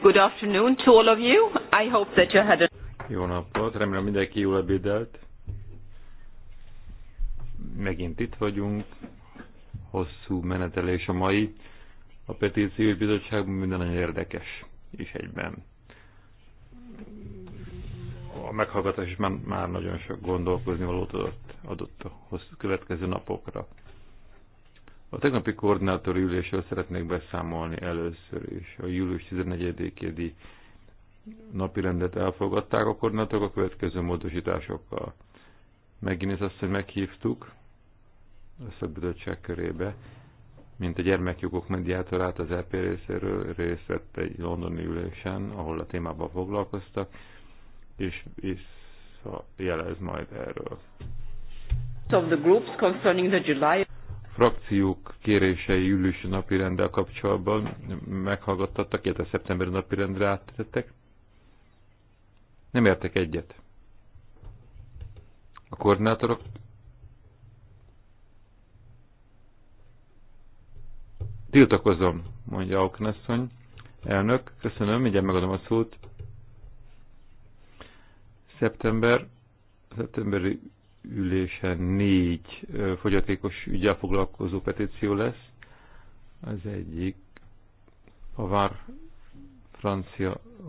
Good afternoon to all of you. I hope that you had a... Jó napot, remélem mindenki jól ebédelt. Megint itt vagyunk. Hosszú menetelés a mai. A petíciói bizottságban minden nagyon érdekes és egyben. A meghallgatás is már, már nagyon sok gondolkozni valót adott, adott a hosszú következő napokra. A tegnapi koordinátori ülésről szeretnék beszámolni először is. A július 14-i napi rendet elfogadták a koordinátorok a következő módosításokkal. Megint ez azt, hogy meghívtuk a szakbizottság körébe, mint a gyermekjogok mediátorát az EP részéről részt vett egy londoni ülésen, ahol a témában foglalkoztak, és visszajelez majd erről. Of the groups concerning the July frakciók kérései ülősi napirenddel kapcsolatban meghallgattattak, illetve szeptemberi napirendre áttettek. Nem értek egyet. A koordinátorok Tiltakozom, mondja Auknasszony. Elnök, köszönöm, mindjárt megadom a szót. Szeptember, szeptemberi ülésen négy fogyatékos ügyel foglalkozó petíció lesz. Az egyik a Vár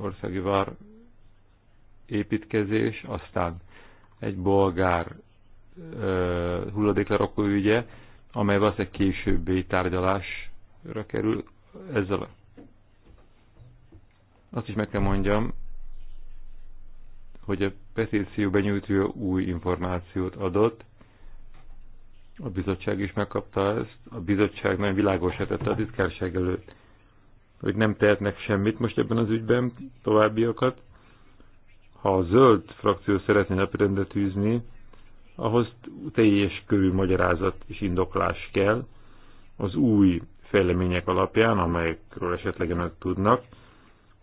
országi vár építkezés, aztán egy bolgár uh, hulladéklerakó ügye, amely valószínűleg későbbi tárgyalásra kerül ezzel. Azt is meg kell mondjam, hogy a petíció benyújtója új információt adott, a bizottság is megkapta ezt, a bizottság nagyon világosította tette a titkárság előtt, hogy nem tehetnek semmit most ebben az ügyben, továbbiakat. Ha a zöld frakció szeretné napirendre tűzni, ahhoz teljes körű magyarázat és indoklás kell az új fejlemények alapján, amelyekről esetleg önök tudnak,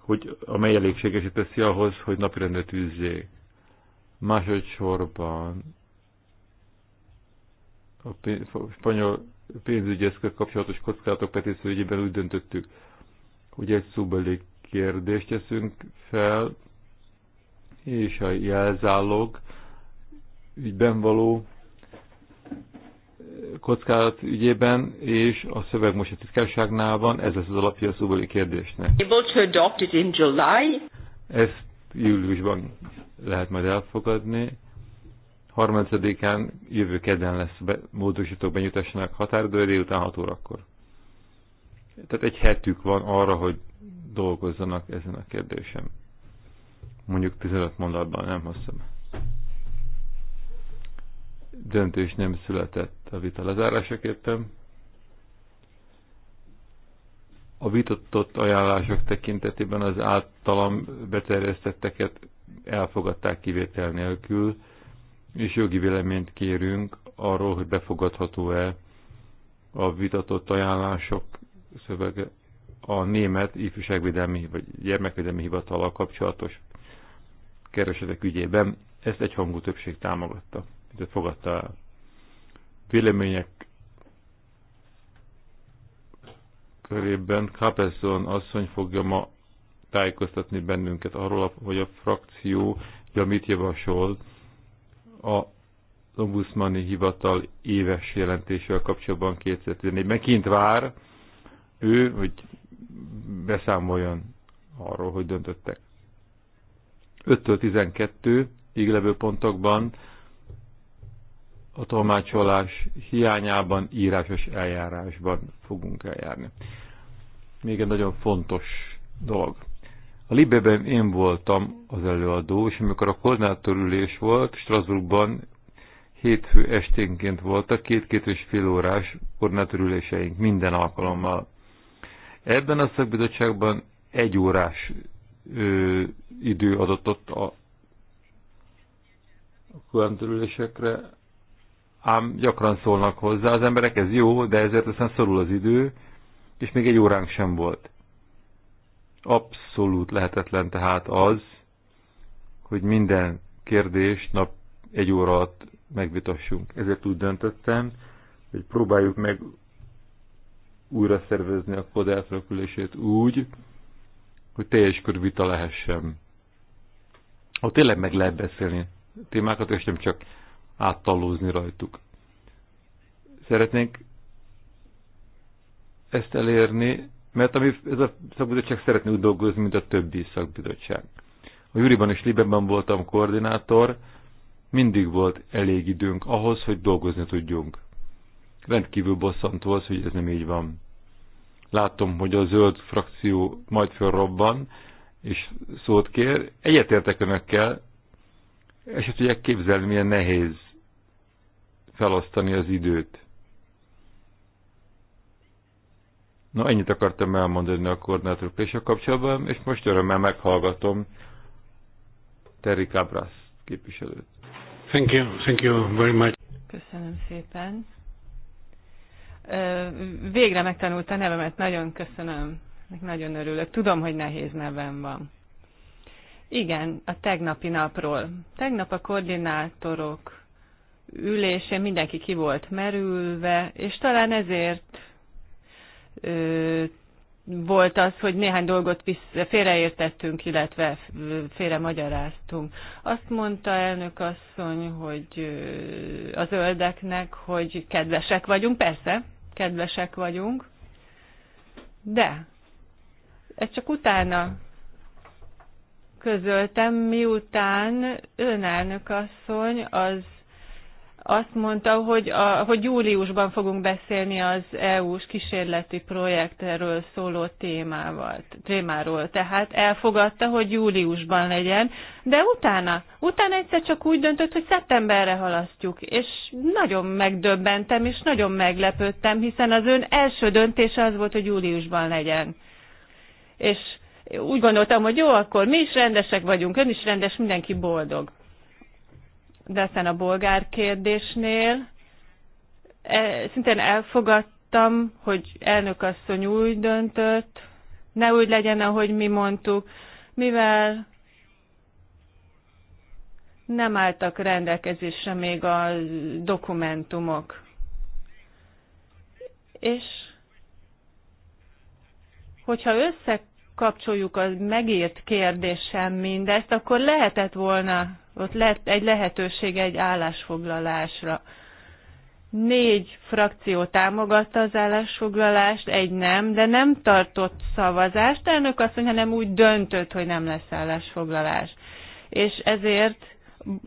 hogy amely elégségesé teszi ahhoz, hogy napirendre tűzzék. Másodszorban a spanyol pénzügyeszköz kapcsolatos kockázatok petésző ügyében úgy döntöttük, hogy egy szóbeli kérdést teszünk fel, és a jelzálog ügyben való kockázat ügyében, és a szöveg most a titkárságnál van, ez lesz az alapja a szóbeli kérdésnek. Ezt júliusban lehet majd elfogadni. 30-án jövő kedden lesz be, módosítók benyújtásának határidő délután 6 órakor. Tehát egy hetük van arra, hogy dolgozzanak ezen a kérdésen. Mondjuk 15 mondatban, nem hosszabb döntés nem született a vita lezárásaképpen. A vitatott ajánlások tekintetében az általam beterjesztetteket elfogadták kivétel nélkül, és jogi véleményt kérünk arról, hogy befogadható-e a vitatott ajánlások szövege a német ifjúságvédelmi vagy gyermekvédelmi hivatal kapcsolatos keresetek ügyében. Ezt egyhangú többség támogatta de fogadta el. Vélemények körében Capelson asszony fogja ma tájékoztatni bennünket arról, hogy a frakció ja, mit javasol a ombudsmani hivatal éves jelentésével kapcsolatban 2014-ben. Kint vár ő, hogy beszámoljon arról, hogy döntöttek. 5-től 12 íglevő pontokban a tolmácsolás hiányában írásos eljárásban fogunk eljárni. Még egy nagyon fontos dolog. A Libében én voltam az előadó, és amikor a koordinátorülés volt, Strasbourgban hétfő esténként voltak két-két és fél órás koordinátorüléseink minden alkalommal. Ebben a szakbizottságban egy órás ö, idő adott ott a koordinátorülésekre, ám gyakran szólnak hozzá az emberek, ez jó, de ezért aztán szorul az idő, és még egy óránk sem volt. Abszolút lehetetlen tehát az, hogy minden kérdést nap egy óra alatt megvitassunk. Ezért úgy döntöttem, hogy próbáljuk meg újra szervezni a kod úgy, hogy teljes kör vita lehessen. Ha tényleg meg lehet beszélni témákat, és nem csak áttalózni rajtuk. Szeretnénk ezt elérni, mert ami ez a szakbizottság szeretne úgy dolgozni, mint a többi szakbizottság. A Juriban és Libeben voltam koordinátor, mindig volt elég időnk ahhoz, hogy dolgozni tudjunk. Rendkívül bosszantó az, hogy ez nem így van. Látom, hogy a zöld frakció majd fölrobban, és szót kér. Egyetértek önökkel, és el tudják képzelni, milyen nehéz felosztani az időt. Na, ennyit akartam elmondani a koordinátorpléssel kapcsolatban, és most örömmel meghallgatom Terry Cabras képviselőt. Thank you, thank you very much. Köszönöm szépen. Végre megtanulta a nevemet, nagyon köszönöm. Nagyon örülök. Tudom, hogy nehéz nevem van. Igen, a tegnapi napról. Tegnap a koordinátorok ülésén mindenki ki volt merülve, és talán ezért ö, volt az, hogy néhány dolgot vissza, félreértettünk, illetve félremagyaráztunk. Azt mondta elnök asszony, hogy az öldeknek, hogy kedvesek vagyunk, persze, kedvesek vagyunk, de ez csak utána közöltem, miután önelnök asszony az azt mondta, hogy, a, hogy júliusban fogunk beszélni az EU-s kísérleti projektről szóló témával, témáról. Tehát elfogadta, hogy júliusban legyen, de utána, utána egyszer csak úgy döntött, hogy szeptemberre halasztjuk, és nagyon megdöbbentem, és nagyon meglepődtem, hiszen az ön első döntése az volt, hogy júliusban legyen. És úgy gondoltam, hogy jó, akkor mi is rendesek vagyunk, ön is rendes, mindenki boldog de aztán a bolgár kérdésnél e, szintén elfogadtam, hogy elnök asszony úgy döntött, ne úgy legyen, ahogy mi mondtuk, mivel nem álltak rendelkezésre még a dokumentumok. És hogyha összekapcsoljuk a megírt kérdésem mindezt, akkor lehetett volna ott lett egy lehetőség egy állásfoglalásra. Négy frakció támogatta az állásfoglalást, egy nem, de nem tartott szavazást. Elnök azt mondja, nem úgy döntött, hogy nem lesz állásfoglalás. És ezért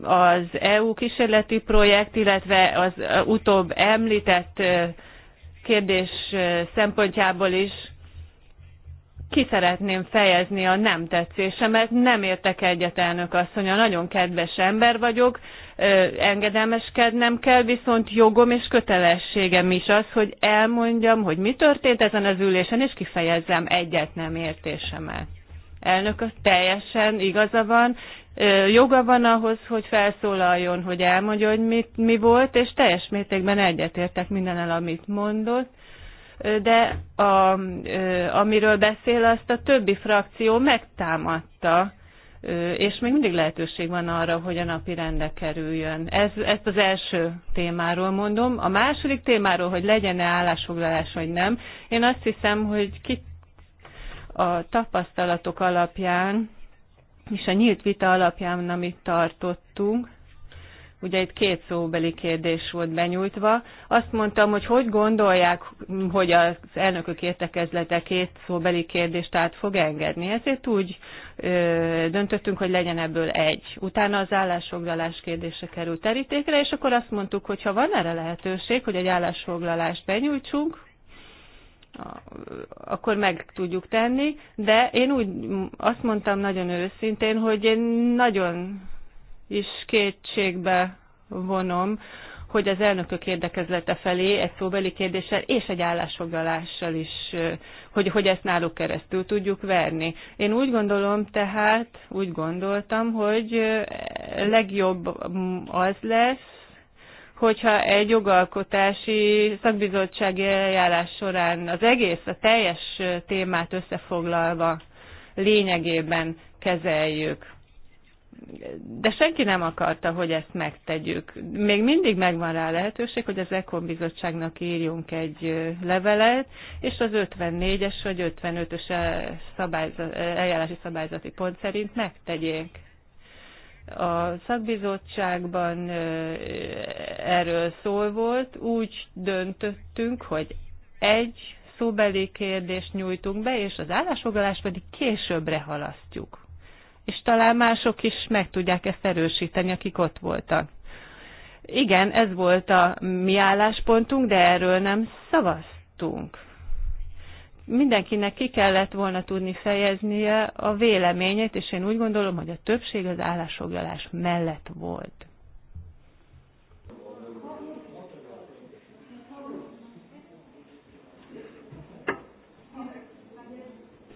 az EU kísérleti projekt, illetve az utóbb említett kérdés szempontjából is ki szeretném fejezni a nem tetszésemet, nem értek egyet elnök asszonya, nagyon kedves ember vagyok, engedelmeskednem kell, viszont jogom és kötelességem is az, hogy elmondjam, hogy mi történt ezen az ülésen, és kifejezzem egyet nem értésemet. Elnök az teljesen igaza van, joga van ahhoz, hogy felszólaljon, hogy elmondja, hogy mit, mi volt, és teljes mértékben egyetértek mindennel, amit mondott de a, amiről beszél, azt a többi frakció megtámadta, és még mindig lehetőség van arra, hogy a napi rendre kerüljön. Ez, ezt az első témáról mondom. A második témáról, hogy legyen-e állásfoglalás, vagy nem, én azt hiszem, hogy ki a tapasztalatok alapján, és a nyílt vita alapján, amit tartottunk, ugye itt két szóbeli kérdés volt benyújtva. Azt mondtam, hogy hogy gondolják, hogy az elnökök értekezlete két szóbeli kérdést át fog engedni. Ezért úgy ö, döntöttünk, hogy legyen ebből egy. Utána az állásfoglalás kérdése került terítékre, és akkor azt mondtuk, hogy ha van erre lehetőség, hogy egy állásfoglalást benyújtsunk, akkor meg tudjuk tenni, de én úgy azt mondtam nagyon őszintén, hogy én nagyon is kétségbe vonom, hogy az elnökök érdekezlete felé egy szóbeli kérdéssel és egy állásfoglalással is, hogy, hogy ezt náluk keresztül tudjuk verni. Én úgy gondolom tehát, úgy gondoltam, hogy legjobb az lesz, hogyha egy jogalkotási szakbizottsági eljárás során az egész, a teljes témát összefoglalva lényegében kezeljük de senki nem akarta, hogy ezt megtegyük. Még mindig megvan rá lehetőség, hogy az Ekon bizottságnak írjunk egy levelet, és az 54-es vagy 55-ös eljárási szabályzati pont szerint megtegyék. A szakbizottságban erről szól volt, úgy döntöttünk, hogy egy szóbeli kérdést nyújtunk be, és az állásfoglalást pedig későbbre halasztjuk és talán mások is meg tudják ezt erősíteni, akik ott voltak. Igen, ez volt a mi álláspontunk, de erről nem szavaztunk. Mindenkinek ki kellett volna tudni fejeznie a véleményét, és én úgy gondolom, hogy a többség az állásfoglalás mellett volt.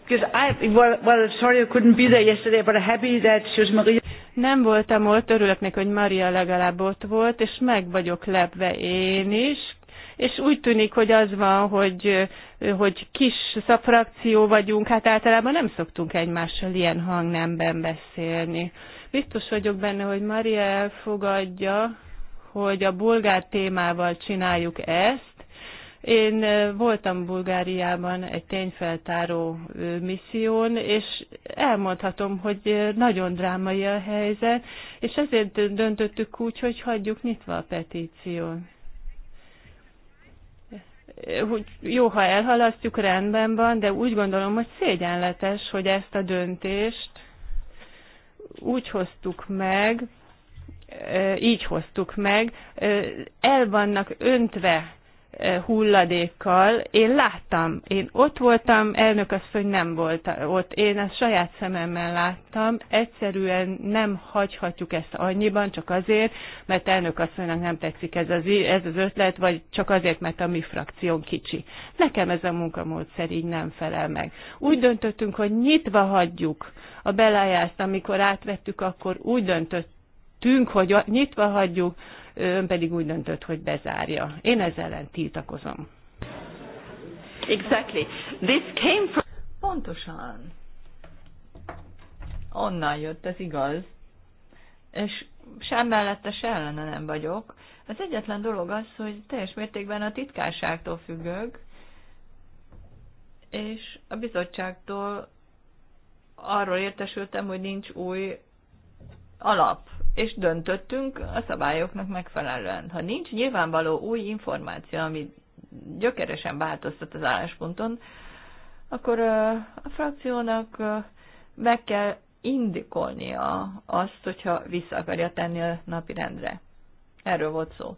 Because I, well, well, sorry I couldn't be there yesterday, but I'm happy that was Maria... Nem voltam ott, örülök neki, hogy Maria legalább ott volt, és meg vagyok lepve én is, és úgy tűnik, hogy az van, hogy, hogy kis szafrakció vagyunk, hát általában nem szoktunk egymással ilyen hangnemben beszélni. Biztos vagyok benne, hogy Maria elfogadja, hogy a bulgár témával csináljuk ezt, én voltam Bulgáriában egy tényfeltáró misszión, és elmondhatom, hogy nagyon drámai a helyzet, és ezért döntöttük úgy, hogy hagyjuk nyitva a petíciót. Hogy jó, ha elhalasztjuk, rendben van, de úgy gondolom, hogy szégyenletes, hogy ezt a döntést úgy hoztuk meg, így hoztuk meg, el vannak öntve Eh, hulladékkal. Én láttam, én ott voltam, elnök azt, hogy nem volt ott. Én ezt saját szememmel láttam. Egyszerűen nem hagyhatjuk ezt annyiban, csak azért, mert elnök asszonynak nem tetszik ez az, ez az ötlet, vagy csak azért, mert a mi frakción kicsi. Nekem ez a munkamódszer így nem felel meg. Úgy döntöttünk, hogy nyitva hagyjuk a belájást, amikor átvettük, akkor úgy döntöttünk, hogy nyitva hagyjuk, ön pedig úgy döntött, hogy bezárja. Én ezzel ellen tiltakozom. Exactly. This came from... Pontosan. Onnan jött, ez igaz. És sem mellette, se ellene nem vagyok. Az egyetlen dolog az, hogy teljes mértékben a titkárságtól függök, és a bizottságtól arról értesültem, hogy nincs új alap és döntöttünk a szabályoknak megfelelően. Ha nincs nyilvánvaló új információ, ami gyökeresen változtat az állásponton, akkor a frakciónak meg kell indikolnia azt, hogyha vissza akarja tenni a napi rendre. Erről volt szó.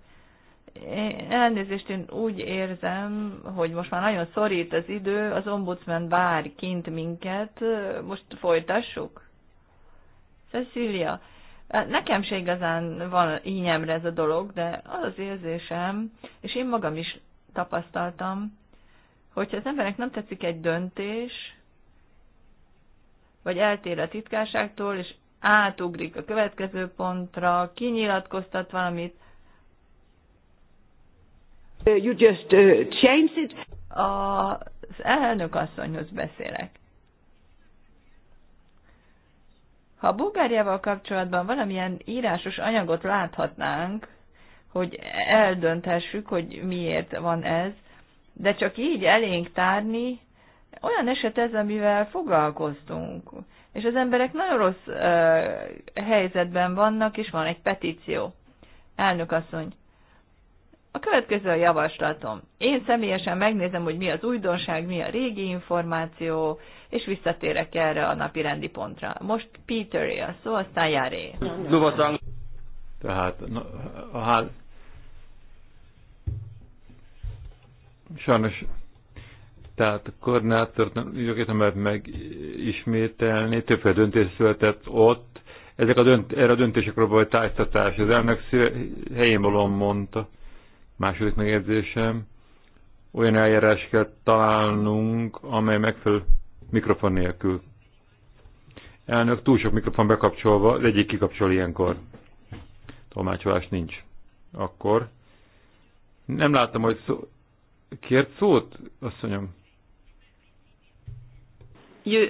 Én elnézést, én úgy érzem, hogy most már nagyon szorít az idő, az ombudsman vár kint minket, most folytassuk. Cecilia, Hát nekem se igazán van ínyemre ez a dolog, de az az érzésem, és én magam is tapasztaltam, hogyha az embernek nem tetszik egy döntés, vagy eltér a titkárságtól, és átugrik a következő pontra, kinyilatkoztat valamit, you just uh, changed it. Az elnök asszonyhoz beszélek. Ha Bulgáriával kapcsolatban valamilyen írásos anyagot láthatnánk, hogy eldönthessük, hogy miért van ez, de csak így elénk tárni, olyan eset ez, amivel foglalkoztunk. És az emberek nagyon rossz ö, helyzetben vannak, és van egy petíció. Elnök asszony, a következő a javaslatom. Én személyesen megnézem, hogy mi az újdonság, mi a régi információ, és visszatérek erre a napi rendi pontra. Most Peter a szó, aztán járé. Dubaszang. Tehát a hál... Sajnos, tehát a koordinátort nem lehet megismételni, többféle döntés született ott, ezek a dönt, erre a döntésekről volt tájtatás. Az elnök helyén valóan mondta, második megjegyzésem, olyan eljárás kell találnunk, amely megfelelő Mikrofon nélkül. Elnök, túl sok mikrofon bekapcsolva, az egyik kikapcsol ilyenkor. Tolmácsolás nincs. Akkor. Nem láttam, hogy szó... Kért szót, asszonyom? You...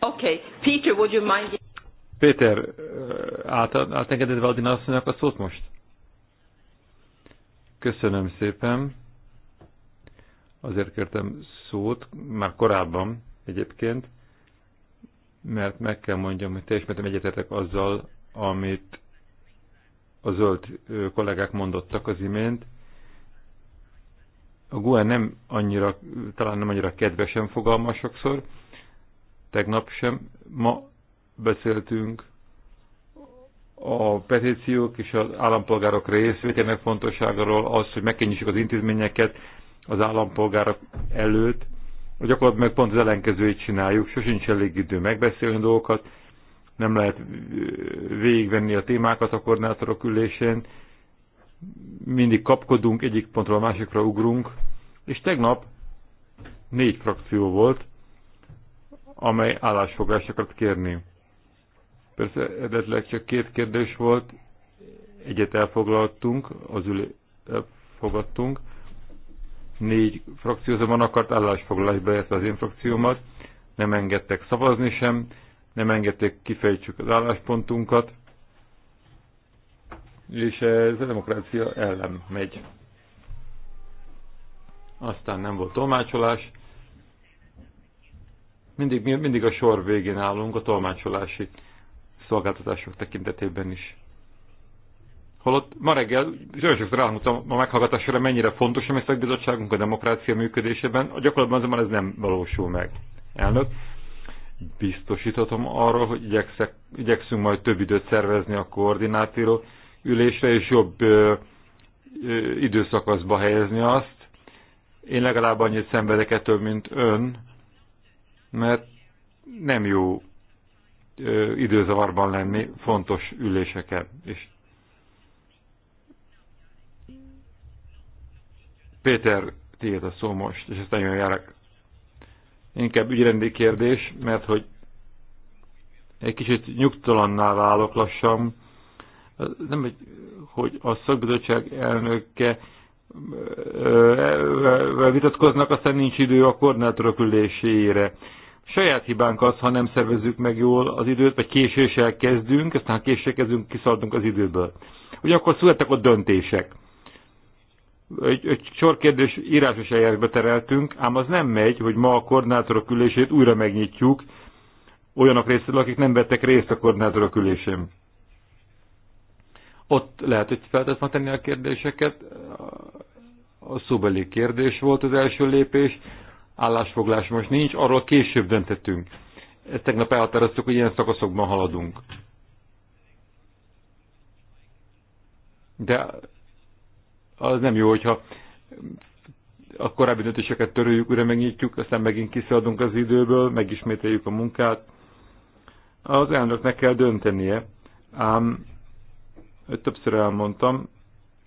Okay. Peter, would you mind... Péter, át, átengeded Valdina asszonynak a szót most? Köszönöm szépen. Azért kértem szót, már korábban, egyébként, mert meg kell mondjam, hogy teljes mértékben egyetetek azzal, amit a zöld kollégák mondottak az imént. A GUE nem annyira, talán nem annyira kedvesen fogalmaz sokszor, tegnap sem. Ma beszéltünk a petíciók és az állampolgárok részvételének fontosságáról, az, hogy megkényítsük az intézményeket az állampolgárok előtt, a gyakorlatban meg pont az ellenkezőjét csináljuk, sosincs elég idő megbeszélni dolgokat, nem lehet végigvenni a témákat a koordinátorok ülésén, mindig kapkodunk, egyik pontról a másikra ugrunk, és tegnap négy frakció volt, amely állásfoglalást akart kérni. Persze eredetileg csak két kérdés volt, egyet elfoglaltunk, az ülé elfogadtunk, Négy frakciózóban akart állásfoglalásba érte az én frakciómat, nem engedtek szavazni sem, nem engedték kifejtsük az álláspontunkat, és ez a demokrácia ellen megy. Aztán nem volt tolmácsolás. Mindig, mindig a sor végén állunk a tolmácsolási szolgáltatások tekintetében is. Holott ma reggel sokszor rámutam a meghallgatásra, mennyire fontos a megszakbizottságunk a demokrácia működésében, a gyakorlatban azonban ez nem valósul meg. Elnök, biztosíthatom arról, hogy igyekszek, igyekszünk majd több időt szervezni a koordinátíró ülésre, és jobb ö, ö, időszakaszba helyezni azt. Én legalább annyit szenvedek ettől, mint ön, mert nem jó időzavarban lenni fontos üléseken, és Péter, tiéd a szó most, és ezt nagyon járak. Inkább ügyrendi kérdés, mert hogy egy kicsit nyugtalanná válok lassan. Nem, hogy a szakbizottság elnöke e, e, e, vitatkoznak, aztán nincs idő a koordinátorok ülésére. Saját hibánk az, ha nem szervezzük meg jól az időt, vagy késéssel kezdünk, aztán ha késsel kezdünk, kiszaladunk az időből. Ugyanakkor születtek ott döntések egy, egy sor kérdés írásos eljárásba tereltünk, ám az nem megy, hogy ma a koordinátorok ülését újra megnyitjuk olyanok részéről, akik nem vettek részt a koordinátorok ülésén. Ott lehet, hogy feltett tenni a kérdéseket. A szóbeli kérdés volt az első lépés, állásfoglás most nincs, arról később döntettünk. Ezt tegnap elhatároztuk, hogy ilyen szakaszokban haladunk. De az nem jó, hogyha a korábbi döntéseket töröljük, újra megnyitjuk, aztán megint kiszadunk az időből, megismételjük a munkát. Az elnöknek kell döntenie, ám többször elmondtam,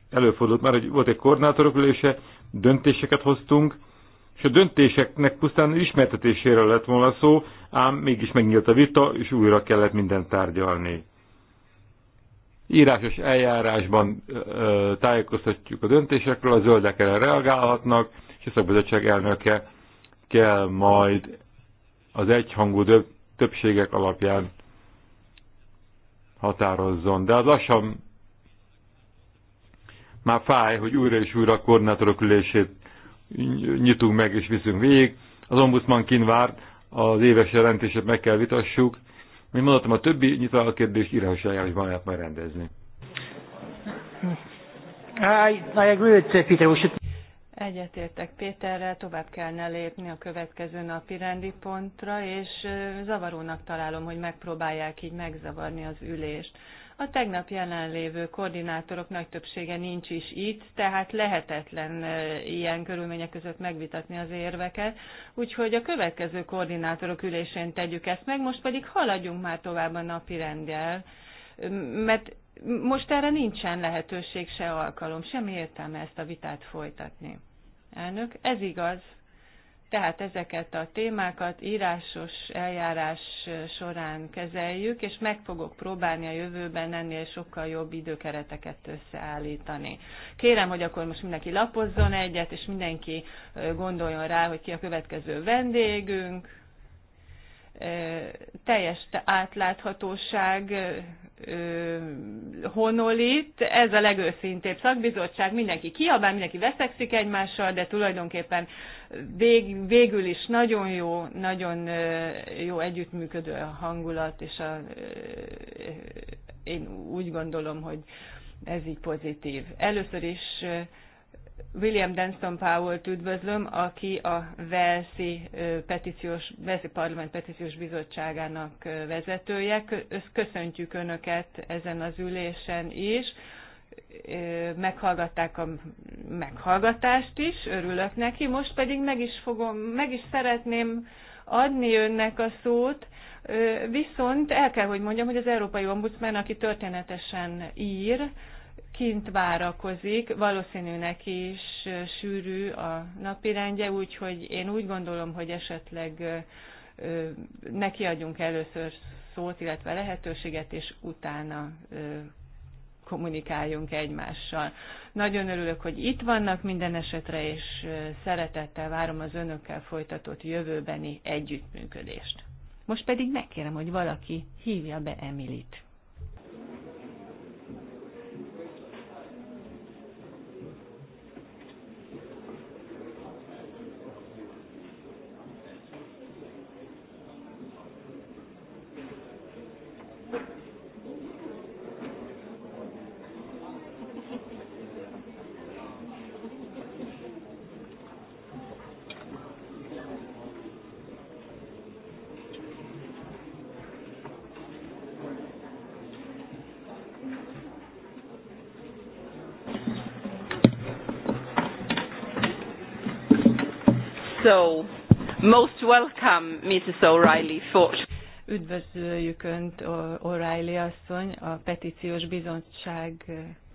előfordult már, hogy volt egy koordinátorok ülése, döntéseket hoztunk, és a döntéseknek pusztán ismertetésére lett volna szó, ám mégis megnyílt a vita, és újra kellett mindent tárgyalni írásos eljárásban tájékoztatjuk a döntésekről, a zöldek erre reagálhatnak, és a szakbizottság elnöke kell majd az egyhangú többségek alapján határozzon. De az lassan már fáj, hogy újra és újra a koordinátorok ülését nyitunk meg és viszünk végig. Az ombudsman kint vár, az éves jelentését meg kell vitassuk, mint mondottam, a többi nyitváló kérdés írásos eljárásban lehet már rendezni. I, agree with Peter. Egyetértek Péterrel, tovább kellene lépni a következő napi rendi pontra, és zavarónak találom, hogy megpróbálják így megzavarni az ülést. A tegnap jelenlévő koordinátorok nagy többsége nincs is itt, tehát lehetetlen ilyen körülmények között megvitatni az érveket. Úgyhogy a következő koordinátorok ülésén tegyük ezt meg, most pedig haladjunk már tovább a napi rendjel, mert most erre nincsen lehetőség, se alkalom, sem értelme ezt a vitát folytatni. Elnök, ez igaz. Tehát ezeket a témákat írásos eljárás során kezeljük, és meg fogok próbálni a jövőben ennél sokkal jobb időkereteket összeállítani. Kérem, hogy akkor most mindenki lapozzon egyet, és mindenki gondoljon rá, hogy ki a következő vendégünk, teljes átláthatóság honolít. ez a legőszintébb szakbizottság, mindenki kiabál, mindenki veszekszik egymással, de tulajdonképpen vég, végül is nagyon jó, nagyon jó együttműködő a hangulat, és a, én úgy gondolom, hogy ez így pozitív. Először is William Denston Powell-t üdvözlöm, aki a Velszi, petíciós, Velszi Parlament Petíciós Bizottságának vezetője. Köszöntjük Önöket ezen az ülésen is. Meghallgatták a meghallgatást is, örülök neki. Most pedig meg is, fogom, meg is szeretném adni önnek a szót, viszont el kell, hogy mondjam, hogy az Európai Ombudsman, aki történetesen ír, kint várakozik, valószínű neki is sűrű a napirendje, úgyhogy én úgy gondolom, hogy esetleg neki adjunk először szót, illetve lehetőséget, és utána kommunikáljunk egymással. Nagyon örülök, hogy itt vannak minden esetre, és szeretettel várom az önökkel folytatott jövőbeni együttműködést. Most pedig megkérem, hogy valaki hívja be Emilit. So, most welcome, Mrs. O'Reilly, for... Üdvözöljük Önt, O'Reilly asszony, a Petíciós Bizottság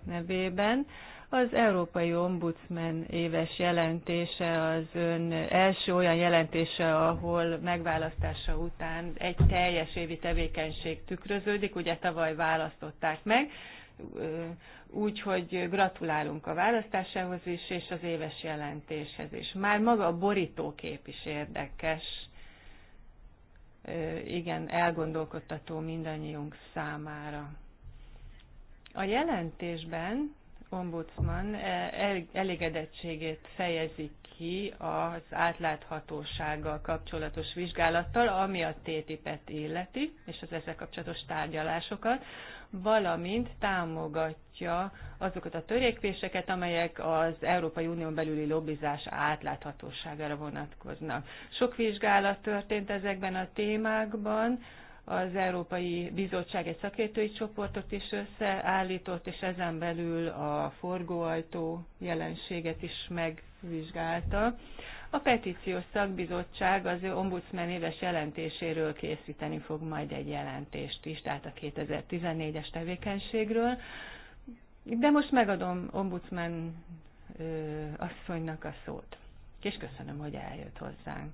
nevében. Az Európai Ombudsman éves jelentése az ön első olyan jelentése, ahol megválasztása után egy teljes évi tevékenység tükröződik, ugye tavaly választották meg úgyhogy gratulálunk a választásához is, és az éves jelentéshez is. Már maga a borítókép is érdekes, igen, elgondolkodtató mindannyiunk számára. A jelentésben ombudsman e, elégedettségét fejezi ki az átláthatósággal kapcsolatos vizsgálattal, ami a tétipet illeti, és az ezzel kapcsolatos tárgyalásokat valamint támogatja azokat a törékvéseket, amelyek az Európai Unión belüli lobbizás átláthatóságára vonatkoznak. Sok vizsgálat történt ezekben a témákban, az Európai Bizottság egy szakértői csoportot is összeállított, és ezen belül a forgóajtó jelenséget is megvizsgálta. A petíciós szakbizottság az ő ombudsman éves jelentéséről készíteni fog majd egy jelentést is, tehát a 2014-es tevékenységről. De most megadom ombudsman asszonynak a szót. És köszönöm, hogy eljött hozzánk.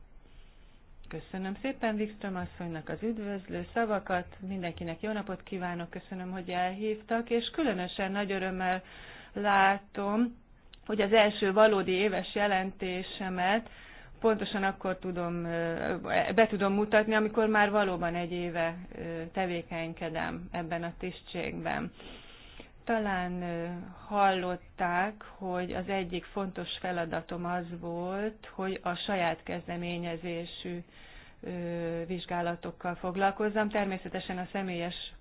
Köszönöm szépen Wikström asszonynak az üdvözlő szavakat, mindenkinek jó napot kívánok, köszönöm, hogy elhívtak, és különösen nagy örömmel látom, hogy az első valódi éves jelentésemet pontosan akkor tudom, be tudom mutatni, amikor már valóban egy éve tevékenykedem ebben a tisztségben. Talán hallották, hogy az egyik fontos feladatom az volt, hogy a saját kezdeményezésű vizsgálatokkal foglalkozzam. Természetesen a személyes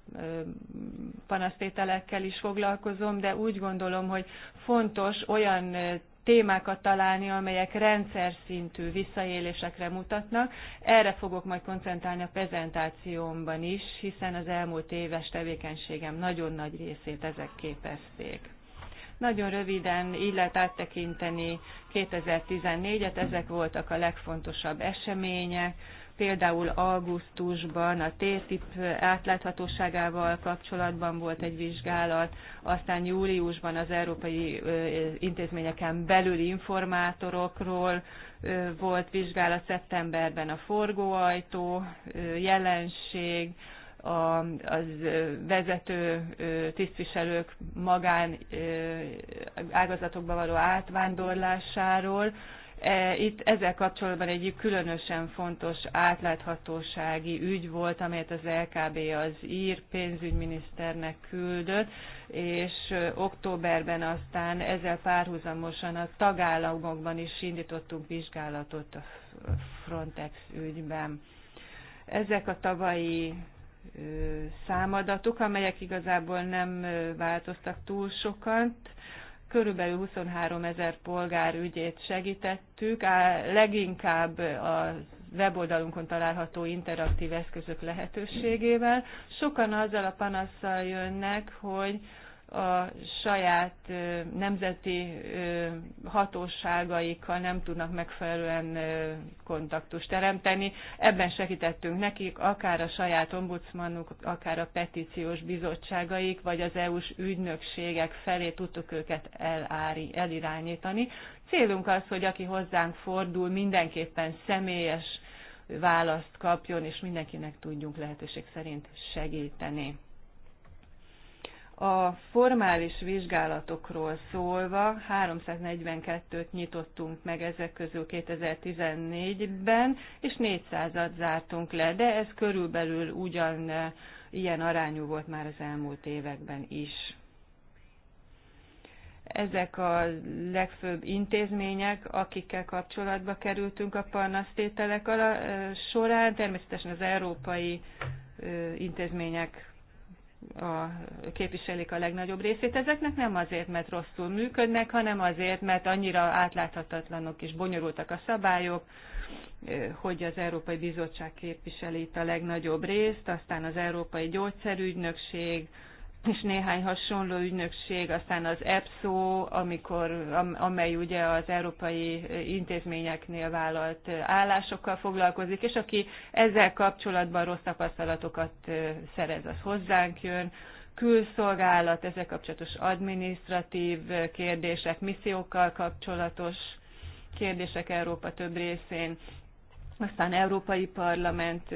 panasztételekkel is foglalkozom, de úgy gondolom, hogy fontos olyan témákat találni, amelyek rendszer szintű visszaélésekre mutatnak. Erre fogok majd koncentrálni a prezentációmban is, hiszen az elmúlt éves tevékenységem nagyon nagy részét ezek képezték. Nagyon röviden így lehet áttekinteni 2014-et, ezek voltak a legfontosabb események Például augusztusban a TTIP átláthatóságával kapcsolatban volt egy vizsgálat, aztán júliusban az európai intézményeken belüli informátorokról volt vizsgálat, szeptemberben a forgóajtó jelenség, a, az vezető tisztviselők magán ágazatokba való átvándorlásáról, E, itt ezzel kapcsolatban egy különösen fontos átláthatósági ügy volt, amelyet az LKB az ír pénzügyminiszternek küldött, és októberben aztán ezzel párhuzamosan a tagállamokban is indítottunk vizsgálatot a Frontex ügyben. Ezek a tavalyi számadatok, amelyek igazából nem változtak túl sokat, körülbelül 23 ezer polgár ügyét segítettük, leginkább a weboldalunkon található interaktív eszközök lehetőségével. Sokan azzal a panasszal jönnek, hogy a saját nemzeti hatóságaikkal nem tudnak megfelelően kontaktust teremteni. Ebben segítettünk nekik, akár a saját ombudsmanuk, akár a petíciós bizottságaik, vagy az EU-s ügynökségek felé tudtuk őket elári, elirányítani. Célunk az, hogy aki hozzánk fordul, mindenképpen személyes választ kapjon, és mindenkinek tudjunk lehetőség szerint segíteni. A formális vizsgálatokról szólva 342-t nyitottunk meg ezek közül 2014-ben, és 400-at zártunk le, de ez körülbelül ugyan e, ilyen arányú volt már az elmúlt években is. Ezek a legfőbb intézmények, akikkel kapcsolatba kerültünk a panasztételek e, során, természetesen az európai e, intézmények a, képviselik a legnagyobb részét. Ezeknek nem azért, mert rosszul működnek, hanem azért, mert annyira átláthatatlanok és bonyolultak a szabályok, eh, hogy az Európai Bizottság képviseli itt a legnagyobb részt, aztán az Európai Gyógyszerügynökség, és néhány hasonló ügynökség, aztán az EPSO, amikor, amely ugye az európai intézményeknél vállalt állásokkal foglalkozik, és aki ezzel kapcsolatban rossz tapasztalatokat szerez, az hozzánk jön. Külszolgálat, ezzel kapcsolatos adminisztratív kérdések, missziókkal kapcsolatos kérdések Európa több részén, aztán Európai Parlament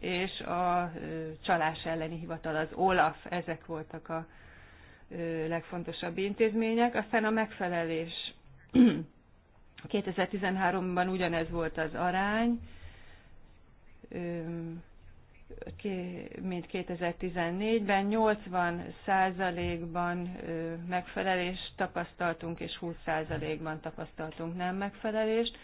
és a csalás elleni hivatal, az OLAF, ezek voltak a legfontosabb intézmények. Aztán a megfelelés. 2013-ban ugyanez volt az arány, mint 2014-ben. 80 százalékban megfelelést tapasztaltunk, és 20 százalékban tapasztaltunk nem megfelelést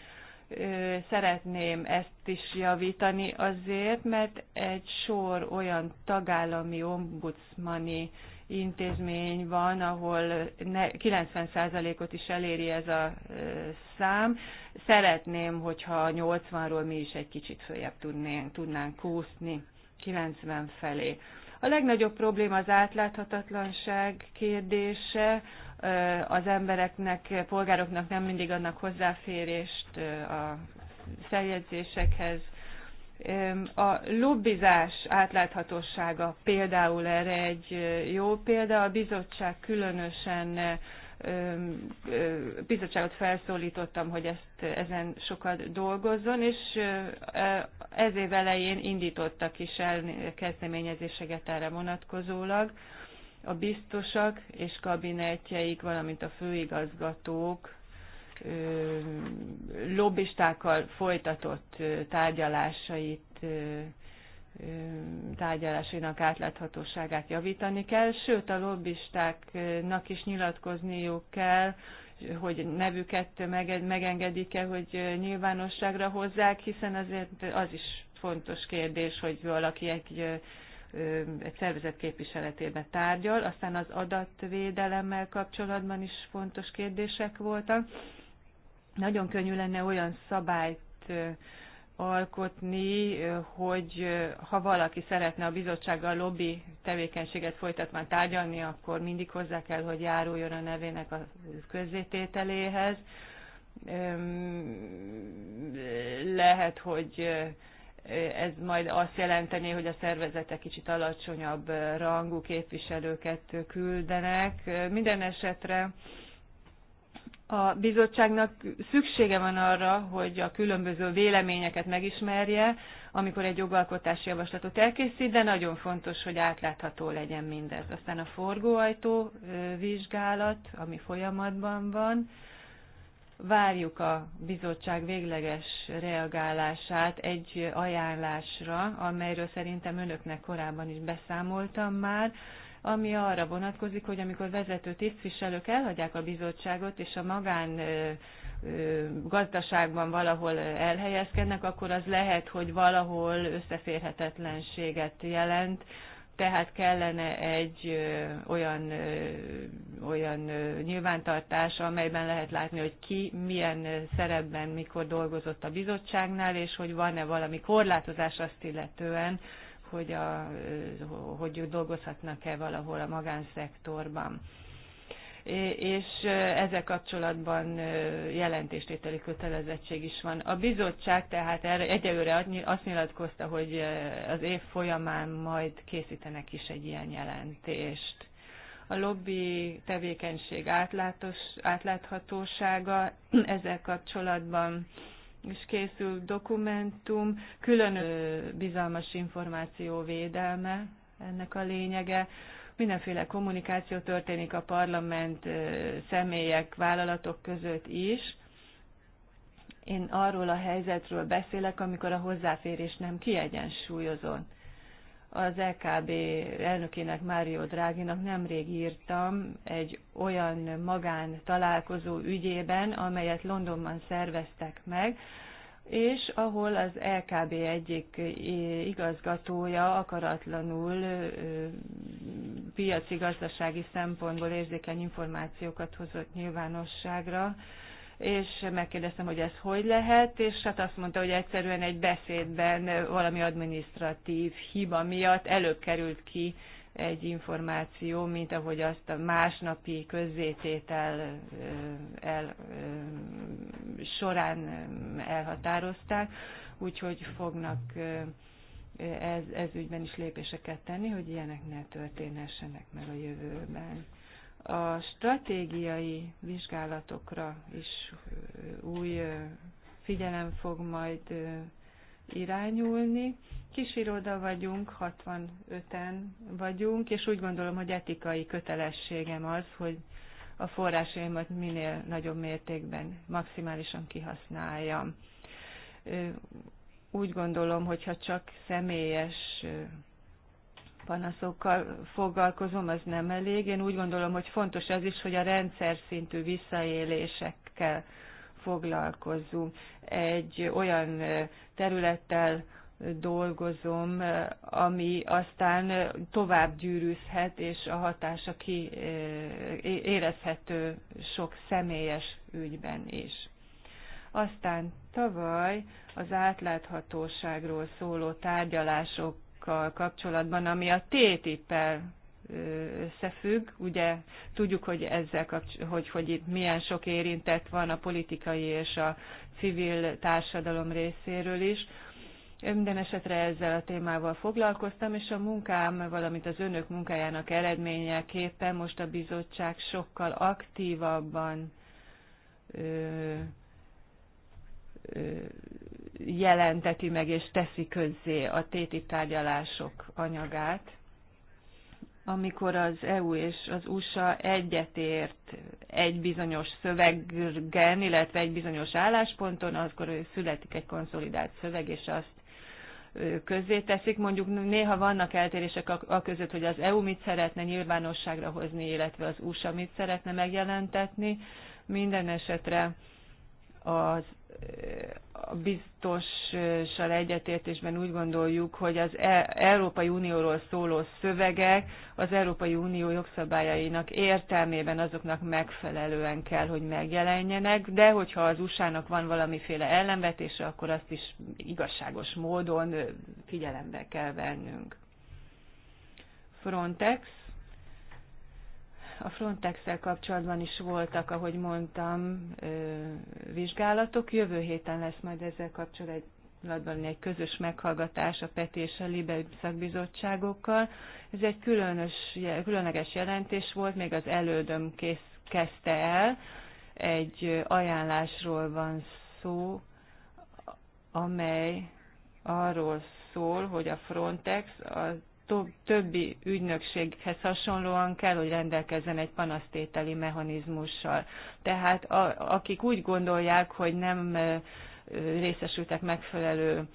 szeretném ezt is javítani azért, mert egy sor olyan tagállami ombudsmani intézmény van, ahol 90%-ot is eléri ez a szám. Szeretném, hogyha 80-ról mi is egy kicsit följebb tudnánk, tudnánk kúszni, 90 felé. A legnagyobb probléma az átláthatatlanság kérdése, az embereknek, polgároknak nem mindig adnak hozzáférést a feljegyzésekhez. A lobbizás átláthatósága például erre egy jó példa. A bizottság különösen bizottságot felszólítottam, hogy ezt ezen sokat dolgozzon, és ez év elején indítottak is el kezdeményezéseket erre vonatkozólag a biztosak és kabinetjeik, valamint a főigazgatók lobbistákkal folytatott tárgyalásait tárgyalásainak átláthatóságát javítani kell, sőt a lobbistáknak is nyilatkozniuk kell, hogy nevüket megengedik-e, hogy nyilvánosságra hozzák, hiszen azért az is fontos kérdés, hogy valaki egy egy szervezet képviseletében tárgyal, aztán az adatvédelemmel kapcsolatban is fontos kérdések voltak. Nagyon könnyű lenne olyan szabályt alkotni, hogy ha valaki szeretne a bizottsággal lobby tevékenységet folytatva tárgyalni, akkor mindig hozzá kell, hogy járuljon a nevének a közzétételéhez. Lehet, hogy ez majd azt jelenteni, hogy a szervezetek kicsit alacsonyabb rangú képviselőket küldenek. Minden esetre a bizottságnak szüksége van arra, hogy a különböző véleményeket megismerje, amikor egy jogalkotási javaslatot elkészít, de nagyon fontos, hogy átlátható legyen mindez. Aztán a forgóajtó vizsgálat, ami folyamatban van, várjuk a bizottság végleges reagálását egy ajánlásra, amelyről szerintem önöknek korábban is beszámoltam már, ami arra vonatkozik, hogy amikor vezető tisztviselők elhagyják a bizottságot, és a magán gazdaságban valahol elhelyezkednek, akkor az lehet, hogy valahol összeférhetetlenséget jelent tehát kellene egy olyan, olyan nyilvántartás, amelyben lehet látni, hogy ki milyen szerepben, mikor dolgozott a bizottságnál, és hogy van-e valami korlátozás azt illetően, hogy, a, hogy dolgozhatnak-e valahol a magánszektorban és ezzel kapcsolatban jelentéstételi kötelezettség is van. A bizottság tehát erre egyelőre azt nyilatkozta, hogy az év folyamán majd készítenek is egy ilyen jelentést. A lobby tevékenység átlátos, átláthatósága ezzel kapcsolatban is készül dokumentum, külön bizalmas információ védelme ennek a lényege mindenféle kommunikáció történik a parlament, személyek, vállalatok között is. Én arról a helyzetről beszélek, amikor a hozzáférés nem kiegyensúlyozott az LKB e elnökének, Mário Dráginak nemrég írtam egy olyan magán találkozó ügyében, amelyet Londonban szerveztek meg, és ahol az LKB egyik igazgatója akaratlanul piaci gazdasági szempontból érzékeny információkat hozott nyilvánosságra, és megkérdeztem, hogy ez hogy lehet, és hát azt mondta, hogy egyszerűen egy beszédben valami administratív hiba miatt előkerült ki egy információ, mint ahogy azt a másnapi közzététel el, során elhatározták, úgyhogy fognak ez, ez ügyben is lépéseket tenni, hogy ilyenek ne történhessenek meg a jövőben. A stratégiai vizsgálatokra is új figyelem fog majd irányulni. Kis iroda vagyunk, 65-en vagyunk, és úgy gondolom, hogy etikai kötelességem az, hogy a forrásaimat minél nagyobb mértékben maximálisan kihasználjam. Úgy gondolom, hogyha csak személyes panaszokkal foglalkozom, az nem elég. Én úgy gondolom, hogy fontos az is, hogy a rendszer szintű visszaélésekkel foglalkozzunk. Egy olyan területtel, dolgozom, eh, ami aztán tovább gyűrűzhet, és a hatása ki eh, érezhető sok személyes ügyben is. Aztán tavaly az átláthatóságról szóló tárgyalásokkal kapcsolatban, ami a TTIP-el eh, összefügg. Ugye tudjuk, hogy ezzel hogy, hogy itt milyen sok érintett van a politikai és a civil társadalom részéről is. Minden esetre ezzel a témával foglalkoztam, és a munkám, valamint az önök munkájának eredményeképpen most a bizottság sokkal aktívabban ö, ö, jelenteti meg és teszi közzé a téti tárgyalások anyagát. Amikor az EU és az USA egyetért egy bizonyos szöveggen, illetve egy bizonyos állásponton, akkor születik egy konszolidált szöveg, és azt közzéteszik. Mondjuk néha vannak eltérések a között, hogy az EU mit szeretne nyilvánosságra hozni, illetve az USA mit szeretne megjelentetni. Minden esetre az a biztossal egyetértésben úgy gondoljuk, hogy az e- Európai Unióról szóló szövegek az Európai Unió jogszabályainak értelmében azoknak megfelelően kell, hogy megjelenjenek, de hogyha az USA-nak van valamiféle ellenvetése, akkor azt is igazságos módon figyelembe kell vennünk. Frontex a frontex kapcsolatban is voltak, ahogy mondtam, vizsgálatok. Jövő héten lesz majd ezzel kapcsolatban egy közös meghallgatás a PETI és a LIBE szakbizottságokkal. Ez egy különös, különleges jelentés volt, még az elődöm kész, kezdte el. Egy ajánlásról van szó, amely arról szól, hogy a Frontex az többi ügynökséghez hasonlóan kell, hogy rendelkezzen egy panasztételi mechanizmussal. Tehát a, akik úgy gondolják, hogy nem részesültek megfelelő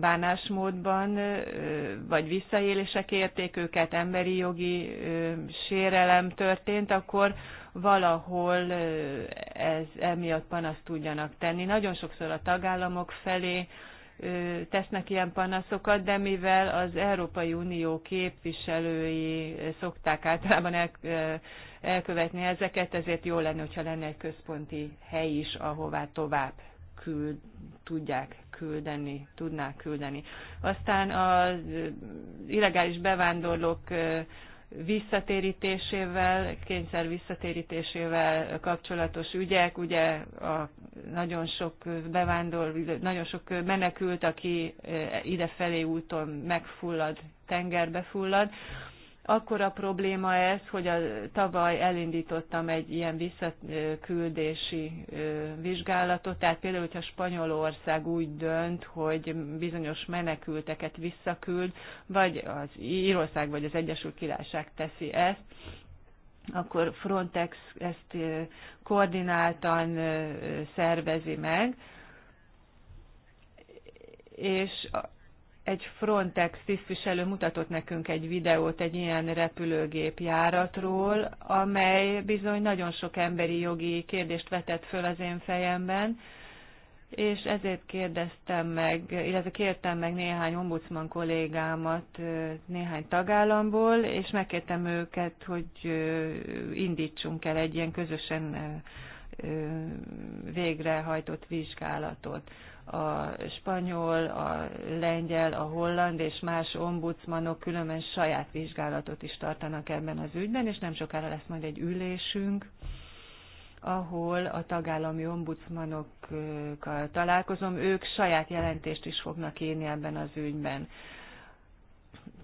bánásmódban, vagy visszaélések érték őket, emberi jogi sérelem történt, akkor valahol ez emiatt panaszt tudjanak tenni. Nagyon sokszor a tagállamok felé tesznek ilyen panaszokat, de mivel az Európai Unió képviselői szokták általában el, elkövetni ezeket, ezért jó lenne, hogyha lenne egy központi hely is, ahová tovább küld, tudják küldeni, tudnák küldeni. Aztán az illegális bevándorlók visszatérítésével, kényszer visszatérítésével kapcsolatos ügyek, ugye a nagyon sok bevándor, nagyon sok menekült, aki eh, idefelé úton megfullad, tengerbe fullad, akkor a probléma ez, hogy a, tavaly elindítottam egy ilyen visszaküldési vizsgálatot, tehát például, hogyha Spanyolország úgy dönt, hogy bizonyos menekülteket visszaküld, vagy az Írország, vagy az Egyesült Királyság teszi ezt, akkor Frontex ezt koordináltan szervezi meg, és egy Frontex tisztviselő mutatott nekünk egy videót egy ilyen repülőgép járatról, amely bizony nagyon sok emberi jogi kérdést vetett föl az én fejemben, és ezért kérdeztem meg, illetve kértem meg néhány ombudsman kollégámat néhány tagállamból, és megkértem őket, hogy indítsunk el egy ilyen közösen végrehajtott vizsgálatot. A spanyol, a lengyel, a holland és más ombudsmanok különben saját vizsgálatot is tartanak ebben az ügyben, és nem sokára lesz majd egy ülésünk, ahol a tagállami ombudsmanokkal találkozom, ők saját jelentést is fognak írni ebben az ügyben.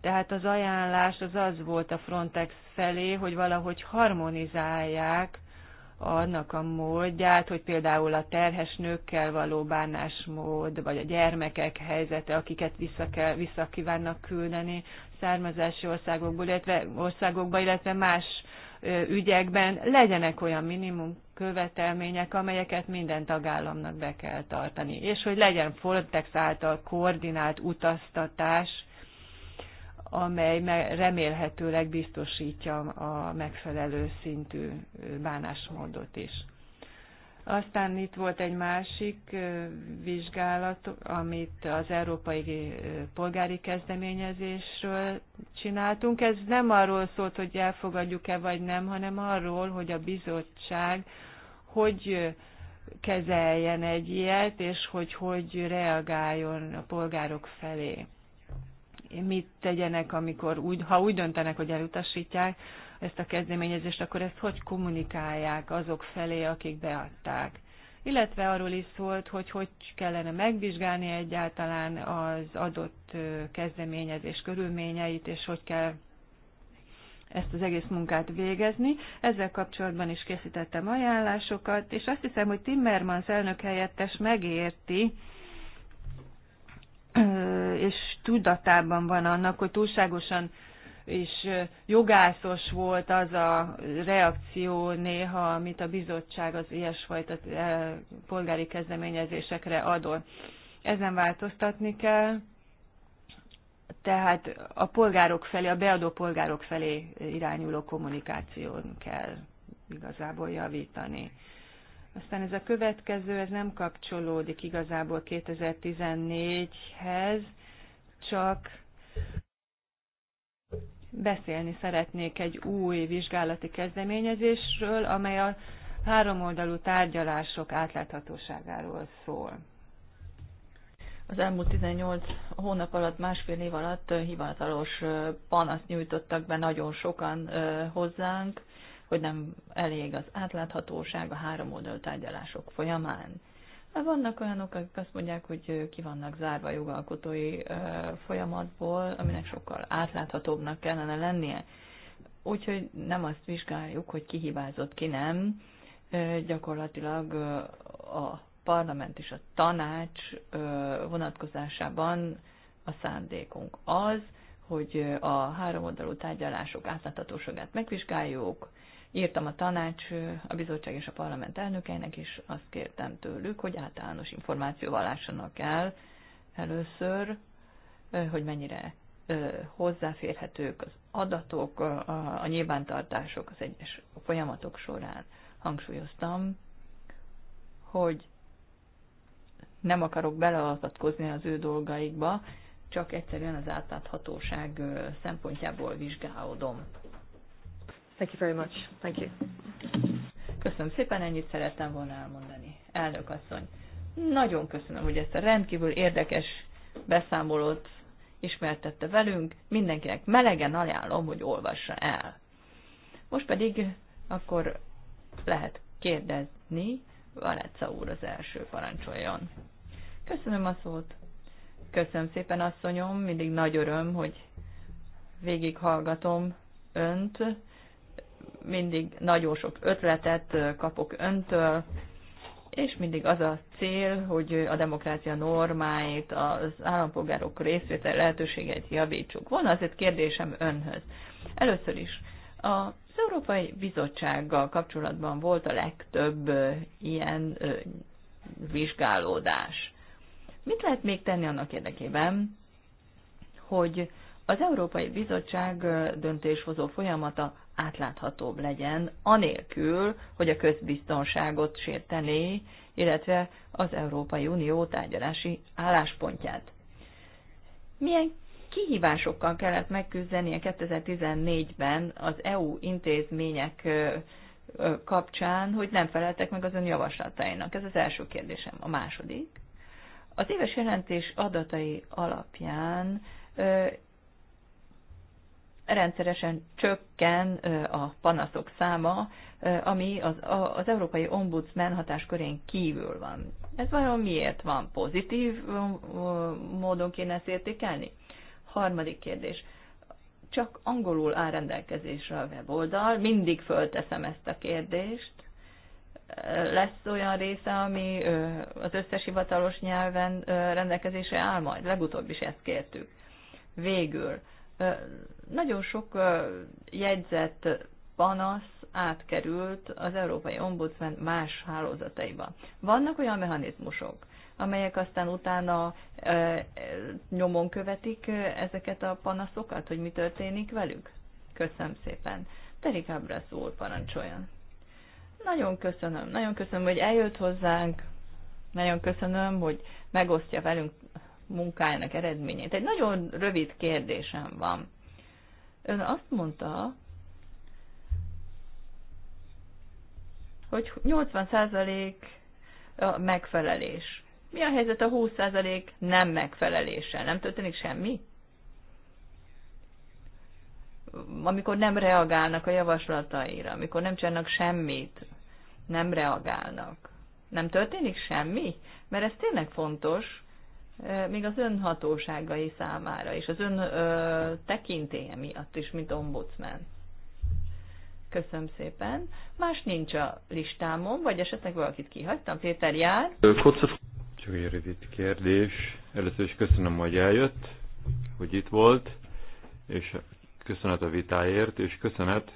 Tehát az ajánlás az az volt a Frontex felé, hogy valahogy harmonizálják annak a módját, hogy például a terhes nőkkel való bánásmód, vagy a gyermekek helyzete, akiket vissza, kell, vissza kívánnak küldeni származási országokból, illetve országokba, illetve más ügyekben legyenek olyan minimum követelmények, amelyeket minden tagállamnak be kell tartani, és hogy legyen Frontex által koordinált utaztatás amely remélhetőleg biztosítja a megfelelő szintű bánásmódot is. Aztán itt volt egy másik vizsgálat, amit az Európai Polgári Kezdeményezésről csináltunk. Ez nem arról szólt, hogy elfogadjuk-e vagy nem, hanem arról, hogy a bizottság hogy kezeljen egy ilyet, és hogy hogy reagáljon a polgárok felé mit tegyenek, amikor úgy, ha úgy döntenek, hogy elutasítják ezt a kezdeményezést, akkor ezt hogy kommunikálják azok felé, akik beadták. Illetve arról is szólt, hogy hogy kellene megvizsgálni egyáltalán az adott kezdeményezés körülményeit, és hogy kell ezt az egész munkát végezni. Ezzel kapcsolatban is készítettem ajánlásokat, és azt hiszem, hogy Timmermans elnök helyettes megérti, és tudatában van annak, hogy túlságosan és jogászos volt az a reakció néha, amit a bizottság az ilyesfajta polgári kezdeményezésekre adott. Ezen változtatni kell, tehát a polgárok felé, a beadó polgárok felé irányuló kommunikáción kell igazából javítani. Aztán ez a következő, ez nem kapcsolódik igazából 2014-hez, csak beszélni szeretnék egy új vizsgálati kezdeményezésről, amely a háromoldalú tárgyalások átláthatóságáról szól. Az elmúlt 18 hónap alatt, másfél év alatt hivatalos panaszt nyújtottak be nagyon sokan hozzánk, hogy nem elég az átláthatóság a három oldal tárgyalások folyamán. Hát vannak olyanok, akik azt mondják, hogy ki vannak zárva a jogalkotói folyamatból, aminek sokkal átláthatóbbnak kellene lennie. Úgyhogy nem azt vizsgáljuk, hogy ki hibázott, ki nem. Gyakorlatilag a parlament és a tanács vonatkozásában a szándékunk az, hogy a háromoldalú tárgyalások átláthatóságát megvizsgáljuk, Írtam a tanács, a bizottság és a parlament elnökeinek, és azt kértem tőlük, hogy általános információval lássanak el először, hogy mennyire hozzáférhetők az adatok, a nyilvántartások az egyes folyamatok során. Hangsúlyoztam, hogy nem akarok beleavatkozni az ő dolgaikba, csak egyszerűen az átláthatóság szempontjából vizsgálódom. Thank you very much. Thank you. Köszönöm szépen, ennyit szerettem volna elmondani. Elnök asszony, nagyon köszönöm, hogy ezt a rendkívül érdekes beszámolót ismertette velünk. Mindenkinek melegen ajánlom, hogy olvassa el. Most pedig akkor lehet kérdezni, Valenca úr az első parancsoljon. Köszönöm a szót. Köszönöm szépen, asszonyom, mindig nagy öröm, hogy végighallgatom önt, mindig nagyon sok ötletet kapok öntől, és mindig az a cél, hogy a demokrácia normáit, az állampolgárok részvétel lehetőségeit javítsuk. Van azért kérdésem önhöz. Először is, az Európai Bizottsággal kapcsolatban volt a legtöbb ilyen vizsgálódás. Mit lehet még tenni annak érdekében, hogy az Európai Bizottság döntéshozó folyamata átláthatóbb legyen, anélkül, hogy a közbiztonságot sértené, illetve az Európai Unió tárgyalási álláspontját. Milyen kihívásokkal kellett megküzdeni a 2014-ben az EU intézmények kapcsán, hogy nem feleltek meg az ön javaslatainak? Ez az első kérdésem. A második. Az éves jelentés adatai alapján rendszeresen csökken a panaszok száma, ami az, az Európai Ombudsman hatáskörén kívül van. Ez vajon miért van? Pozitív módon kéne ezt értékelni? Harmadik kérdés. Csak angolul áll rendelkezésre a weboldal, mindig fölteszem ezt a kérdést. Lesz olyan része, ami az összes hivatalos nyelven rendelkezésre áll majd? Legutóbb is ezt kértük. Végül nagyon sok jegyzett panasz átkerült az Európai Ombudsman más hálózataiba. Vannak olyan mechanizmusok, amelyek aztán utána nyomon követik ezeket a panaszokat, hogy mi történik velük? Köszönöm szépen. Terik Ábrász úr, parancsoljon. Nagyon köszönöm, nagyon köszönöm, hogy eljött hozzánk, nagyon köszönöm, hogy megosztja velünk munkájának eredményét. Egy nagyon rövid kérdésem van. Ön azt mondta, hogy 80% a megfelelés. Mi a helyzet a 20% nem megfeleléssel? Nem történik semmi? Amikor nem reagálnak a javaslataira, amikor nem csinálnak semmit, nem reagálnak. Nem történik semmi? Mert ez tényleg fontos, még az ön hatóságai számára, és az ön ö, tekintélye miatt is, mint ombudsman. Köszönöm szépen. Más nincs a listámon, vagy esetleg valakit kihagytam. Péter jár. Csak egy rövid kérdés. Először is köszönöm, hogy eljött, hogy itt volt, és köszönet a vitáért, és köszönet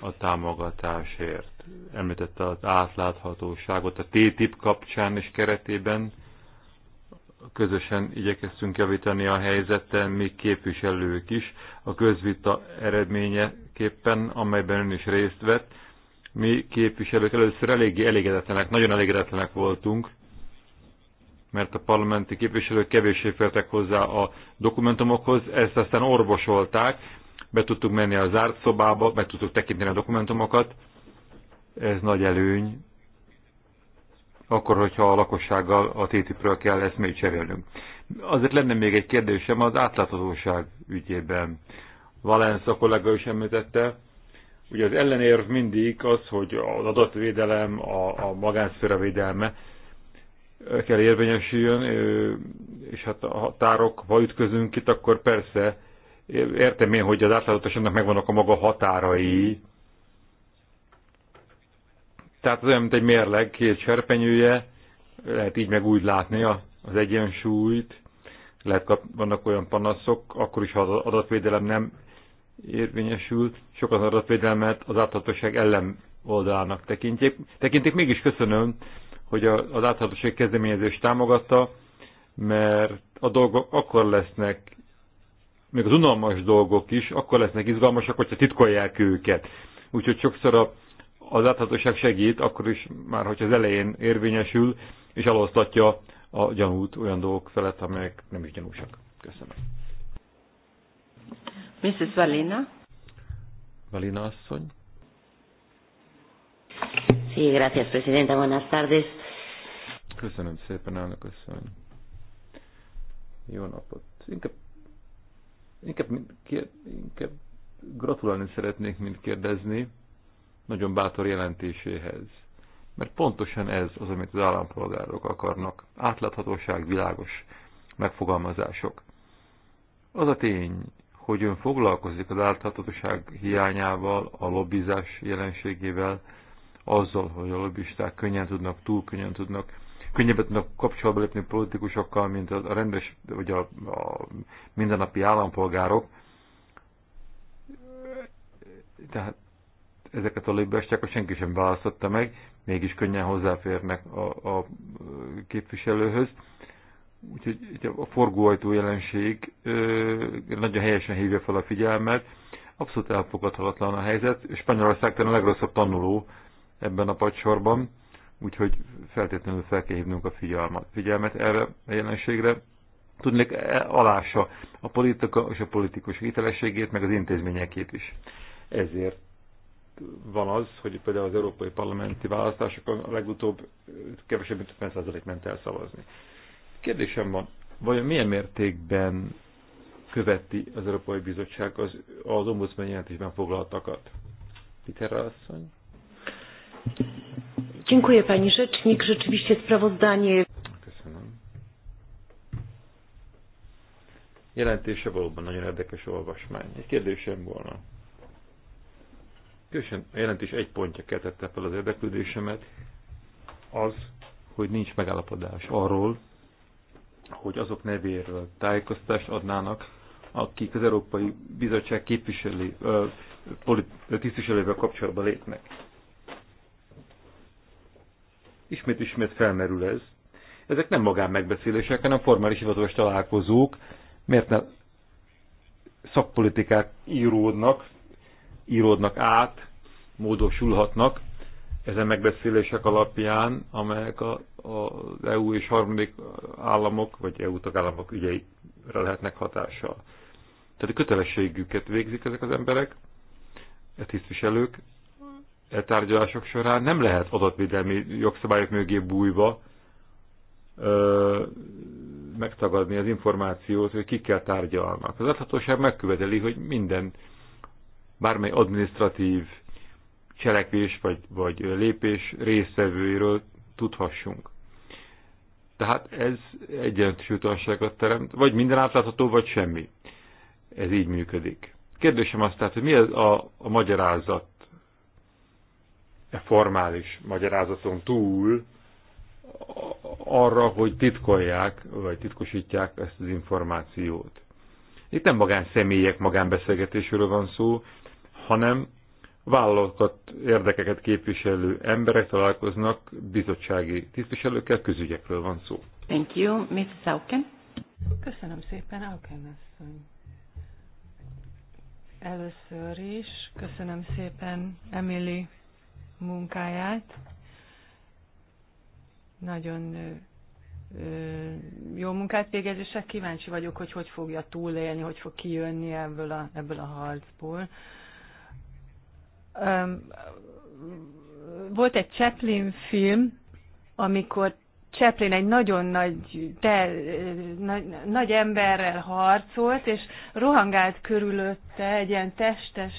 a támogatásért. Említette az átláthatóságot a TTIP kapcsán és keretében közösen igyekeztünk javítani a helyzeten, mi képviselők is. A közvita eredményeképpen, amelyben ön is részt vett, mi képviselők először eléggé elégedetlenek, nagyon elégedetlenek voltunk, mert a parlamenti képviselők kevéssé fértek hozzá a dokumentumokhoz, ezt aztán orvosolták, be tudtuk menni a zárt szobába, meg tudtuk tekinteni a dokumentumokat, ez nagy előny, akkor, hogyha a lakossággal a TTIP-ről kell eszmét cserélnünk. Azért lenne még egy kérdésem az átláthatóság ügyében. Valensz a kollega is említette, ugye az ellenérv mindig az, hogy az adatvédelem, a, a magánszféra védelme kell érvényesüljön, és hát a határok, ha ütközünk itt, akkor persze értem én, hogy az átláthatóságnak megvannak a maga határai, tehát az olyan, mint egy mérleg két serpenyője, lehet így meg úgy látni az egyensúlyt, lehet kap, vannak olyan panaszok, akkor is, ha az adatvédelem nem érvényesül, sok az adatvédelmet az áthatóság ellen oldalának tekintjék. Tekintik mégis köszönöm, hogy az áthatóság kezdeményezést támogatta, mert a dolgok akkor lesznek, még az unalmas dolgok is, akkor lesznek izgalmasak, hogyha titkolják őket. Úgyhogy sokszor a az áthatóság segít, akkor is már, hogyha az elején érvényesül, és elosztatja a gyanút olyan dolgok felett, amelyek nem is gyanúsak. Köszönöm. Mrs. Valina. Valina asszony. Sí, gracias, Presidenta. Buenas tardes. Köszönöm szépen, elnök asszony. Jó napot. Inkább, inkább, inkább gratulálni szeretnék, mint kérdezni nagyon bátor jelentéséhez. Mert pontosan ez az, amit az állampolgárok akarnak. Átláthatóság, világos megfogalmazások. Az a tény, hogy ön foglalkozik az átláthatóság hiányával, a lobbizás jelenségével, azzal, hogy a lobbisták könnyen tudnak, túl könnyen tudnak, könnyebben tudnak kapcsolatba lépni politikusokkal, mint a rendes, vagy a, a mindennapi állampolgárok. Tehát ezeket a lobbyistákat senki sem választotta meg, mégis könnyen hozzáférnek a, a képviselőhöz. Úgyhogy a forgóajtó jelenség nagyon helyesen hívja fel a figyelmet. Abszolút elfogadhatatlan a helyzet. Spanyolország a legrosszabb tanuló ebben a pacsorban, úgyhogy feltétlenül fel kell hívnunk a figyelmet, figyelmet erre a jelenségre. Tudnék, e, alása a politika és a politikus hitelességét, meg az intézményekét is. Ezért van az, hogy például az európai parlamenti választásokon a legutóbb kevesebb mint 50% ment el szavazni. Kérdésem van, vajon milyen mértékben követi az Európai Bizottság az, az ombudsman jelentésben foglaltakat? Peter asszony? Dziękuję Pani Rzecznik. Rzeczywiście sprawozdanie... Köszönöm. Jelentése valóban nagyon érdekes olvasmány. Egy kérdésem volna. Különösen a jelentés egy pontja keltette fel az érdeklődésemet, az, hogy nincs megállapodás arról, hogy azok nevéről tájékoztást adnának, akik az Európai Bizottság képviselő, tisztviselővel kapcsolatba lépnek. Ismét-ismét felmerül ez. Ezek nem magán megbeszélések, hanem formális hivatalos találkozók. Miért ne szakpolitikák íródnak íródnak át, módosulhatnak ezen megbeszélések alapján, amelyek a, a, az EU és harmadik államok, vagy EU tagállamok ügyeire lehetnek hatással. Tehát a kötelességüket végzik ezek az emberek, a e tisztviselők, e tárgyalások során nem lehet adatvédelmi jogszabályok mögé bújva ö, megtagadni az információt, hogy kikkel tárgyalnak. Az adhatóság megköveteli, hogy minden bármely administratív cselekvés vagy, vagy lépés résztvevőiről tudhassunk. Tehát ez egyensúlytalanságot teremt, vagy minden átlátható, vagy semmi. Ez így működik. Kérdésem azt tehát, hogy mi az a, a magyarázat, e formális magyarázaton túl arra, hogy titkolják, vagy titkosítják ezt az információt. Itt nem magánszemélyek magánbeszélgetésről van szó, hanem vállalatokat, érdekeket képviselő emberek találkoznak bizottsági tisztviselőkkel, közügyekről van szó. Thank you, Mrs. Auken. Köszönöm szépen, Auken asszony. Először is köszönöm szépen Emily munkáját. Nagyon jó munkát végez, és hát kíváncsi vagyok, hogy hogy fogja túlélni, hogy fog kijönni ebből a, ebből a harcból. Ö, volt egy Chaplin film, amikor Chaplin egy nagyon nagy, de, nagy, nagy emberrel harcolt, és rohangált körülötte egy ilyen testes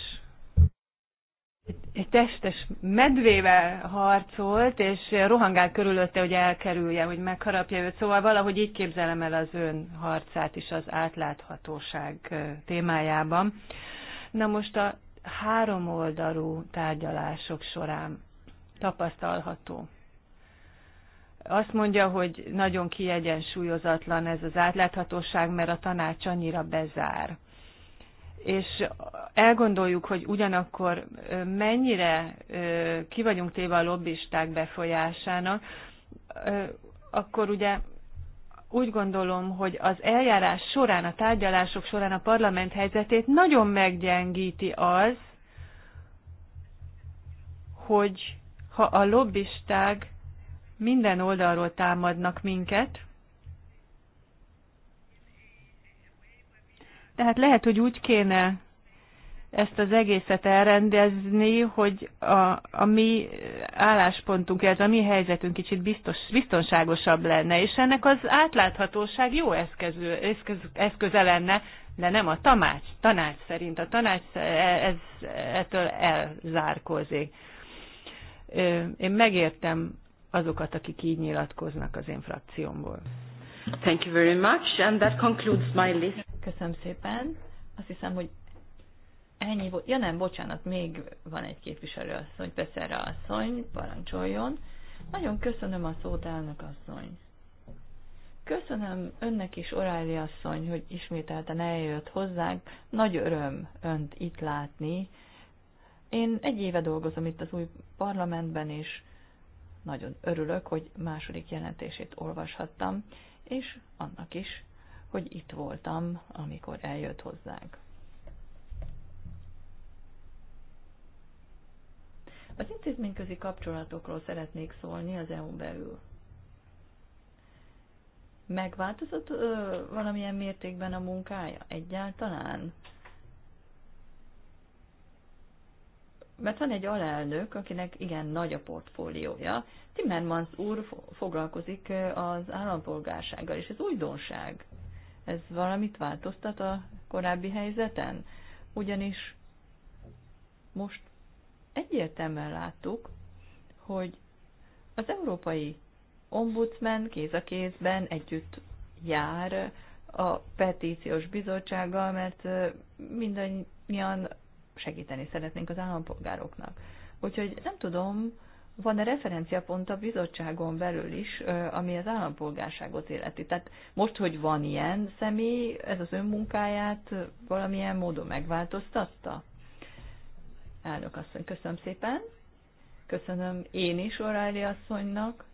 egy testes medvével harcolt, és rohangált körülötte, hogy elkerülje, hogy megharapja őt. Szóval valahogy így képzelem el az ön harcát is az átláthatóság témájában. Na most a három oldalú tárgyalások során tapasztalható. Azt mondja, hogy nagyon kiegyensúlyozatlan ez az átláthatóság, mert a tanács annyira bezár. És elgondoljuk, hogy ugyanakkor mennyire ki vagyunk téve a lobbisták befolyásának, akkor ugye úgy gondolom, hogy az eljárás során, a tárgyalások során a parlament helyzetét nagyon meggyengíti az, hogy ha a lobbisták minden oldalról támadnak minket, tehát lehet, hogy úgy kéne ezt az egészet elrendezni, hogy a, a mi álláspontunk, ez a mi helyzetünk kicsit biztos, biztonságosabb lenne, és ennek az átláthatóság jó eszköző, eszköz, eszköze lenne, de nem a tanács, tanács szerint. A tanács ez, ettől elzárkózik. Én megértem azokat, akik így nyilatkoznak az én frakciómból. Thank you very much, and that concludes my list. Köszönöm szépen. Azt hiszem, hogy Ennyi volt. Ja nem, bocsánat, még van egy képviselő asszony, Peszerre asszony, parancsoljon. Nagyon köszönöm a szót, elnök asszony. Köszönöm önnek is, Oráli asszony, hogy ismételten eljött hozzánk. Nagy öröm önt itt látni. Én egy éve dolgozom itt az új parlamentben, és nagyon örülök, hogy második jelentését olvashattam, és annak is, hogy itt voltam, amikor eljött hozzánk. Az intézményközi kapcsolatokról szeretnék szólni az EU-n belül. Megváltozott ö, valamilyen mértékben a munkája? Egyáltalán? mert van egy alelnök, akinek igen nagy a portfóliója. Timmermans úr foglalkozik az állampolgársággal, és ez újdonság. Ez valamit változtat a korábbi helyzeten? Ugyanis most egyértelműen láttuk, hogy az európai ombudsman kéz a kézben együtt jár a petíciós bizottsággal, mert mindannyian segíteni szeretnénk az állampolgároknak. Úgyhogy nem tudom, van-e referenciapont a bizottságon belül is, ami az állampolgárságot életi. Tehát most, hogy van ilyen személy, ez az önmunkáját valamilyen módon megváltoztatta? Elnök asszony, köszönöm szépen. Köszönöm én is O'Reilly asszonynak,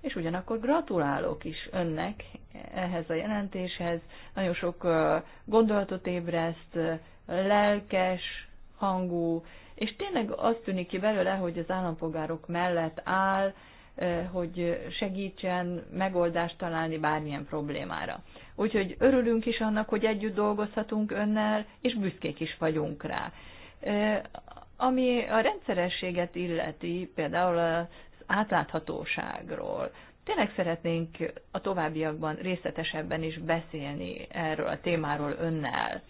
és ugyanakkor gratulálok is önnek ehhez a jelentéshez. Nagyon sok gondolatot ébreszt, lelkes, hangú, és tényleg azt tűnik ki belőle, hogy az állampolgárok mellett áll, hogy segítsen megoldást találni bármilyen problémára. Úgyhogy örülünk is annak, hogy együtt dolgozhatunk önnel, és büszkék is vagyunk rá. Ami a rendszerességet illeti, például az átláthatóságról, tényleg szeretnénk a továbbiakban részletesebben is beszélni erről a témáról önnel.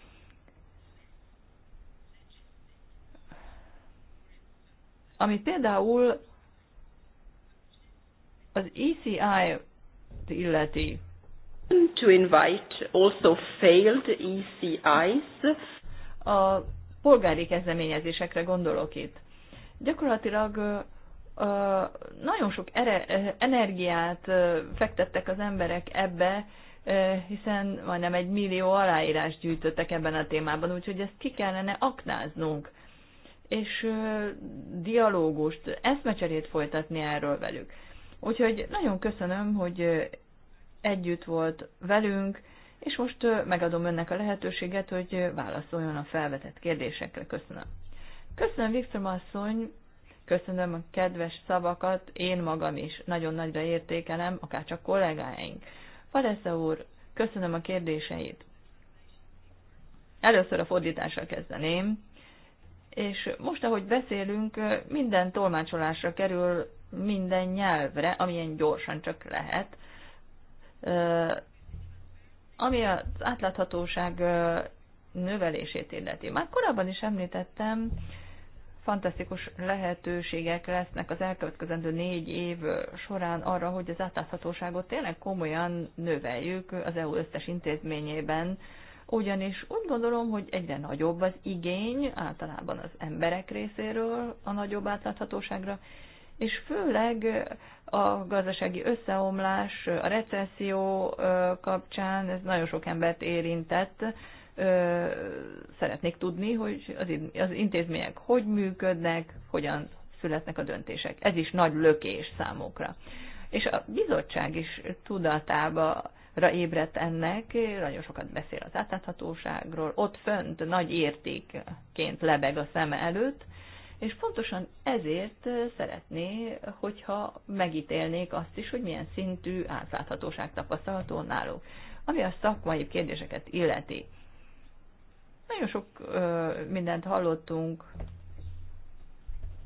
Ami például az ECI illeti. To invite also failed ECIs. A polgári kezdeményezésekre gondolok itt. Gyakorlatilag nagyon sok energiát fektettek az emberek ebbe, hiszen majdnem egy millió aláírás gyűjtöttek ebben a témában, úgyhogy ezt ki kellene aknáznunk, és dialógust, eszmecserét folytatni erről velük. Úgyhogy nagyon köszönöm, hogy együtt volt velünk, és most megadom önnek a lehetőséget, hogy válaszoljon a felvetett kérdésekre. Köszönöm. Köszönöm, Viktor asszony, köszönöm a kedves szavakat, én magam is nagyon nagyra értékelem, akár csak kollégáink. Fadesza úr, köszönöm a kérdéseit. Először a fordítással kezdeném, és most, ahogy beszélünk, minden tolmácsolásra kerül minden nyelvre, amilyen gyorsan csak lehet ami az átláthatóság növelését illeti. Már korábban is említettem, fantasztikus lehetőségek lesznek az elkövetkezendő négy év során arra, hogy az átláthatóságot tényleg komolyan növeljük az EU összes intézményében, ugyanis úgy gondolom, hogy egyre nagyobb az igény általában az emberek részéről a nagyobb átláthatóságra, és főleg a gazdasági összeomlás, a recesszió kapcsán, ez nagyon sok embert érintett. Szeretnék tudni, hogy az intézmények hogy működnek, hogyan születnek a döntések. Ez is nagy lökés számukra. És a bizottság is tudatába ébredt ennek, nagyon sokat beszél az átláthatóságról, ott fönt nagy értékként lebeg a szeme előtt, és pontosan ezért szeretné, hogyha megítélnék azt is, hogy milyen szintű átláthatóság tapasztalható náluk. Ami a szakmai kérdéseket illeti. Nagyon sok ö, mindent hallottunk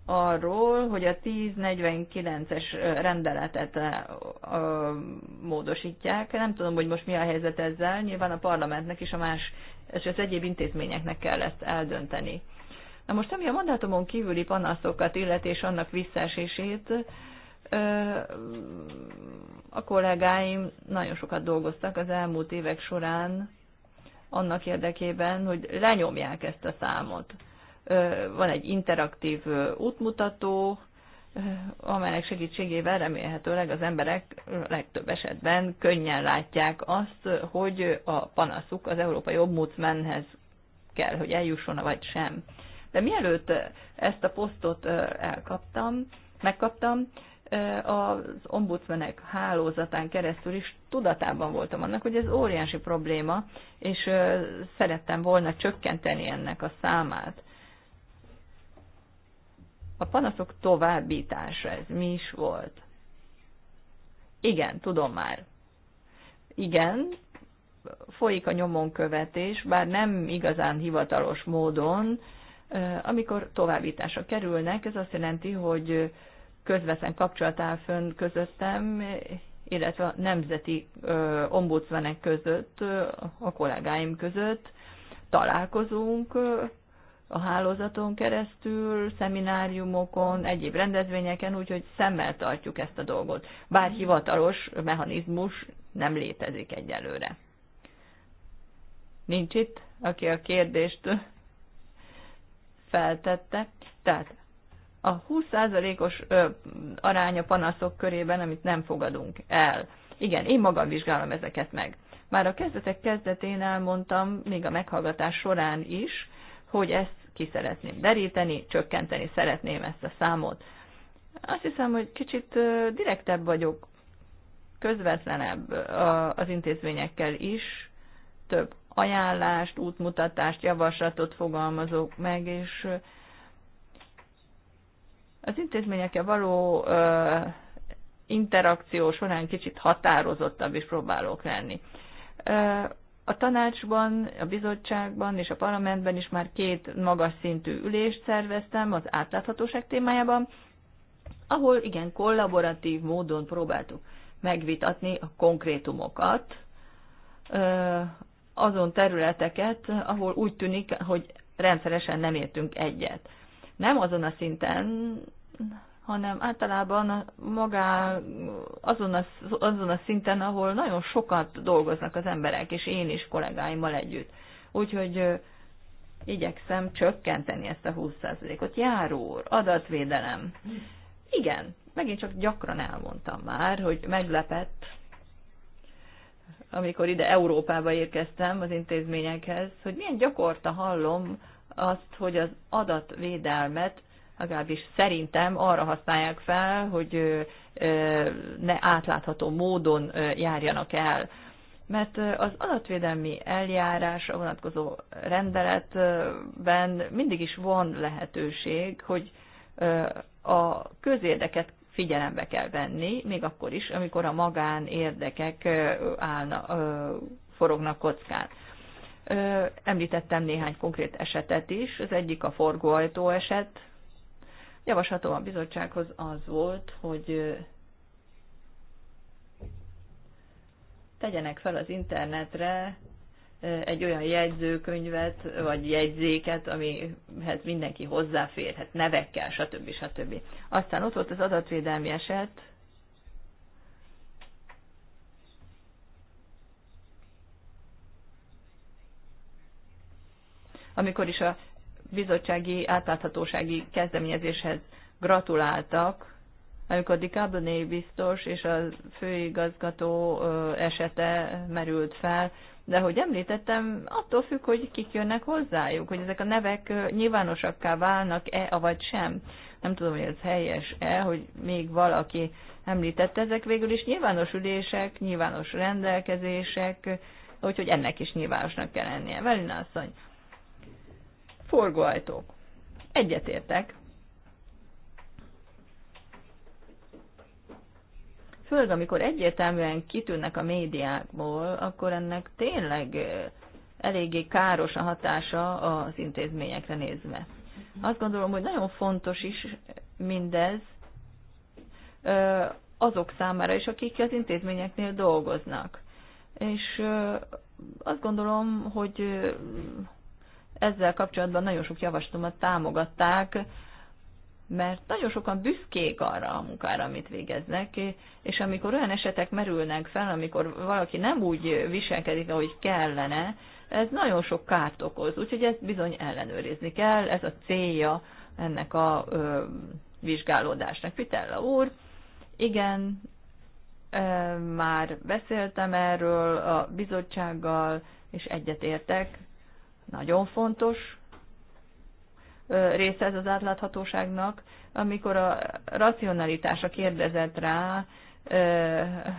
arról, hogy a 1049-es rendeletet ö, módosítják. Nem tudom, hogy most mi a helyzet ezzel. Nyilván a parlamentnek is a más és az egyéb intézményeknek kell ezt eldönteni. Na most, ami a mandátumon kívüli panaszokat illeti és annak visszaesését, a kollégáim nagyon sokat dolgoztak az elmúlt évek során annak érdekében, hogy lenyomják ezt a számot. Van egy interaktív útmutató, amelynek segítségével remélhetőleg az emberek legtöbb esetben könnyen látják azt, hogy a panaszuk az Európai Ombudsmanhez kell, hogy eljusson, vagy sem. De mielőtt ezt a posztot elkaptam, megkaptam, az ombudsmenek hálózatán keresztül is tudatában voltam annak, hogy ez óriási probléma, és szerettem volna csökkenteni ennek a számát. A panaszok továbbítása, ez mi is volt? Igen, tudom már. Igen, folyik a nyomon követés, bár nem igazán hivatalos módon, amikor továbbításra kerülnek, ez azt jelenti, hogy közvetlen kapcsolat áll fönn közöttem, illetve a nemzeti ombudsmanek között, a kollégáim között találkozunk a hálózaton keresztül, szemináriumokon, egyéb rendezvényeken, úgyhogy szemmel tartjuk ezt a dolgot. Bár hivatalos mechanizmus nem létezik egyelőre. Nincs itt, aki a kérdést feltette. Tehát a 20%-os aránya panaszok körében, amit nem fogadunk el. Igen, én magam vizsgálom ezeket meg. Már a kezdetek kezdetén elmondtam, még a meghallgatás során is, hogy ezt ki szeretném deríteni, csökkenteni szeretném ezt a számot. Azt hiszem, hogy kicsit direktebb vagyok, közvetlenebb az intézményekkel is, több ajánlást, útmutatást, javaslatot fogalmazok meg, és az intézményekkel való interakció során kicsit határozottabb is próbálok lenni. a tanácsban, a bizottságban és a parlamentben is már két magas szintű ülést szerveztem az átláthatóság témájában, ahol igen kollaboratív módon próbáltuk megvitatni a konkrétumokat, azon területeket, ahol úgy tűnik, hogy rendszeresen nem értünk egyet. Nem azon a szinten, hanem általában magá azon a, azon a szinten, ahol nagyon sokat dolgoznak az emberek, és én is kollégáimmal együtt. Úgyhogy igyekszem csökkenteni ezt a 20%-ot. Járó adatvédelem. Igen, megint csak gyakran elmondtam már, hogy meglepett amikor ide Európába érkeztem az intézményekhez, hogy milyen gyakorta hallom azt, hogy az adatvédelmet legalábbis szerintem arra használják fel, hogy ne átlátható módon járjanak el. Mert az adatvédelmi eljárásra vonatkozó rendeletben mindig is van lehetőség, hogy a közérdeket figyelembe kell venni, még akkor is, amikor a magán érdekek állna, forognak kockán. Említettem néhány konkrét esetet is, az egyik a forgóajtó eset. Javaslatom a bizottsághoz az volt, hogy tegyenek fel az internetre egy olyan jegyzőkönyvet, vagy jegyzéket, amihez mindenki hozzáférhet, nevekkel, stb. stb. Aztán ott volt az adatvédelmi eset, amikor is a bizottsági átláthatósági kezdeményezéshez gratuláltak, amikor Dicabonné biztos és a főigazgató esete merült fel, de ahogy említettem, attól függ, hogy kik jönnek hozzájuk, hogy ezek a nevek nyilvánosakká válnak-e, avagy sem. Nem tudom, hogy ez helyes-e, hogy még valaki említette, ezek végül is nyilvános ülések, nyilvános rendelkezések, úgyhogy ennek is nyilvánosnak kell lennie. Velina asszony, forgóajtók. Egyetértek. Főleg, amikor egyértelműen kitűnnek a médiákból, akkor ennek tényleg eléggé káros a hatása az intézményekre nézve. Azt gondolom, hogy nagyon fontos is mindez azok számára is, akik az intézményeknél dolgoznak. És azt gondolom, hogy ezzel kapcsolatban nagyon sok javaslatomat támogatták, mert nagyon sokan büszkék arra a munkára, amit végeznek, és amikor olyan esetek merülnek fel, amikor valaki nem úgy viselkedik, ahogy kellene, ez nagyon sok kárt okoz, úgyhogy ezt bizony ellenőrizni kell, ez a célja ennek a ö, vizsgálódásnak. Pitella úr, igen, ö, már beszéltem erről a bizottsággal, és egyetértek, nagyon fontos, része ez az átláthatóságnak, amikor a racionalitása kérdezett rá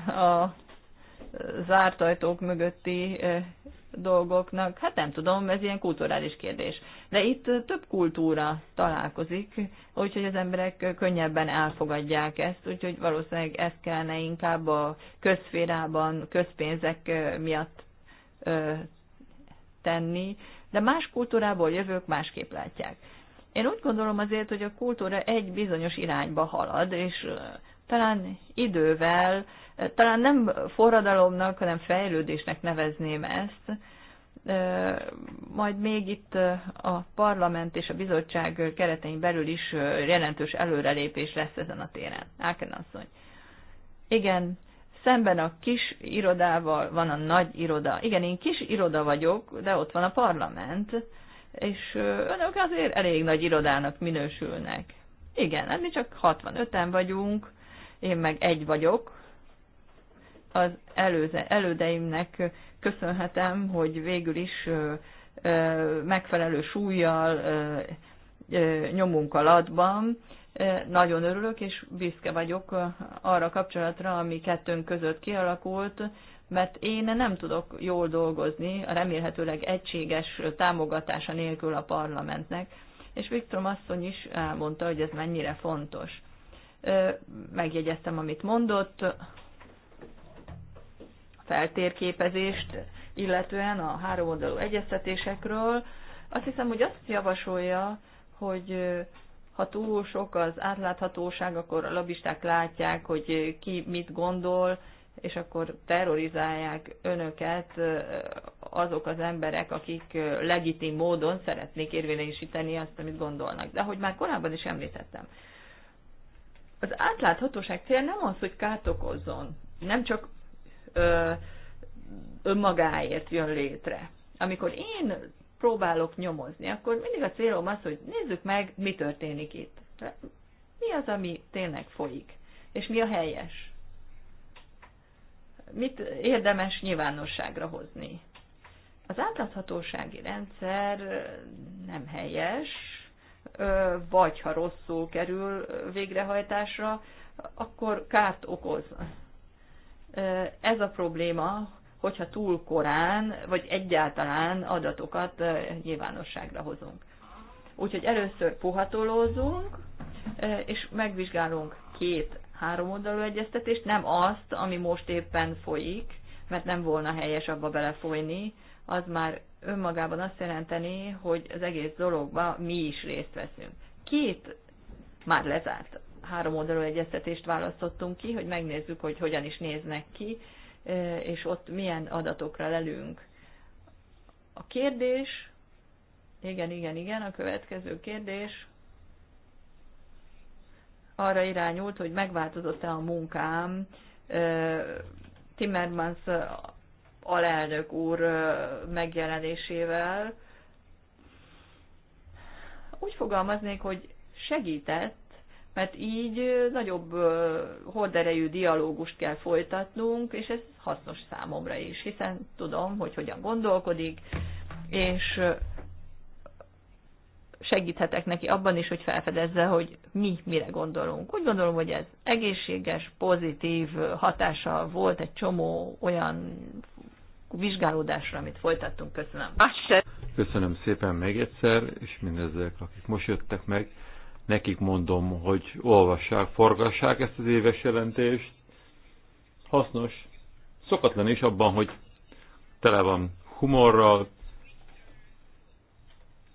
a zárt ajtók mögötti dolgoknak, hát nem tudom, ez ilyen kulturális kérdés. De itt több kultúra találkozik, úgyhogy az emberek könnyebben elfogadják ezt, úgyhogy valószínűleg ezt kellene inkább a közférában, közpénzek miatt tenni, de más kultúrából jövők másképp látják. Én úgy gondolom azért, hogy a kultúra egy bizonyos irányba halad, és talán idővel, talán nem forradalomnak, hanem fejlődésnek nevezném ezt. Majd még itt a parlament és a bizottság keretein belül is jelentős előrelépés lesz ezen a téren. Áken asszony. Igen, szemben a kis irodával van a nagy iroda. Igen, én kis iroda vagyok, de ott van a parlament és önök azért elég nagy irodának minősülnek. Igen, hát mi csak 65-en vagyunk, én meg egy vagyok. Az előze, elődeimnek köszönhetem, hogy végül is ö, ö, megfelelő súlyjal ö, ö, nyomunk alatban. Nagyon örülök, és büszke vagyok arra kapcsolatra, ami kettőnk között kialakult, mert én nem tudok jól dolgozni, remélhetőleg egységes támogatása nélkül a parlamentnek, és Viktor asszony is elmondta, hogy ez mennyire fontos. Megjegyeztem, amit mondott, feltérképezést, illetően a három oldalú egyeztetésekről. Azt hiszem, hogy azt javasolja, hogy ha túl sok az átláthatóság, akkor a labisták látják, hogy ki mit gondol, és akkor terrorizálják önöket azok az emberek, akik legitim módon szeretnék érvényesíteni azt, amit gondolnak. De ahogy már korábban is említettem, az átláthatóság cél nem az, hogy kárt okozzon, nem csak ö, önmagáért jön létre. Amikor én próbálok nyomozni, akkor mindig a célom az, hogy nézzük meg, mi történik itt. Mi az, ami tényleg folyik, és mi a helyes mit érdemes nyilvánosságra hozni. Az átláthatósági rendszer nem helyes, vagy ha rosszul kerül végrehajtásra, akkor kárt okoz. Ez a probléma, hogyha túl korán, vagy egyáltalán adatokat nyilvánosságra hozunk. Úgyhogy először puhatolózunk, és megvizsgálunk két három oldalú egyeztetést, nem azt, ami most éppen folyik, mert nem volna helyes abba belefolyni, az már önmagában azt jelenteni, hogy az egész dologban mi is részt veszünk. Két már lezárt három oldalú egyeztetést választottunk ki, hogy megnézzük, hogy hogyan is néznek ki, e, és ott milyen adatokra lelünk. A kérdés, igen, igen, igen, a következő kérdés, arra irányult, hogy megváltozott-e a munkám. Timmermans alelnök úr megjelenésével. Úgy fogalmaznék, hogy segített, mert így nagyobb horderejű dialógust kell folytatnunk, és ez hasznos számomra is, hiszen tudom, hogy hogyan gondolkodik, és segíthetek neki abban is, hogy felfedezze, hogy mi mire gondolunk. Úgy gondolom, hogy ez egészséges, pozitív hatása volt egy csomó olyan vizsgálódásra, amit folytattunk. Köszönöm. Köszönöm szépen még egyszer, és mindezek, akik most jöttek meg, nekik mondom, hogy olvassák, forgassák ezt az éves jelentést. Hasznos. Szokatlan is abban, hogy tele van humorral,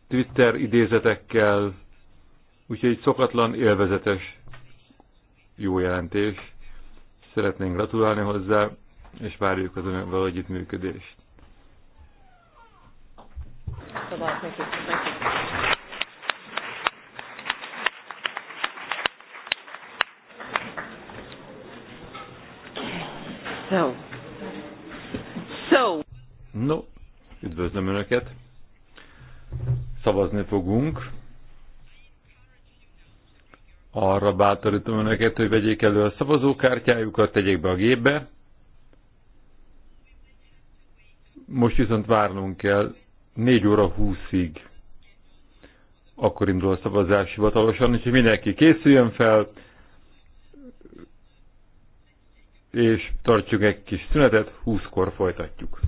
Twitter idézetekkel, úgyhogy egy szokatlan, élvezetes, jó jelentés. Szeretnénk gratulálni hozzá, és várjuk az önökvel együttműködést. Szóval, thank So. So. No, üdvözlöm Önöket szavazni fogunk. Arra bátorítom önöket, hogy vegyék elő a szavazókártyájukat, tegyék be a gépbe. Most viszont várnunk kell 4 óra 20-ig. Akkor indul a szavazás hivatalosan, úgyhogy mindenki készüljön fel, és tartjuk egy kis szünetet, 20-kor folytatjuk.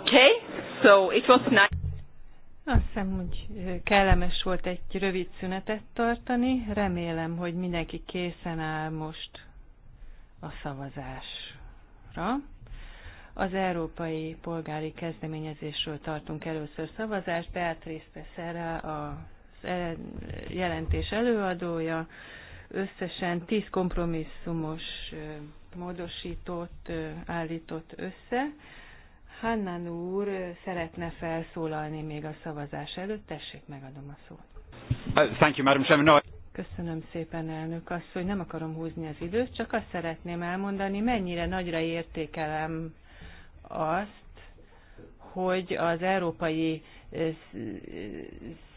Okay, so it was nice. Azt hiszem, hogy eh, kellemes volt egy rövid szünetet tartani. Remélem, hogy mindenki készen áll most a szavazásra. Az Európai Polgári Kezdeményezésről tartunk először szavazást. Beatrice Becerra a e, jelentés előadója. Összesen tíz kompromisszumos eh, módosítót eh, állított össze Hannan úr szeretne felszólalni még a szavazás előtt. Tessék, megadom a szót. Uh, thank you, Madam Chairman. No. Köszönöm szépen, elnök azt hogy Nem akarom húzni az időt, csak azt szeretném elmondani, mennyire nagyra értékelem azt, hogy az európai eh, eh,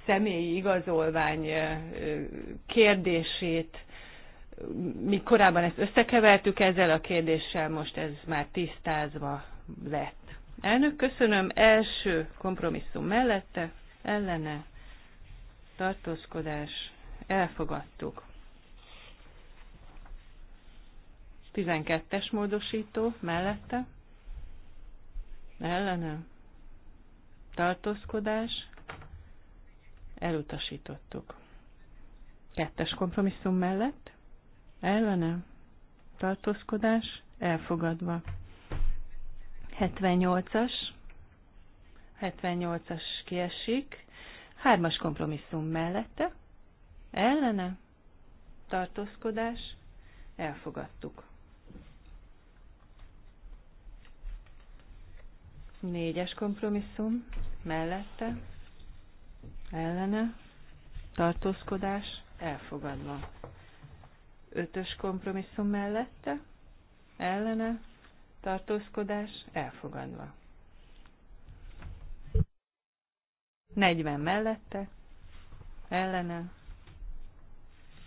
személyi igazolvány eh, kérdését mi korábban ezt összekevertük ezzel a kérdéssel, most ez már tisztázva lett. Elnök, köszönöm. Első kompromisszum mellette, ellene, tartózkodás, elfogadtuk. 12-es módosító mellette, ellene, tartózkodás, elutasítottuk. Kettes kompromisszum mellett, ellene, tartózkodás, elfogadva. 78-as, 78-as kiesik, hármas kompromisszum mellette, ellene, tartózkodás, elfogadtuk. Négyes kompromisszum mellette, ellene, tartózkodás, elfogadva. Ötös kompromisszum mellette, ellene, tartózkodás elfogadva. 40 mellette, ellene,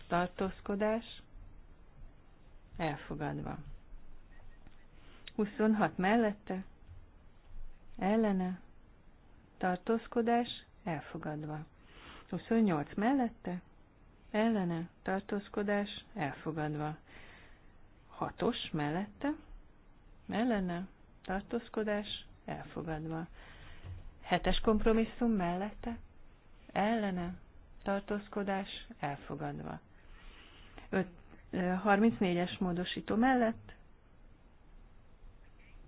tartózkodás elfogadva. 26 mellette, ellene, tartózkodás elfogadva. 28 mellette, ellene, tartózkodás elfogadva. 6-os mellette, ellene, tartózkodás elfogadva. Hetes kompromisszum mellette, ellene, tartózkodás elfogadva. 34-es módosító mellett,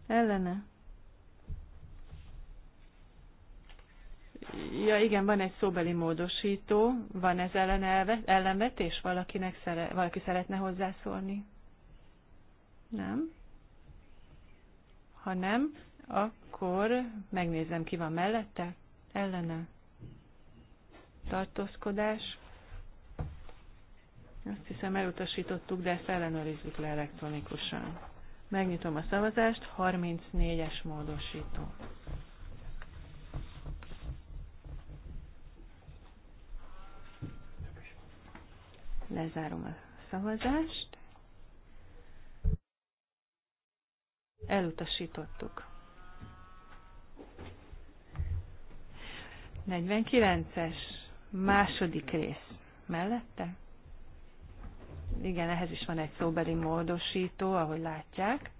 ellene. Ja igen, van egy szóbeli módosító, van ez ellen elve, ellenvetés, valakinek szere, valaki szeretne hozzászólni? Nem? Ha nem, akkor megnézem, ki van mellette, ellene. Tartózkodás. Azt hiszem elutasítottuk, de ezt ellenőrizzük le elektronikusan. Megnyitom a szavazást, 34-es módosító. Lezárom a szavazást. elutasítottuk. 49-es második rész mellette? Igen, ehhez is van egy szóbeli módosító, ahogy látják.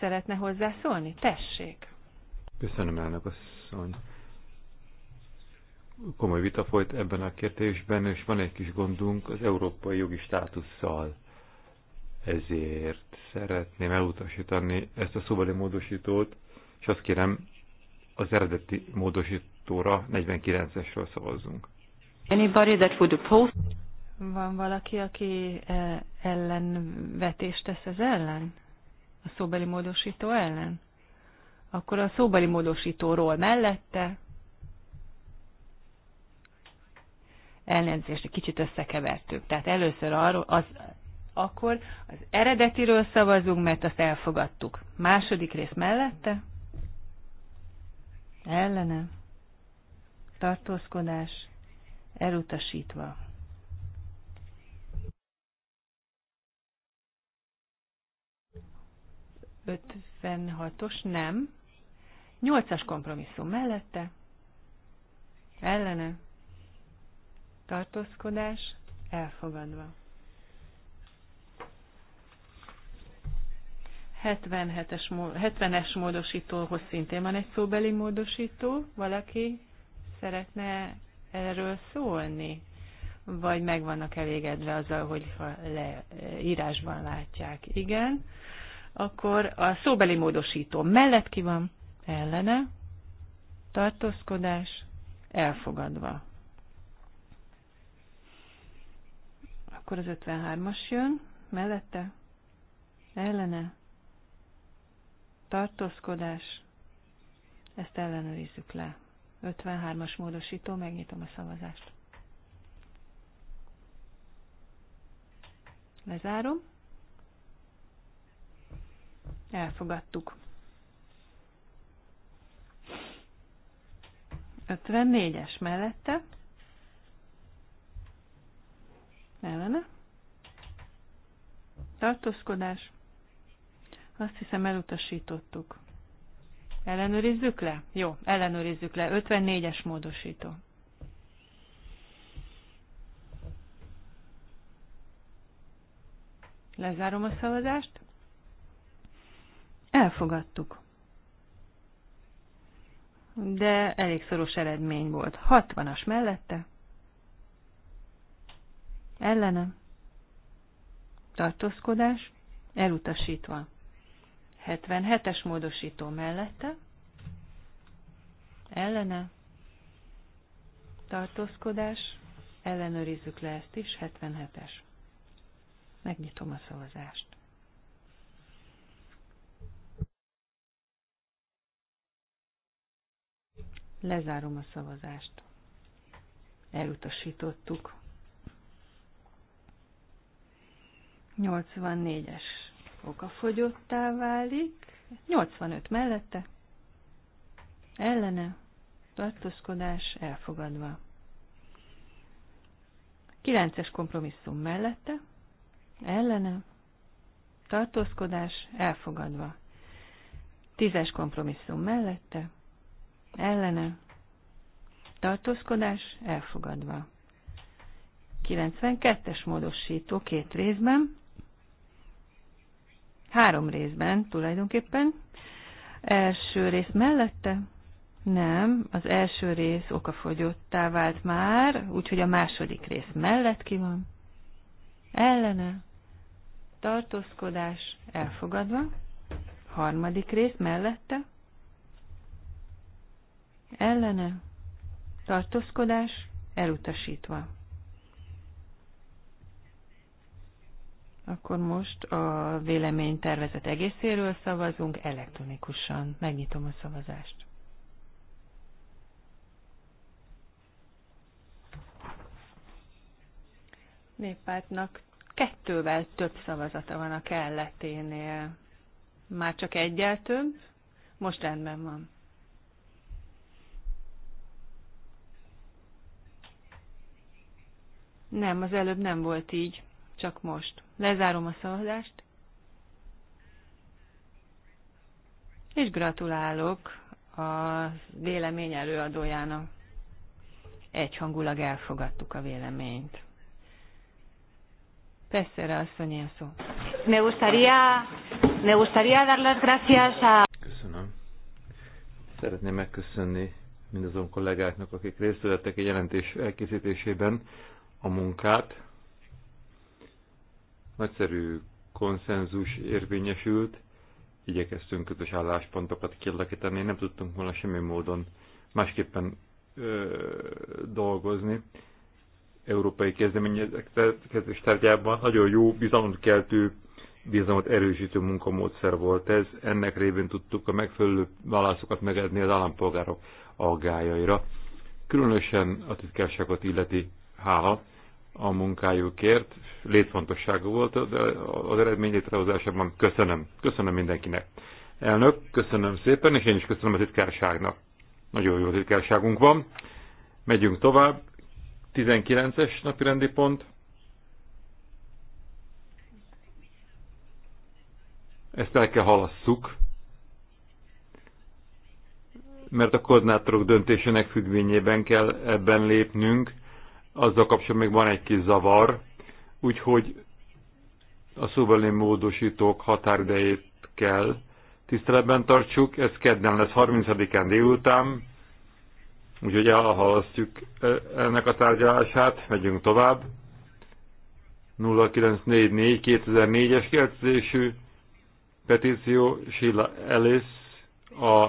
Szeretne hozzászólni? Tessék! Köszönöm, elnök asszony. Komoly vita folyt ebben a kérdésben, és van egy kis gondunk az európai jogi státusszal ezért szeretném elutasítani ezt a szóbeli módosítót, és azt kérem, az eredeti módosítóra 49-esről szavazzunk. Anybody that would oppose? Van valaki, aki e, ellenvetést tesz ez ellen? A szóbeli módosító ellen? Akkor a szóbeli módosítóról mellette. Elnézést, egy kicsit összekevertük. Tehát először arról, az akkor az eredetiről szavazunk, mert azt elfogadtuk. Második rész mellette? Ellene? Tartózkodás? Elutasítva. Ötvenhatos nem. Nyolcas kompromisszum mellette? Ellene? Tartózkodás? Elfogadva. 77-es, 70-es módosítóhoz szintén van egy szóbeli módosító. Valaki szeretne erről szólni? Vagy meg vannak elégedve azzal, hogy ha le, írásban látják? Igen. Akkor a szóbeli módosító mellett ki van? Ellene. Tartózkodás. Elfogadva. Akkor az 53-as jön. Mellette? Ellene tartózkodás, ezt ellenőrizzük le. 53-as módosító, megnyitom a szavazást. Lezárom. Elfogadtuk. 54-es mellette. Ellene. Tartózkodás. Azt hiszem elutasítottuk. Ellenőrizzük le? Jó, ellenőrizzük le. 54-es módosító. Lezárom a szavazást. Elfogadtuk. De elég szoros eredmény volt. 60-as mellette. Ellenem. Tartózkodás. Elutasítva. 77-es módosító mellette, ellene, tartózkodás, ellenőrizzük le ezt is, 77-es. Megnyitom a szavazást. Lezárom a szavazást. Elutasítottuk. 84-es okafogyottá válik, 85 mellette, ellene, tartózkodás elfogadva. 9-es kompromisszum mellette, ellene, tartózkodás elfogadva. 10-es kompromisszum mellette, ellene, tartózkodás elfogadva. 92-es módosító két részben, Három részben tulajdonképpen. Első rész mellette? Nem, az első rész okafogyottá vált már, úgyhogy a második rész mellett ki van. Ellene, tartózkodás elfogadva, harmadik rész mellette, ellene, tartózkodás elutasítva. Akkor most a vélemény tervezet egészéről szavazunk elektronikusan. Megnyitom a szavazást. Néppártnak kettővel több szavazata van a kelleténél. Már csak egyel több, most rendben van. Nem, az előbb nem volt így csak most. Lezárom a szavazást. És gratulálok a vélemény előadójának. Egyhangulag elfogadtuk a véleményt. Persze, asszony, a szó. Me gustaría, me gustaría dar las gracias a... Köszönöm. Szeretném megköszönni mindazon kollégáknak, akik részt vettek egy jelentés elkészítésében a munkát, nagyszerű konszenzus érvényesült, igyekeztünk közös álláspontokat kialakítani, nem tudtunk volna semmi módon másképpen ö, dolgozni. Európai kezdeményezés tárgyában nagyon jó, bizalmat keltő, bizalmat erősítő munkamódszer volt ez. Ennek révén tudtuk a megfelelő válaszokat megadni az állampolgárok aggájaira. Különösen a titkárságot illeti hála, a munkájukért. létfontosságú volt az eredmény létrehozásában. Köszönöm. Köszönöm mindenkinek. Elnök, köszönöm szépen, és én is köszönöm a titkárságnak. Nagyon jó titkárságunk van. Megyünk tovább. 19-es napi rendi pont. Ezt el kell halasszuk, mert a koordinátorok döntésének függvényében kell ebben lépnünk azzal kapcsolatban még van egy kis zavar, úgyhogy a szóbeli módosítók határidejét kell tiszteletben tartsuk. Ez kedden lesz 30-án délután, úgyhogy elhalasztjuk e, ennek a tárgyalását, megyünk tovább. 0944 2004-es kérdezésű petíció Sheila Ellis a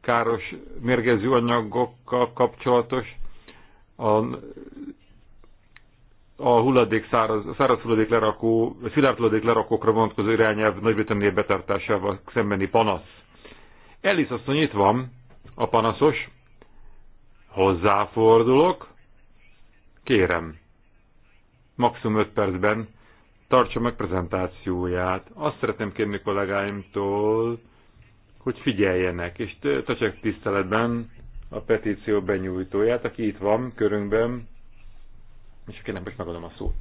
káros mérgező anyagokkal kapcsolatos a, a hulladék száraz, száraz hulladék lerakó, vagy szilárd hulladék lerakókra vonatkozó irányelv nagy betartásával szembeni panasz. Elis asszony itt van, a panaszos. Hozzáfordulok. Kérem, maximum 5 percben tartsa meg prezentációját. Azt szeretném kérni kollégáimtól, hogy figyeljenek, és tartsák tiszteletben a petíció benyújtóját, aki itt van körünkben, és akinek most megadom a szót.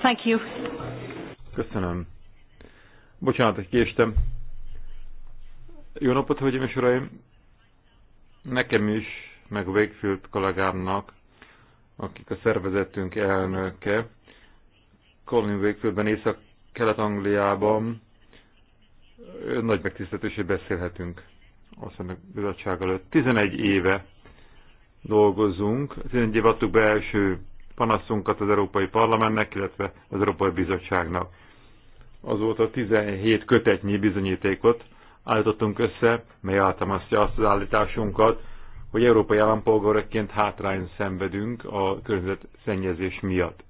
Thank you. Köszönöm. Bocsánat, hogy késtem. Jó napot, hölgyeim és uraim! Nekem is, meg Wakefield kollégámnak, akik a szervezetünk elnöke, Colin Wakefieldben, Észak-Kelet-Angliában nagy megtiszteltetésé beszélhetünk a szemek bizottság előtt. 11 éve dolgozunk, 11 év adtuk be első panaszunkat az Európai Parlamentnek, illetve az Európai Bizottságnak azóta 17 kötetnyi bizonyítékot állítottunk össze, mely általmasztja azt az állításunkat, hogy európai állampolgárokként hátrány szenvedünk a szennyezés miatt.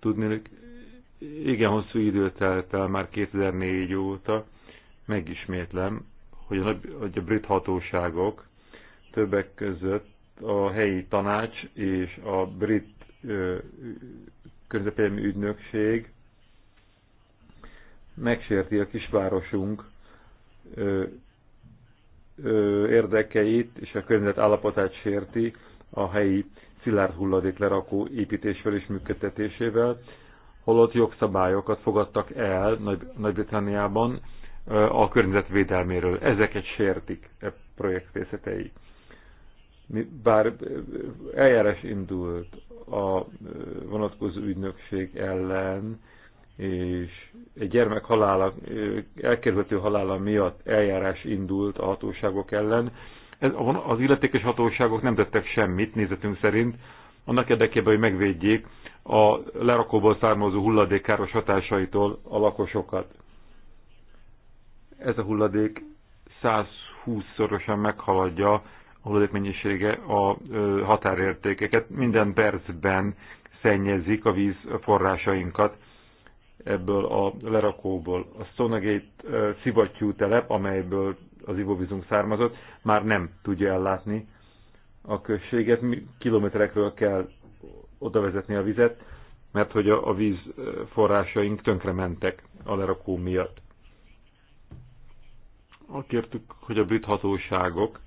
Tudni, igen hosszú idő telt el már 2004 óta, megismétlem, hogy a, hogy a brit hatóságok többek között a helyi tanács és a brit környezetvédelmi ügynökség megsérti a kisvárosunk ö, ö, érdekeit és a környezet állapotát sérti a helyi szilárd hulladék lerakó építésvel és működtetésével, holott jogszabályokat fogadtak el Nagy-Britanniában a környezetvédelméről. Ezeket sértik a e projekt részletei. Bár eljárás indult a vonatkozó ügynökség ellen, és egy gyermek halála, elkerülhető halála miatt eljárás indult a hatóságok ellen. Ez, az illetékes hatóságok nem tettek semmit, nézetünk szerint, annak érdekében, hogy megvédjék a lerakóból származó hulladék káros hatásaitól a lakosokat. Ez a hulladék 120-szorosan meghaladja a hulladék mennyisége a határértékeket. Minden percben szennyezik a víz forrásainkat ebből a lerakóból. A Stonegate szivattyú telep, amelyből az ivóvízunk származott, már nem tudja ellátni a községet. Kilométerekről kell oda vezetni a vizet, mert hogy a, a víz forrásaink tönkre mentek a lerakó miatt. Kértük, hogy a brit hatóságok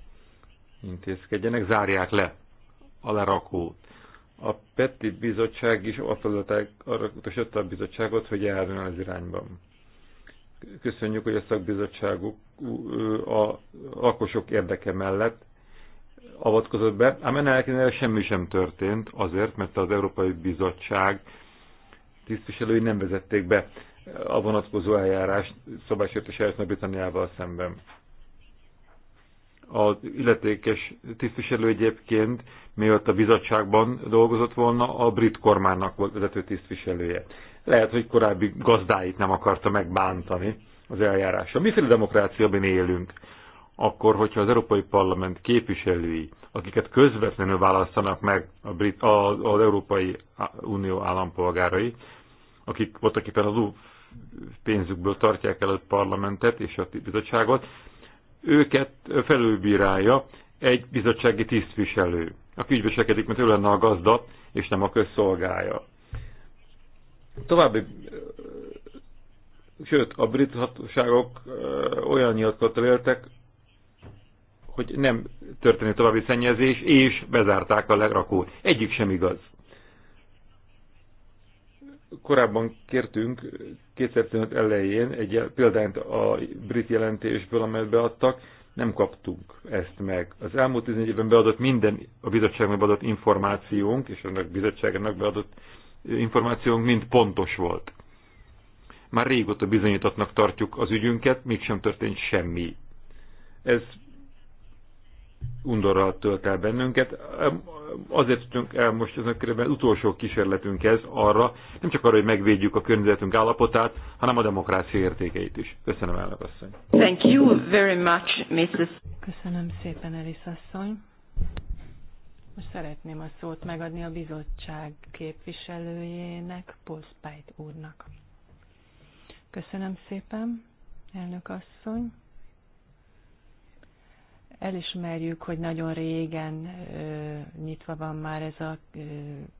intézkedjenek, zárják le a lerakót. A PETI bizottság is arra utasította a bizottságot, hogy járjon az irányban. Köszönjük, hogy a szakbizottságuk a lakosok érdeke mellett avatkozott be, ám ennek semmi sem történt, azért, mert az Európai Bizottság tisztviselői nem vezették be a vonatkozó eljárást szabálysértés eljárás Nagy-Britanniával szemben az illetékes tisztviselő egyébként, mielőtt a bizottságban dolgozott volna, a brit kormánynak volt vezető tisztviselője. Lehet, hogy korábbi gazdáit nem akarta megbántani az eljárása. Miféle demokráciában élünk? Akkor, hogyha az Európai Parlament képviselői, akiket közvetlenül választanak meg a brit, az, az Európai Unió állampolgárai, akik voltak éppen az pénzükből tartják el a parlamentet és a bizottságot, őket felülbírálja egy bizottsági tisztviselő, aki úgy viselkedik, mert ő lenne a gazda, és nem a közszolgája. További, sőt, a brit hatóságok olyan nyilatkozattal éltek, hogy nem történik további szennyezés, és bezárták a lerakót. Egyik sem igaz korábban kértünk 2015 elején egy példányt a brit jelentésből, amelyet beadtak, nem kaptunk ezt meg. Az elmúlt 14 évben beadott minden a bizottságnak beadott információnk, és annak bizottságnak beadott információnk mind pontos volt. Már régóta bizonyítatnak tartjuk az ügyünket, mégsem történt semmi. Ez undorral tölt el bennünket. Azért tudtunk el most ezen körülbelül utolsó kísérletünk ez arra, nem csak arra, hogy megvédjük a környezetünk állapotát, hanem a demokrácia értékeit is. Köszönöm, elnök asszony. Thank you very much, Mrs. Köszönöm szépen, Elis asszony. Most szeretném a szót megadni a bizottság képviselőjének, Spite úrnak. Köszönöm szépen, elnök asszony. Elismerjük, hogy nagyon régen ö, nyitva van már ez a ö,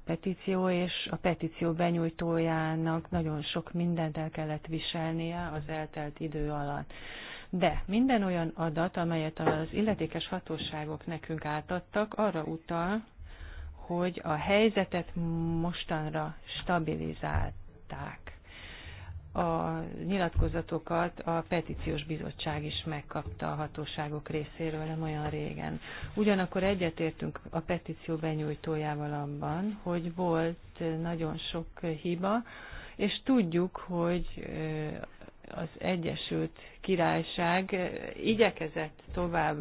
petíció, és a petíció benyújtójának nagyon sok mindent el kellett viselnie az eltelt idő alatt. De minden olyan adat, amelyet az illetékes hatóságok nekünk átadtak, arra utal, hogy a helyzetet mostanra stabilizálták a nyilatkozatokat a petíciós bizottság is megkapta a hatóságok részéről nem olyan régen. Ugyanakkor egyetértünk a petíció benyújtójával abban, hogy volt nagyon sok hiba, és tudjuk, hogy az Egyesült Királyság igyekezett tovább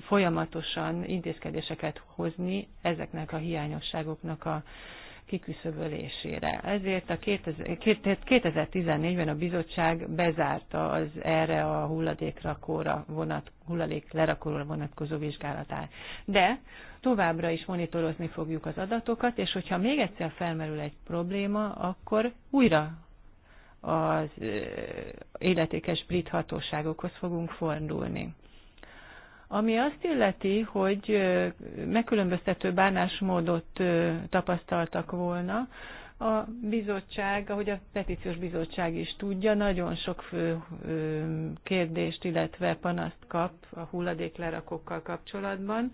folyamatosan intézkedéseket hozni ezeknek a hiányosságoknak a kiküszöbölésére. Ezért a 2014-ben a bizottság bezárta az erre a hulladékrakóra vonat, hulladék lerakóra vonatkozó vizsgálatát. De továbbra is monitorozni fogjuk az adatokat, és hogyha még egyszer felmerül egy probléma, akkor újra az életékes brit hatóságokhoz fogunk fordulni. Ami azt illeti, hogy megkülönböztető bánásmódot tapasztaltak volna, a bizottság, ahogy a petíciós bizottság is tudja, nagyon sok fő kérdést, illetve panaszt kap a hulladéklerakókkal kapcsolatban.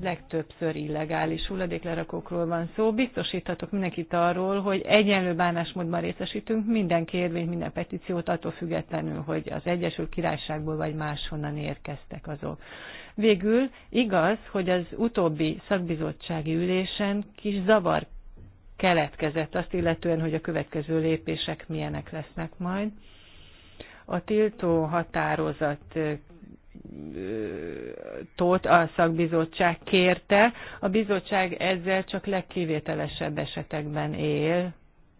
Legtöbbször illegális hulladéklerakókról van szó. Biztosíthatok mindenkit arról, hogy egyenlő bánásmódban részesítünk minden kérvényt, minden petíciót, attól függetlenül, hogy az Egyesült Királyságból vagy máshonnan érkeztek azok. Végül igaz, hogy az utóbbi szakbizottsági ülésen kis zavar keletkezett azt illetően, hogy a következő lépések milyenek lesznek majd. A tiltó határozat tót a szakbizottság kérte. A bizottság ezzel csak legkivételesebb esetekben él.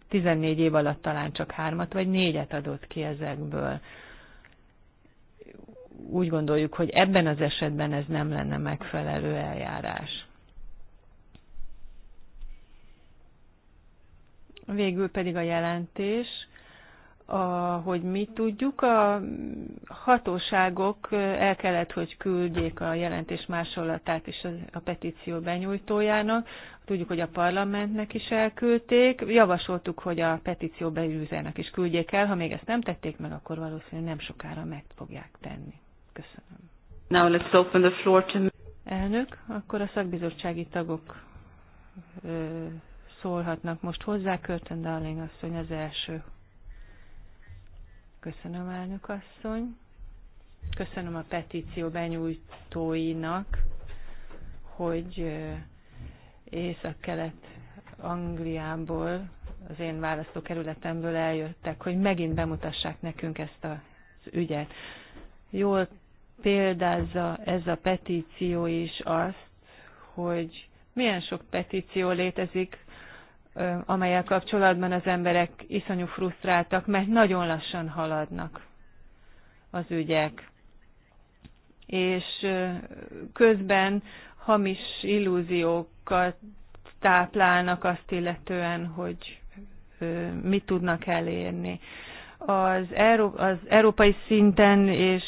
14 év alatt talán csak hármat vagy négyet adott ki ezekből. Úgy gondoljuk, hogy ebben az esetben ez nem lenne megfelelő eljárás. Végül pedig a jelentés, a, hogy mi tudjuk, a hatóságok eh, el kellett, hogy küldjék a jelentés másolatát is a petíció benyújtójának. Tudjuk, hogy a parlamentnek is elküldték. Javasoltuk, hogy a petíció beűzőjának is küldjék el. Ha még ezt nem tették meg, akkor valószínűleg nem sokára meg fogják tenni. Köszönöm. Now let's open the floor to... Elnök, akkor a szakbizottsági tagok szólhatnak most hozzá. Körtön Darling asszony az első. Köszönöm, elnök asszony. Köszönöm a petíció benyújtóinak, hogy észak-kelet Angliából, az én választókerületemből eljöttek, hogy megint bemutassák nekünk ezt az ügyet. Jól példázza ez a petíció is azt, hogy milyen sok petíció létezik amelyel kapcsolatban az emberek iszonyú frusztráltak, mert nagyon lassan haladnak az ügyek. És közben hamis illúziókat táplálnak azt illetően, hogy mit tudnak elérni. Az, Euró- az európai szinten és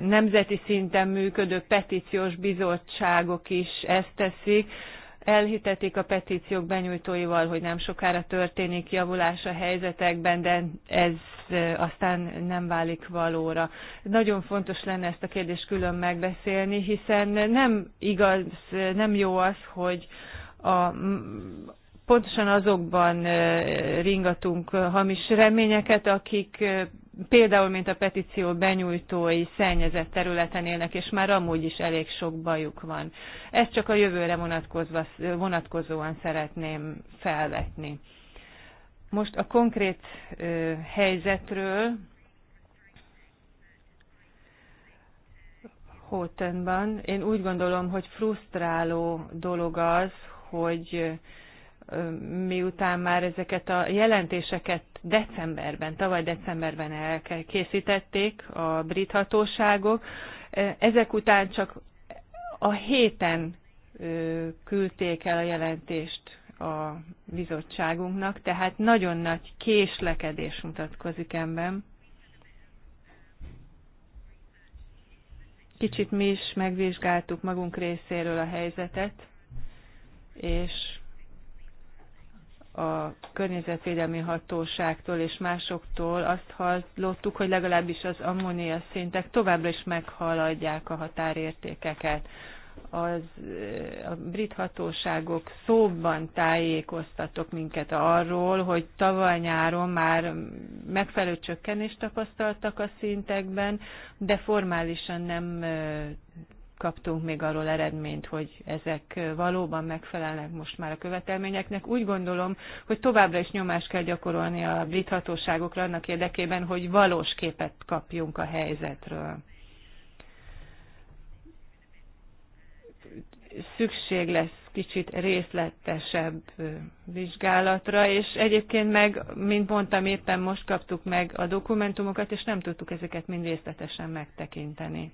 nemzeti szinten működő petíciós bizottságok is ezt teszik, elhitetik a petíciók benyújtóival, hogy nem sokára történik javulás a helyzetekben, de ez aztán nem válik valóra. Nagyon fontos lenne ezt a kérdést külön megbeszélni, hiszen nem igaz, nem jó az, hogy a, pontosan azokban ringatunk hamis reményeket, akik például, mint a petíció benyújtói szennyezett területen élnek, és már amúgy is elég sok bajuk van. Ezt csak a jövőre vonatkozva, vonatkozóan szeretném felvetni. Most a konkrét ö, helyzetről Hótenban. Én úgy gondolom, hogy frusztráló dolog az, hogy miután már ezeket a jelentéseket decemberben, tavaly decemberben elkészítették a brit hatóságok, e, ezek után csak a héten küldték el a jelentést a bizottságunknak, tehát nagyon nagy késlekedés mutatkozik ebben. Kicsit mi is megvizsgáltuk magunk részéről a helyzetet, és a környezetvédelmi hatóságtól és másoktól azt hallottuk, hogy legalábbis az ammónia szintek továbbra is meghaladják a határértékeket. Az, eh, a brit hatóságok szóban tájékoztatok minket arról, hogy tavaly nyáron már megfelelő csökkenést tapasztaltak a szintekben, de formálisan nem eh, kaptunk még arról eredményt, hogy ezek valóban megfelelnek most már a követelményeknek. Úgy gondolom, hogy továbbra is nyomást kell gyakorolni a brit hatóságokra annak érdekében, hogy valós képet kapjunk a helyzetről. Szükség lesz kicsit részletesebb vizsgálatra, és egyébként meg, mint mondtam, éppen most kaptuk meg a dokumentumokat, és nem tudtuk ezeket mind részletesen megtekinteni.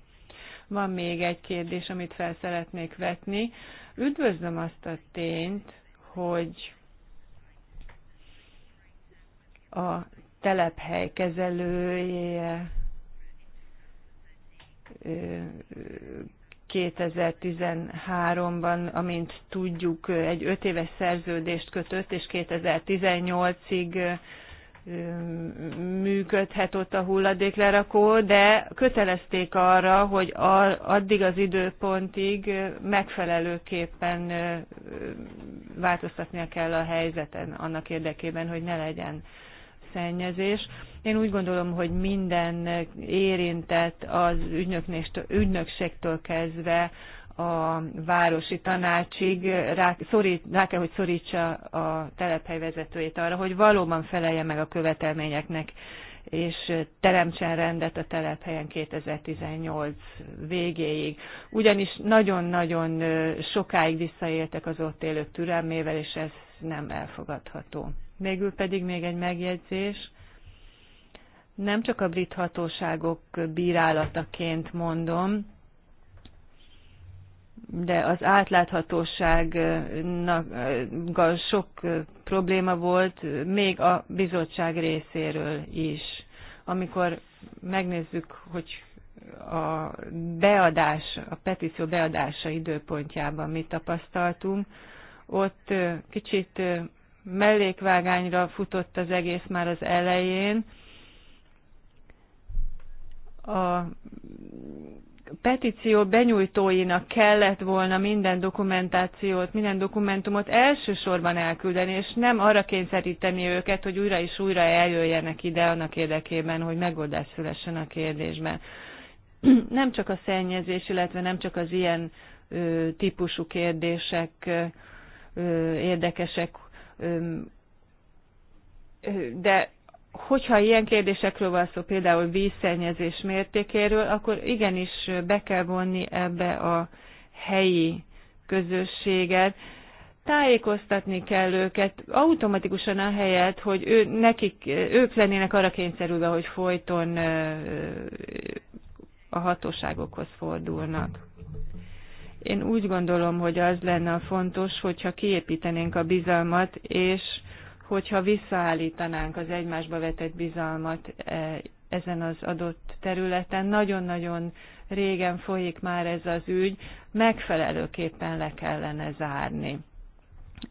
Van még egy kérdés, amit fel szeretnék vetni. Üdvözlöm azt a tényt, hogy a telephely kezelője 2013-ban, amint tudjuk, egy öt éves szerződést kötött, és 2018-ig működhet ott a hulladéklerakó, de kötelezték arra, hogy addig az időpontig megfelelőképpen változtatnia kell a helyzeten annak érdekében, hogy ne legyen szennyezés. Én úgy gondolom, hogy minden érintett az ügynökségtől kezdve a városi tanácsig rá, szorít, rá kell, hogy szorítsa a telephely vezetőjét arra, hogy valóban felelje meg a követelményeknek, és teremtsen rendet a telephelyen 2018 végéig. Ugyanis nagyon-nagyon sokáig visszaéltek az ott élők türelmével, és ez nem elfogadható. Végül pedig még egy megjegyzés. Nem csak a brit hatóságok bírálataként mondom, de az átláthatóságnak sok probléma volt, még a bizottság részéről is. Amikor megnézzük, hogy a beadás, a petíció beadása időpontjában mit tapasztaltunk, ott kicsit mellékvágányra futott az egész már az elején. A petíció benyújtóinak kellett volna minden dokumentációt, minden dokumentumot elsősorban elküldeni, és nem arra kényszeríteni őket, hogy újra és újra eljöjjenek ide annak érdekében, hogy megoldás szülessen a kérdésben. Nem csak a szennyezés, illetve nem csak az ilyen ö, típusú kérdések ö, érdekesek, ö, de hogyha ilyen kérdésekről van szó, például vízszennyezés mértékéről, akkor igenis be kell vonni ebbe a helyi közösséget, tájékoztatni kell őket automatikusan a helyet, hogy ő, nekik, ők lennének arra kényszerülve, hogy folyton a hatóságokhoz fordulnak. Én úgy gondolom, hogy az lenne a fontos, hogyha kiépítenénk a bizalmat, és hogyha visszaállítanánk az egymásba vetett bizalmat e, ezen az adott területen. Nagyon-nagyon régen folyik már ez az ügy, megfelelőképpen le kellene zárni.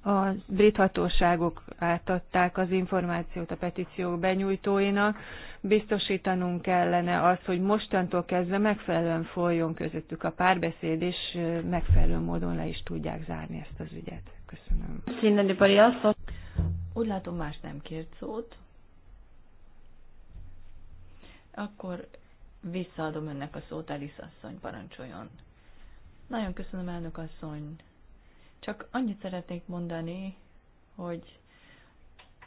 A brit hatóságok átadták az információt a petíciók benyújtóinak, biztosítanunk kellene azt, hogy mostantól kezdve megfelelően folyjon közöttük a párbeszéd, és e, megfelelő módon le is tudják zárni ezt az ügyet. Köszönöm. Úgy látom, más nem kért szót. Akkor visszaadom önnek a szót, Elisz asszony, parancsoljon. Nagyon köszönöm, elnök asszony. Csak annyit szeretnék mondani, hogy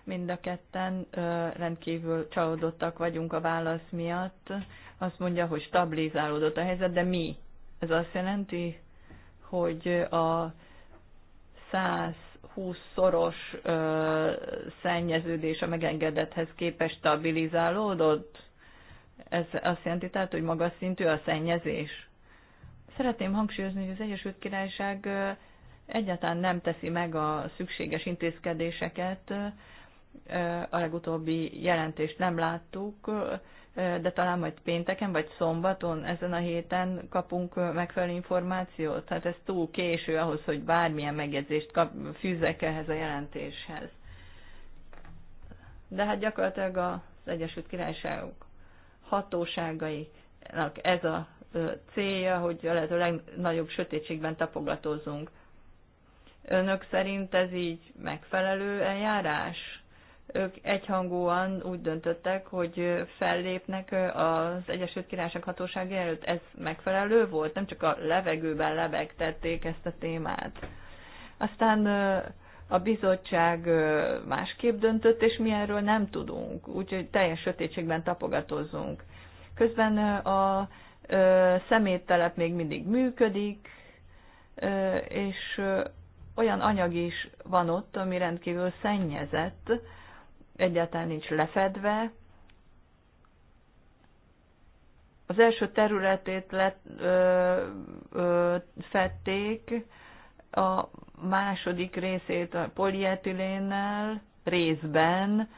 mind a ketten rendkívül csalódottak vagyunk a válasz miatt. Azt mondja, hogy stabilizálódott a helyzet, de mi? Ez azt jelenti, hogy a száz 20-szoros szennyeződés a megengedethez képest stabilizálódott? Ez azt jelenti tehát, hogy magas szintű a szennyezés? Szeretném hangsúlyozni, hogy az Egyesült Királyság egyáltalán nem teszi meg a szükséges intézkedéseket. A legutóbbi jelentést nem láttuk, de talán majd pénteken vagy szombaton ezen a héten kapunk megfelelő információt. Tehát ez túl késő ahhoz, hogy bármilyen megjegyzést kap, fűzzek ehhez a jelentéshez. De hát gyakorlatilag az Egyesült Királyságok hatóságainak ez a célja, hogy a lehető legnagyobb sötétségben tapogatózunk. Önök szerint ez így megfelelő eljárás? ők egyhangúan úgy döntöttek, hogy fellépnek az Egyesült Királyság hatósága előtt. Ez megfelelő volt? Nem csak a levegőben lebegtették ezt a témát. Aztán a bizottság másképp döntött, és mi erről nem tudunk. Úgyhogy teljes sötétségben tapogatózunk. Közben a szeméttelep még mindig működik, és olyan anyag is van ott, ami rendkívül szennyezett, egyáltalán nincs lefedve. Az első területét let ö, ö, fették, a második részét a polietilénnel részben,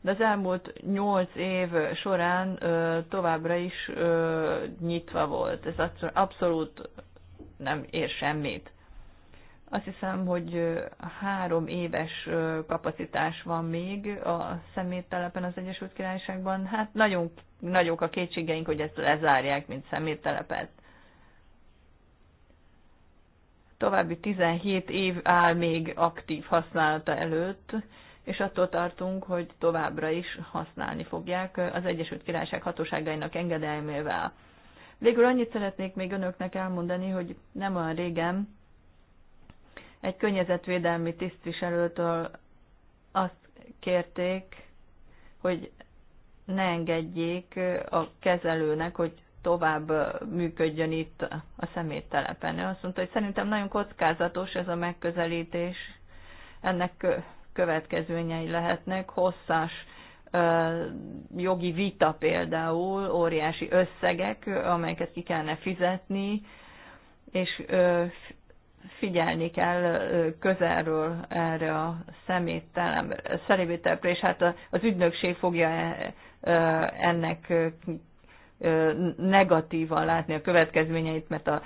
de az elmúlt nyolc év során ö, továbbra is ö, nyitva volt. Ez abszolút nem ér semmit. Azt hiszem, hogy három éves kapacitás van még a szeméttelepen az Egyesült Királyságban. Hát nagyon nagyok a kétségeink, hogy ezt lezárják, mint szeméttelepet. További 17 év áll még aktív használata előtt, és attól tartunk, hogy továbbra is használni fogják az Egyesült Királyság hatóságainak engedelmével. Végül annyit szeretnék még önöknek elmondani, hogy nem olyan régen egy környezetvédelmi tisztviselőtől azt kérték, hogy ne engedjék a kezelőnek, hogy tovább működjön itt a szeméttelepen. Ő azt mondta, hogy szerintem nagyon kockázatos ez a megközelítés, ennek következményei lehetnek, hosszas jogi vita például, óriási összegek, amelyeket ki kellene fizetni, és figyelni kell közelről erre a szemételemre, és hát az ügynökség fogja e, ennek negatívan látni a következményeit, mert a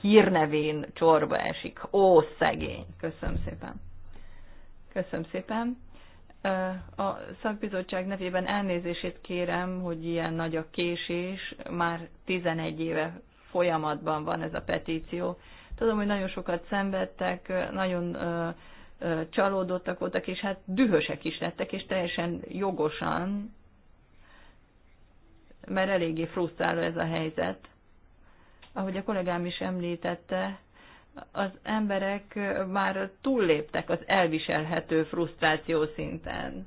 hírnevén csorba esik. Ó, szegény! Köszönöm szépen. Köszönöm szépen. A szakbizottság nevében elnézését kérem, hogy ilyen nagy a késés, már 11 éve folyamatban van ez a petíció. Tudom, hogy nagyon sokat szenvedtek, nagyon csalódottak voltak, és hát dühösek is lettek, és teljesen jogosan, mert eléggé frusztráló ez a helyzet. Ahogy a kollégám is említette, az emberek már túlléptek az elviselhető frusztráció szinten.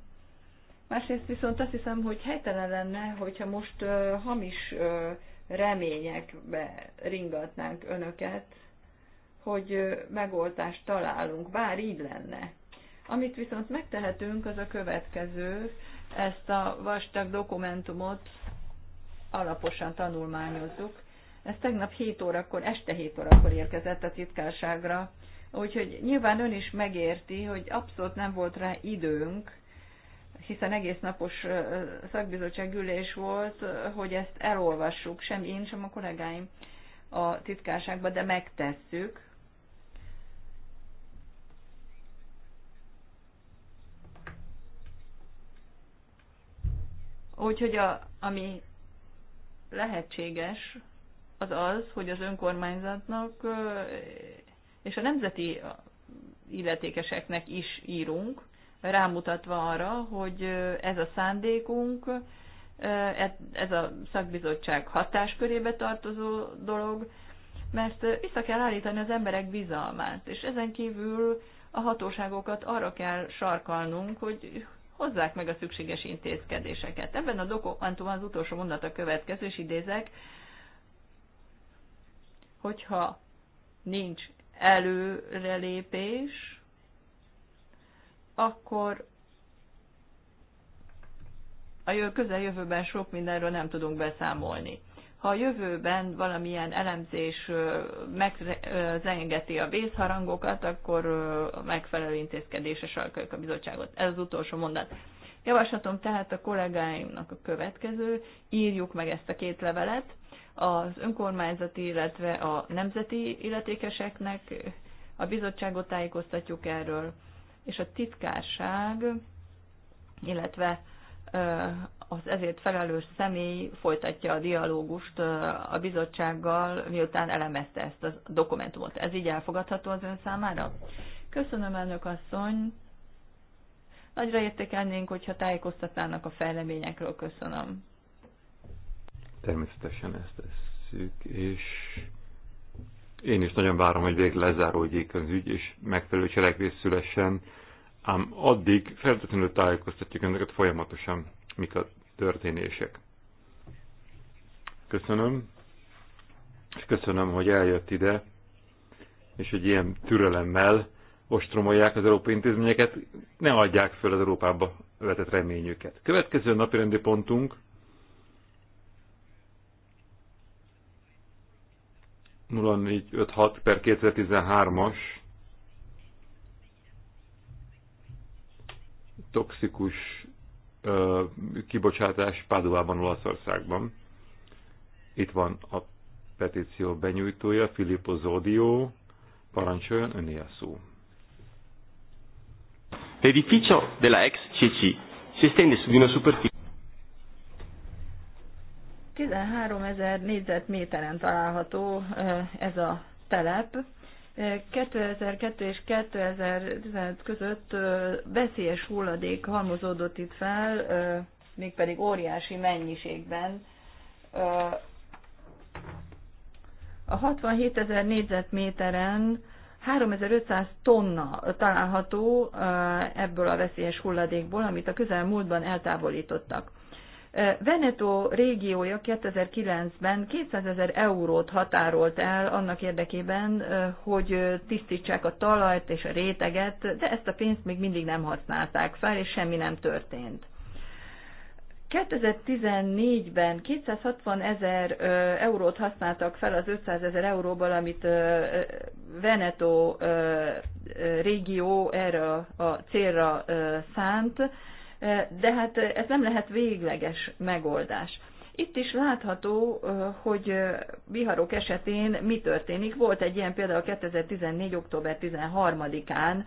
Másrészt viszont azt hiszem, hogy helytelen lenne, hogyha most uh, hamis uh, reményekbe ringatnánk önöket, hogy megoldást találunk, bár így lenne. Amit viszont megtehetünk, az a következő, ezt a vastag dokumentumot alaposan tanulmányozzuk. Ez tegnap 7 órakor, este 7 órakor érkezett a titkárságra, úgyhogy nyilván ön is megérti, hogy abszolút nem volt rá időnk, hiszen egész napos szakbizottságülés volt, hogy ezt elolvassuk, sem én, sem a kollégáim a titkárságba, de megtesszük, Úgyhogy a, ami lehetséges, az az, hogy az önkormányzatnak és a nemzeti illetékeseknek is írunk, rámutatva arra, hogy ez a szándékunk, e- ez a szakbizottság hatáskörébe tartozó dolog, mert vissza kell állítani az emberek bizalmát, és ezen kívül a hatóságokat arra kell sarkalnunk, hogy hozzák meg a szükséges intézkedéseket. Ebben a dokumentumban az utolsó mondat a következő, és idézek, hogyha nincs előrelépés, akkor a közeljövőben sok mindenről nem tudunk beszámolni ha a jövőben valamilyen elemzés megzengeti a vészharangokat, akkor megfelelő intézkedése sarkaljuk a bizottságot. Ez az utolsó mondat. Javaslatom tehát a kollégáimnak a következő, írjuk meg ezt a két levelet, az önkormányzati, illetve a nemzeti illetékeseknek a bizottságot tájékoztatjuk erről, és a titkárság, illetve az ezért felelős személy folytatja a dialógust a bizottsággal, miután elemezte ezt a dokumentumot. Ez így elfogadható az ön számára? Köszönöm, elnök asszony. Nagyra értékelnénk, hogyha tájékoztatnának a fejleményekről. Köszönöm. Természetesen ezt tesszük, és én is nagyon várom, hogy végre lezáródjék az ügy, és megfelelő cselekvés szülessen, ám addig feltétlenül tájékoztatjuk önöket folyamatosan, mik a történések. Köszönöm, és köszönöm, hogy eljött ide, és hogy ilyen türelemmel ostromolják az európai intézményeket, ne adják föl az Európába vetett reményüket. Következő napi rendi pontunk per 2013-as toxikus kibocsátás Pádovában, Olaszországban. Itt van a petíció benyújtója, Filippo Zodio, parancsoljon öné a szó. L'edificio della ex CC si estende su di una superficie 13 ezer négyzetméteren található ez a telep, 2002 és 2015 között veszélyes hulladék halmozódott itt fel, mégpedig óriási mennyiségben. A 67 ezer négyzetméteren 3500 tonna található ebből a veszélyes hulladékból, amit a közelmúltban eltávolítottak. Veneto régiója 2009-ben 200 ezer eurót határolt el annak érdekében, hogy tisztítsák a talajt és a réteget, de ezt a pénzt még mindig nem használták fel, és semmi nem történt. 2014-ben 260 ezer eurót használtak fel az 500 ezer euróból, amit Veneto régió erre a célra szánt de hát ez nem lehet végleges megoldás. Itt is látható, hogy viharok esetén mi történik. Volt egy ilyen például 2014. október 13-án,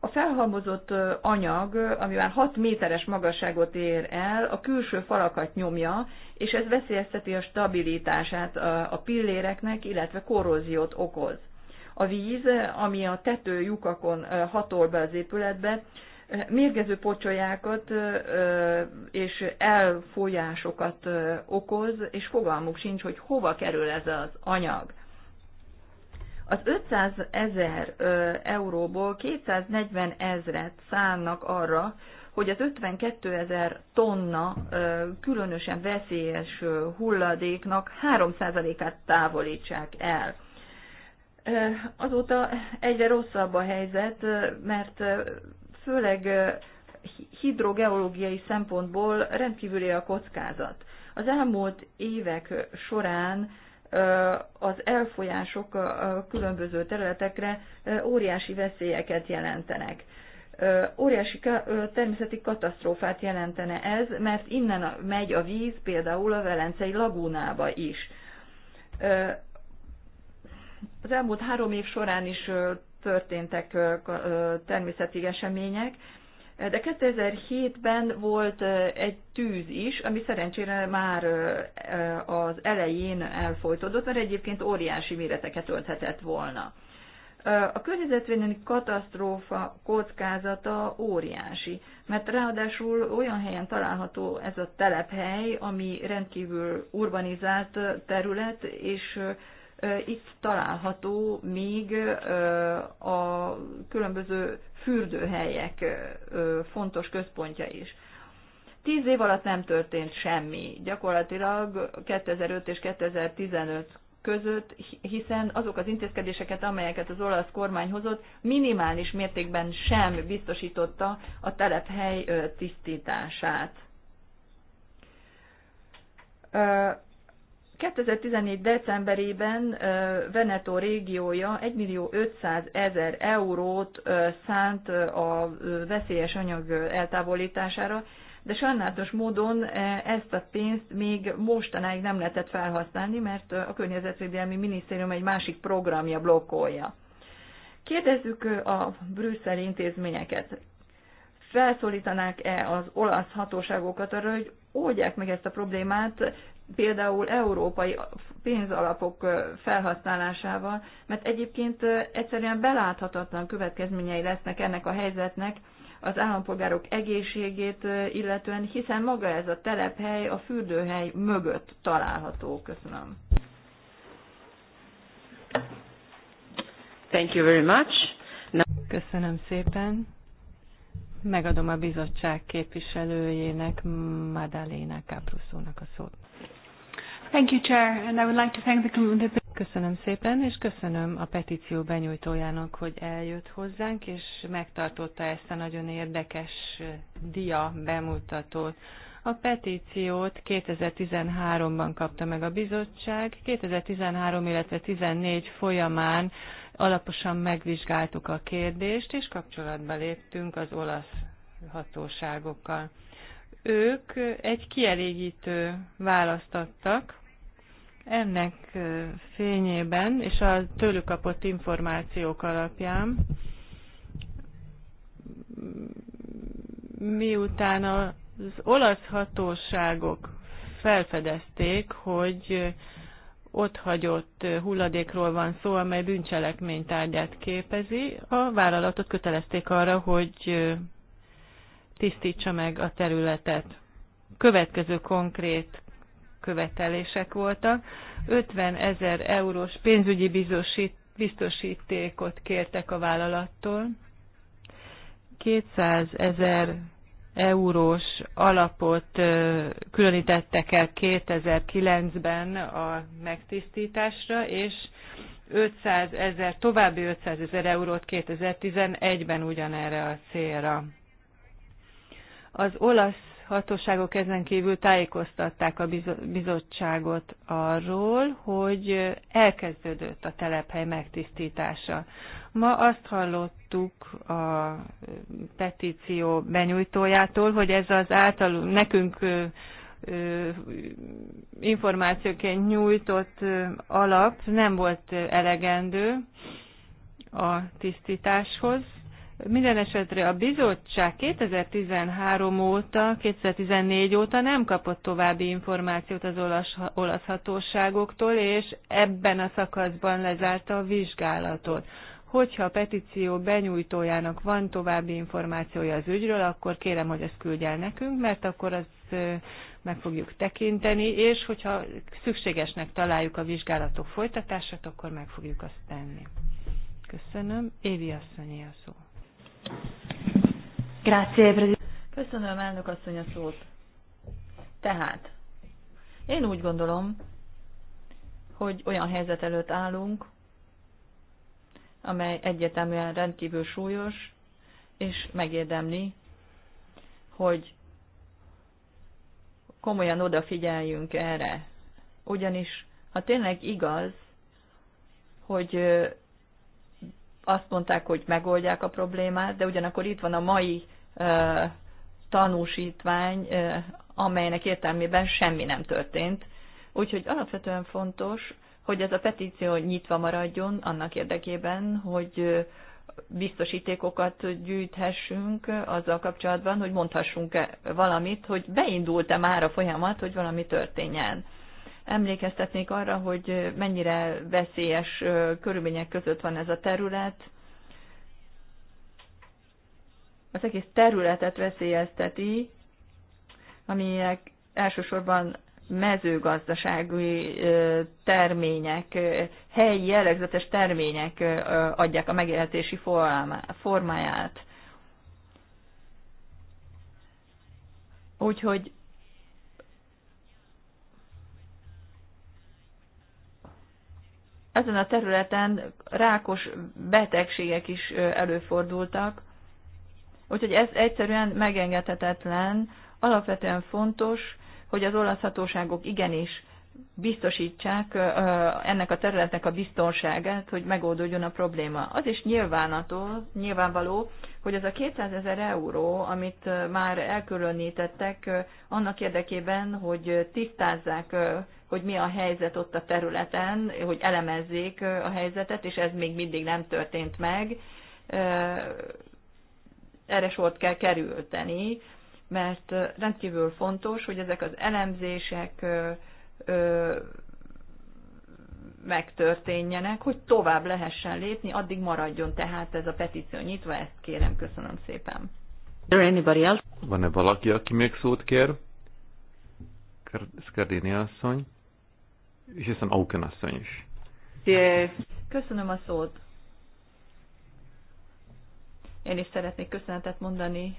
a felhalmozott anyag, ami már 6 méteres magasságot ér el, a külső falakat nyomja, és ez veszélyezteti a stabilitását a pilléreknek, illetve korróziót okoz. A víz, ami a tetőjukakon hatol be az épületbe, mérgező pocsolyákat és elfolyásokat okoz, és fogalmuk sincs, hogy hova kerül ez az anyag. Az 500 ezer euróból 240 ezret szánnak arra, hogy az 52 ezer tonna különösen veszélyes hulladéknak 3%-át távolítsák el. Azóta egyre rosszabb a helyzet, mert főleg hidrogeológiai szempontból rendkívüli a kockázat. Az elmúlt évek során az elfolyások a különböző területekre óriási veszélyeket jelentenek. Óriási természeti katasztrófát jelentene ez, mert innen megy a víz például a Velencei lagúnába is. Az elmúlt három év során is történtek természeti események, de 2007-ben volt egy tűz is, ami szerencsére már az elején elfolytódott, mert egyébként óriási méreteket ölthetett volna. A környezetvédelmi katasztrófa kockázata óriási, mert ráadásul olyan helyen található ez a telephely, ami rendkívül urbanizált terület, és itt található még a különböző fürdőhelyek fontos központja is. Tíz év alatt nem történt semmi, gyakorlatilag 2005 és 2015 között, hiszen azok az intézkedéseket, amelyeket az olasz kormány hozott, minimális mértékben sem biztosította a telephely tisztítását 2014. decemberében Veneto régiója 1 millió 500 ezer eurót szánt a veszélyes anyag eltávolítására, de sajnálatos módon ezt a pénzt még mostanáig nem lehetett felhasználni, mert a Környezetvédelmi Minisztérium egy másik programja blokkolja. Kérdezzük a brüsszeli intézményeket. Felszólítanák-e az olasz hatóságokat arra, hogy oldják meg ezt a problémát, például európai pénzalapok felhasználásával, mert egyébként egyszerűen beláthatatlan következményei lesznek ennek a helyzetnek az állampolgárok egészségét illetően, hiszen maga ez a telephely a fürdőhely mögött található. Köszönöm. Thank you very much. Köszönöm szépen. Megadom a bizottság képviselőjének, Madalena Kápruszónak a szót. Thank you, Chair, and I would like to thank the... Köszönöm szépen, és köszönöm a petíció benyújtójának, hogy eljött hozzánk, és megtartotta ezt a nagyon érdekes dia bemutatót. A petíciót 2013-ban kapta meg a bizottság, 2013, illetve 14 folyamán Alaposan megvizsgáltuk a kérdést, és kapcsolatba léptünk az olasz hatóságokkal. Ők egy kielégítő választ adtak, ennek fényében és a tőlük kapott információk alapján, miután az olasz hatóságok felfedezték, hogy ott hagyott hulladékról van szó, amely bűncselekmény tárgyát képezi. A vállalatot kötelezték arra, hogy tisztítsa meg a területet. Következő konkrét követelések voltak. 50 ezer eurós pénzügyi biztosítékot kértek a vállalattól. 200 ezer eurós alapot különítettek el 2009-ben a megtisztításra, és 500 ezer, további 500 ezer eurót 2011-ben ugyanerre a célra. Az olasz hatóságok ezen kívül tájékoztatták a bizottságot arról, hogy elkezdődött a telephely megtisztítása. Ma azt hallottuk a petíció benyújtójától, hogy ez az által nekünk információként nyújtott alap nem volt elegendő a tisztításhoz minden esetre a bizottság 2013 óta, 2014 óta nem kapott további információt az olasz, olasz hatóságoktól, és ebben a szakaszban lezárta a vizsgálatot. Hogyha a petíció benyújtójának van további információja az ügyről, akkor kérem, hogy ezt küldj el nekünk, mert akkor azt meg fogjuk tekinteni, és hogyha szükségesnek találjuk a vizsgálatok folytatását, akkor meg fogjuk azt tenni. Köszönöm. Évi asszonyi a szó. Köszönöm, elnök asszony a szót. Tehát, én úgy gondolom, hogy olyan helyzet előtt állunk, amely egyértelműen rendkívül súlyos, és megérdemli, hogy komolyan odafigyeljünk erre. Ugyanis, ha tényleg igaz, hogy azt mondták, hogy megoldják a problémát, de ugyanakkor itt van a mai ö, tanúsítvány, ö, amelynek értelmében semmi nem történt. Úgyhogy alapvetően fontos, hogy ez a petíció nyitva maradjon annak érdekében, hogy biztosítékokat gyűjthessünk azzal kapcsolatban, hogy mondhassunk -e valamit, hogy beindult-e már a folyamat, hogy valami történjen. Emlékeztetnék arra, hogy mennyire veszélyes körülmények között van ez a terület. Az egész területet veszélyezteti, amelyek elsősorban mezőgazdasági termények, helyi jellegzetes termények adják a megélhetési formáját. Úgyhogy ezen a területen rákos betegségek is előfordultak, úgyhogy ez egyszerűen megengedhetetlen, alapvetően fontos, hogy az olasz hatóságok igenis biztosítsák ennek a területnek a biztonságát, hogy megoldódjon a probléma. Az is nyilvánvaló, hogy az a 200 ezer euró, amit már elkülönítettek annak érdekében, hogy tisztázzák, hogy mi a helyzet ott a területen, hogy elemezzék a helyzetet, és ez még mindig nem történt meg, erre sort kell kerülteni, mert rendkívül fontos, hogy ezek az elemzések, ö, megtörténjenek, hogy tovább lehessen lépni, addig maradjon tehát ez a petíció nyitva, ezt kérem, köszönöm szépen. Van-e valaki, aki még szót kér? Szkerdéni asszony, és hiszen Auken asszony is. Köszönöm a szót. Én is szeretnék köszönetet mondani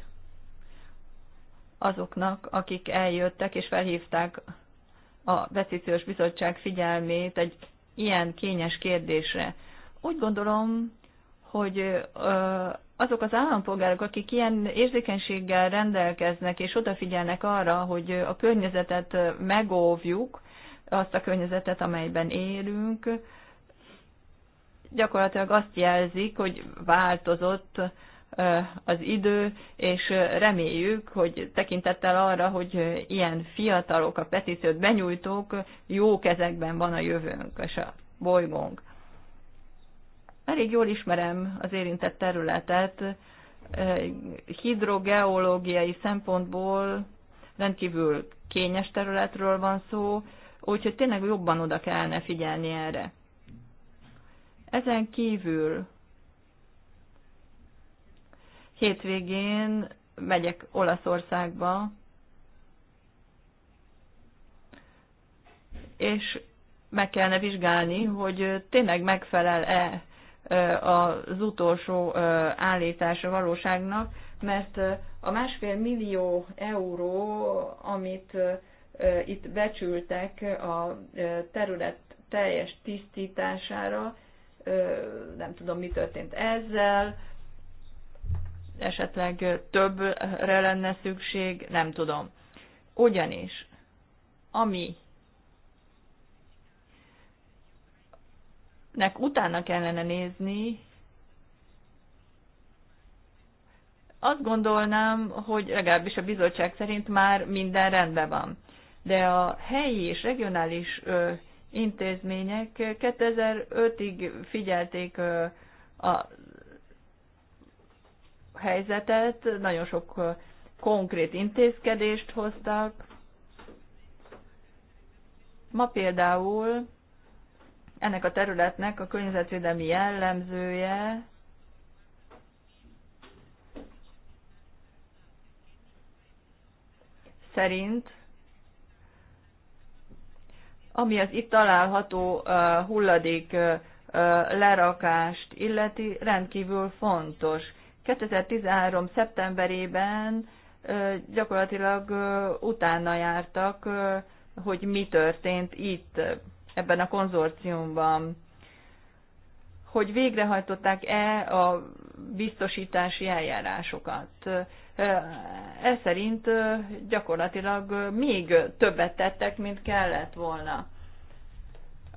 azoknak, akik eljöttek és felhívták a Petíciós Bizottság figyelmét egy ilyen kényes kérdésre. Úgy gondolom, hogy azok az állampolgárok, akik ilyen érzékenységgel rendelkeznek és odafigyelnek arra, hogy a környezetet megóvjuk, azt a környezetet, amelyben élünk, gyakorlatilag azt jelzik, hogy változott az idő, és reméljük, hogy tekintettel arra, hogy ilyen fiatalok, a petíciót benyújtók, jó kezekben van a jövőnk és a bolygónk. Elég jól ismerem az érintett területet, hidrogeológiai szempontból rendkívül kényes területről van szó, úgyhogy tényleg jobban oda kellene figyelni erre. Ezen kívül hétvégén megyek Olaszországba, és meg kellene vizsgálni, hogy tényleg megfelel-e az utolsó a valóságnak, mert a másfél millió euró, amit itt becsültek a terület teljes tisztítására, nem tudom, mi történt ezzel, esetleg többre lenne szükség, nem tudom. Ugyanis, ami nek utána kellene nézni, azt gondolnám, hogy legalábbis a bizottság szerint már minden rendben van. De a helyi és regionális intézmények 2005-ig figyelték a helyzetet, nagyon sok konkrét intézkedést hoztak. Ma például ennek a területnek a környezetvédelmi jellemzője szerint, ami az itt található hulladék lerakást illeti, rendkívül fontos 2013. szeptemberében gyakorlatilag utána jártak, hogy mi történt itt, ebben a konzorciumban, hogy végrehajtották-e a biztosítási eljárásokat. Ez szerint gyakorlatilag még többet tettek, mint kellett volna.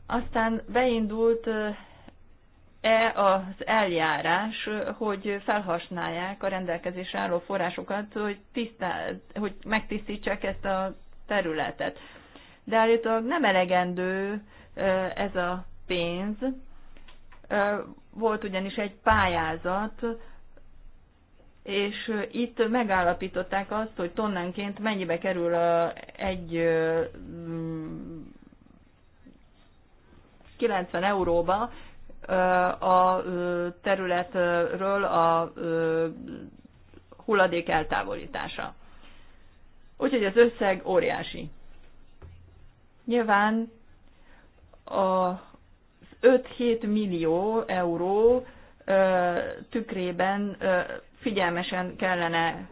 Aztán beindult e az eljárás, hogy felhasználják a rendelkezésre álló forrásokat, hogy, tisztáz, hogy megtisztítsák ezt a területet. De állítólag nem elegendő e, ez a pénz. E, volt ugyanis egy pályázat, és itt megállapították azt, hogy tonnánként mennyibe kerül a, egy 90 euróba a területről a hulladék eltávolítása. Úgyhogy az összeg óriási. Nyilván a 5-7 millió euró tükrében figyelmesen kellene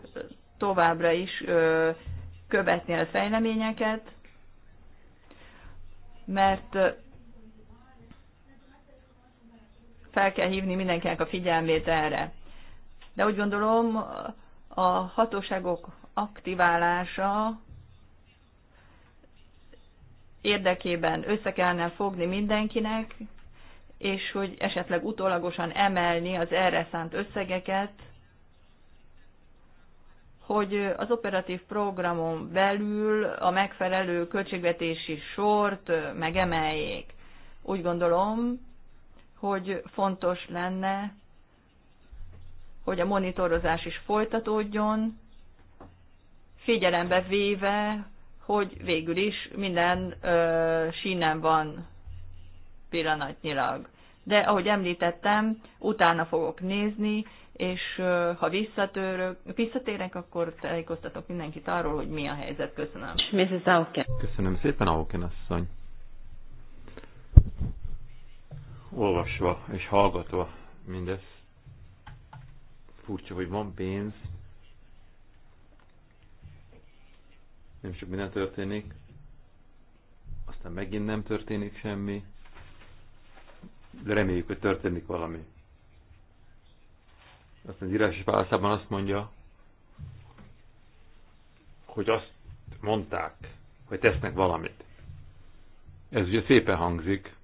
továbbra is követni a fejleményeket, mert fel kell hívni mindenkinek a figyelmét erre. De úgy gondolom, a hatóságok aktiválása érdekében össze kellene fogni mindenkinek, és hogy esetleg utólagosan emelni az erre szánt összegeket, hogy az operatív programon belül a megfelelő költségvetési sort megemeljék. Úgy gondolom, hogy fontos lenne, hogy a monitorozás is folytatódjon, figyelembe véve, hogy végül is minden ö, sínen van pillanatnyilag. De ahogy említettem, utána fogok nézni, és ö, ha visszatérök, visszatérek, akkor tájékoztatok mindenkit arról, hogy mi a helyzet. Köszönöm. Köszönöm szépen, Auken asszony. olvasva és hallgatva mindez. Furcsa, hogy van pénz. Nem sok minden történik. Aztán megint nem történik semmi. De reméljük, hogy történik valami. Aztán az írási válaszában azt mondja, hogy azt mondták, hogy tesznek valamit. Ez ugye szépen hangzik,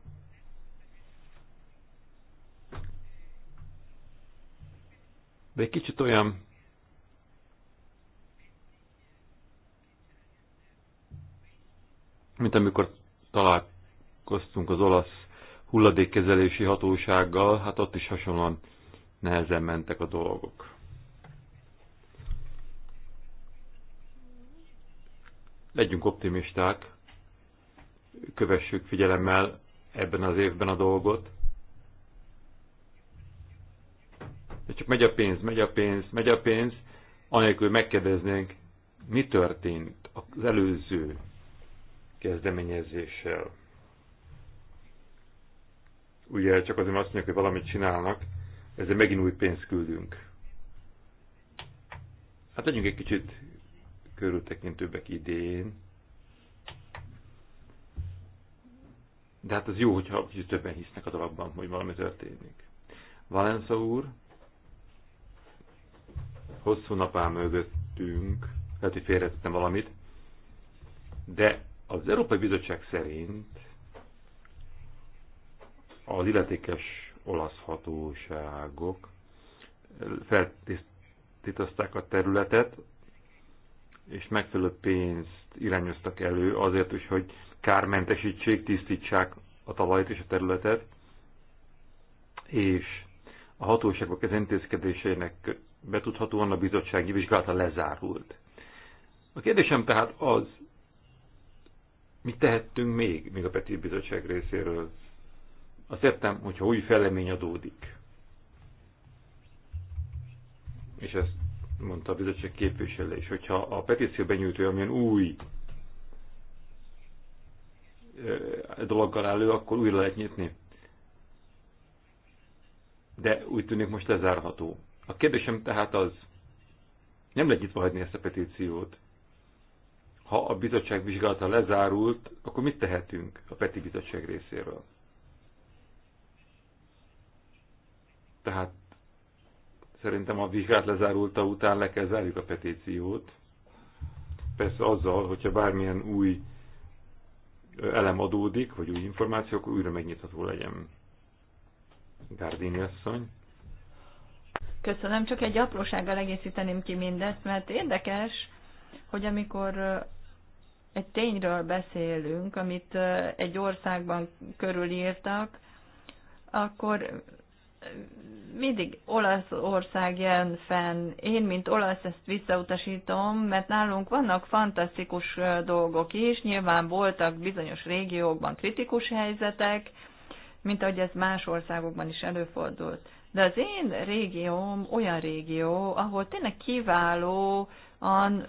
de egy kicsit olyan mint amikor találkoztunk az olasz hulladékkezelési hatósággal, hát ott is hasonlóan nehezen mentek a dolgok. Legyünk optimisták, kövessük figyelemmel ebben az évben a dolgot, de csak megy a pénz, megy a pénz, megy a pénz, anélkül megkérdeznénk, mi történt az előző kezdeményezéssel. Ugye csak azért azt mondják, hogy valamit csinálnak, ezzel megint új pénzt küldünk. Hát legyünk egy kicsit körültekintőbbek idén. De hát az jó, hogyha többen hisznek a dologban, hogy valami történik. Valensza úr, hosszú napán mögöttünk, lehet, hogy félretettem valamit, de az Európai Bizottság szerint az illetékes olasz hatóságok feltisztították a területet, és megfelelő pénzt irányoztak elő azért is, hogy kármentesítsék, tisztítsák a talajt és a területet, és a hatóságok az intézkedéseinek betudhatóan a bizottsági vizsgálata lezárult. A kérdésem tehát az, mit tehettünk még, még a Peti Bizottság részéről? Azt értem, hogyha új felemény adódik. És ezt mondta a bizottság képviselő és hogyha a petíció benyújtója amilyen új dologgal elő, akkor újra lehet nyitni. De úgy tűnik most lezárható a kérdésem tehát az, nem lehet nyitva hagyni ezt a petíciót. Ha a bizottság vizsgálata lezárult, akkor mit tehetünk a Peti Bizottság részéről? Tehát szerintem a vizsgálat lezárulta után le kell zárjuk a petíciót. Persze azzal, hogyha bármilyen új elem adódik, vagy új információ, akkor újra megnyitható legyen. Gárdini asszony. Köszönöm, csak egy aprósággal egészíteném ki mindezt, mert érdekes, hogy amikor egy tényről beszélünk, amit egy országban körülírtak, akkor mindig Olaszország jön fenn. Én, mint olasz, ezt visszautasítom, mert nálunk vannak fantasztikus dolgok is, nyilván voltak bizonyos régiókban kritikus helyzetek, mint ahogy ez más országokban is előfordult. De az én régióm olyan régió, ahol tényleg kiválóan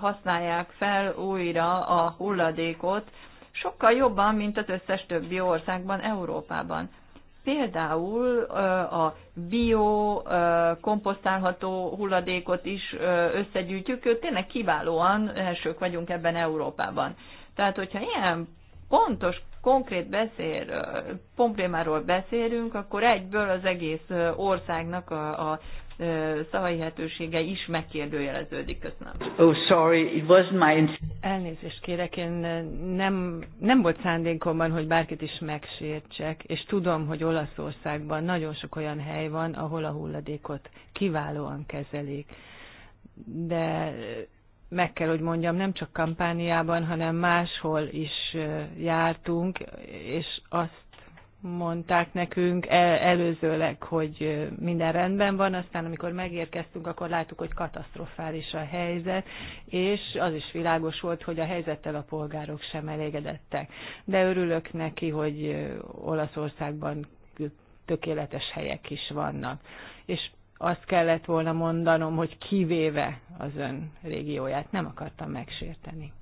használják fel újra a hulladékot, sokkal jobban, mint az összes többi országban, Európában. Például a bio komposztálható hulladékot is összegyűjtjük, tényleg kiválóan elsők vagyunk ebben Európában. Tehát, hogyha ilyen pontos konkrét beszél, problémáról beszélünk, akkor egyből az egész országnak a, a szavai lehetősége is megkérdőjeleződik. Köszönöm. Oh, sorry, it was my... Elnézést kérek, én nem, nem volt szándékomban, hogy bárkit is megsértsek, és tudom, hogy Olaszországban nagyon sok olyan hely van, ahol a hulladékot kiválóan kezelik. De meg kell, hogy mondjam, nem csak kampániában, hanem máshol is jártunk, és azt mondták nekünk el, előzőleg, hogy minden rendben van, aztán amikor megérkeztünk, akkor láttuk, hogy katasztrofális a helyzet, és az is világos volt, hogy a helyzettel a polgárok sem elégedettek. De örülök neki, hogy Olaszországban tökéletes helyek is vannak. És azt kellett volna mondanom, hogy kivéve az ön régióját. Nem akartam megsérteni.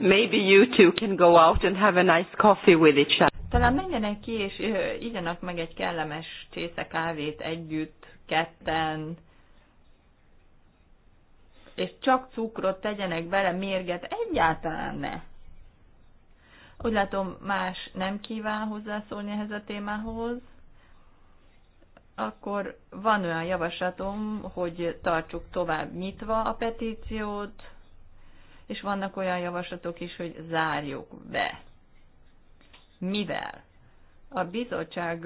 Maybe you two can go out and have a nice coffee with each other. Talán menjenek ki, és igyanak meg egy kellemes csésze kávét együtt, ketten, és csak cukrot tegyenek bele, mérget, egyáltalán ne. Úgy látom, más nem kíván hozzászólni ehhez a témához akkor van olyan javaslatom, hogy tartsuk tovább nyitva a petíciót, és vannak olyan javaslatok is, hogy zárjuk be. Mivel? A bizottság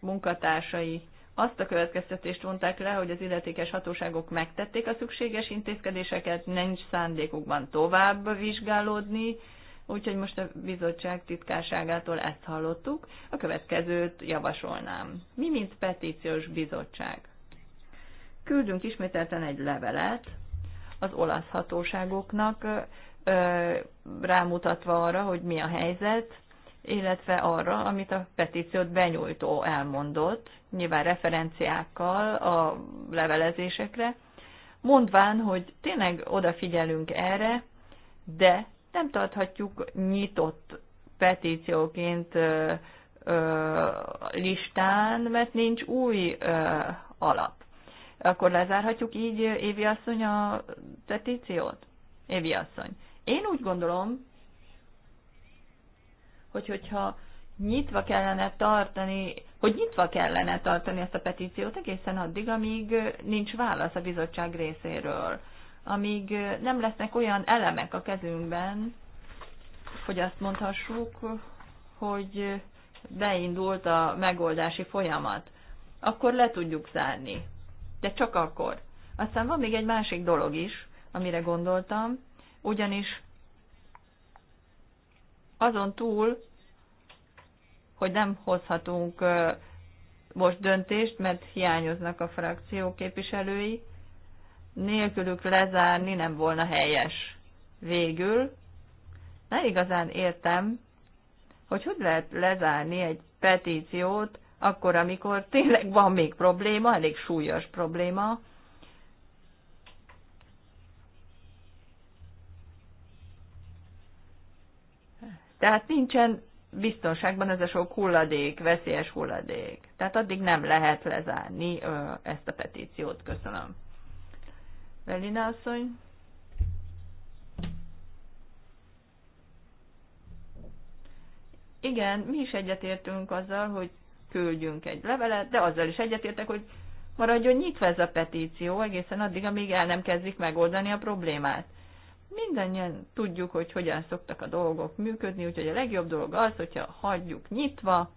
munkatársai azt a következtetést vonták le, hogy az illetékes hatóságok megtették a szükséges intézkedéseket, nincs szándékukban tovább vizsgálódni, úgyhogy most a bizottság titkárságától ezt hallottuk. A következőt javasolnám. Mi, mint petíciós bizottság? Küldünk ismételten egy levelet az olasz hatóságoknak, rámutatva arra, hogy mi a helyzet, illetve arra, amit a petíciót benyújtó elmondott, nyilván referenciákkal a levelezésekre, mondván, hogy tényleg odafigyelünk erre, de nem tarthatjuk nyitott petícióként listán, mert nincs új alap. Akkor lezárhatjuk így Évi asszony a petíciót? Évi asszony. Én úgy gondolom, hogy hogyha nyitva kellene tartani, hogy nyitva kellene tartani ezt a petíciót egészen addig, amíg nincs válasz a bizottság részéről amíg nem lesznek olyan elemek a kezünkben, hogy azt mondhassuk, hogy beindult a megoldási folyamat. Akkor le tudjuk zárni. De csak akkor. Aztán van még egy másik dolog is, amire gondoltam, ugyanis azon túl, hogy nem hozhatunk most döntést, mert hiányoznak a frakció képviselői, nélkülük lezárni nem volna helyes. Végül, nem igazán értem, hogy hogy lehet lezárni egy petíciót, akkor, amikor tényleg van még probléma, elég súlyos probléma, Tehát nincsen biztonságban ez a sok hulladék, veszélyes hulladék. Tehát addig nem lehet lezárni ezt a petíciót. Köszönöm. Melina asszony. Igen, mi is egyetértünk azzal, hogy küldjünk egy levelet, de azzal is egyetértek, hogy maradjon nyitva ez a petíció egészen addig, amíg el nem kezdik megoldani a problémát. Mindannyian tudjuk, hogy hogyan szoktak a dolgok működni, úgyhogy a legjobb dolog az, hogyha hagyjuk nyitva,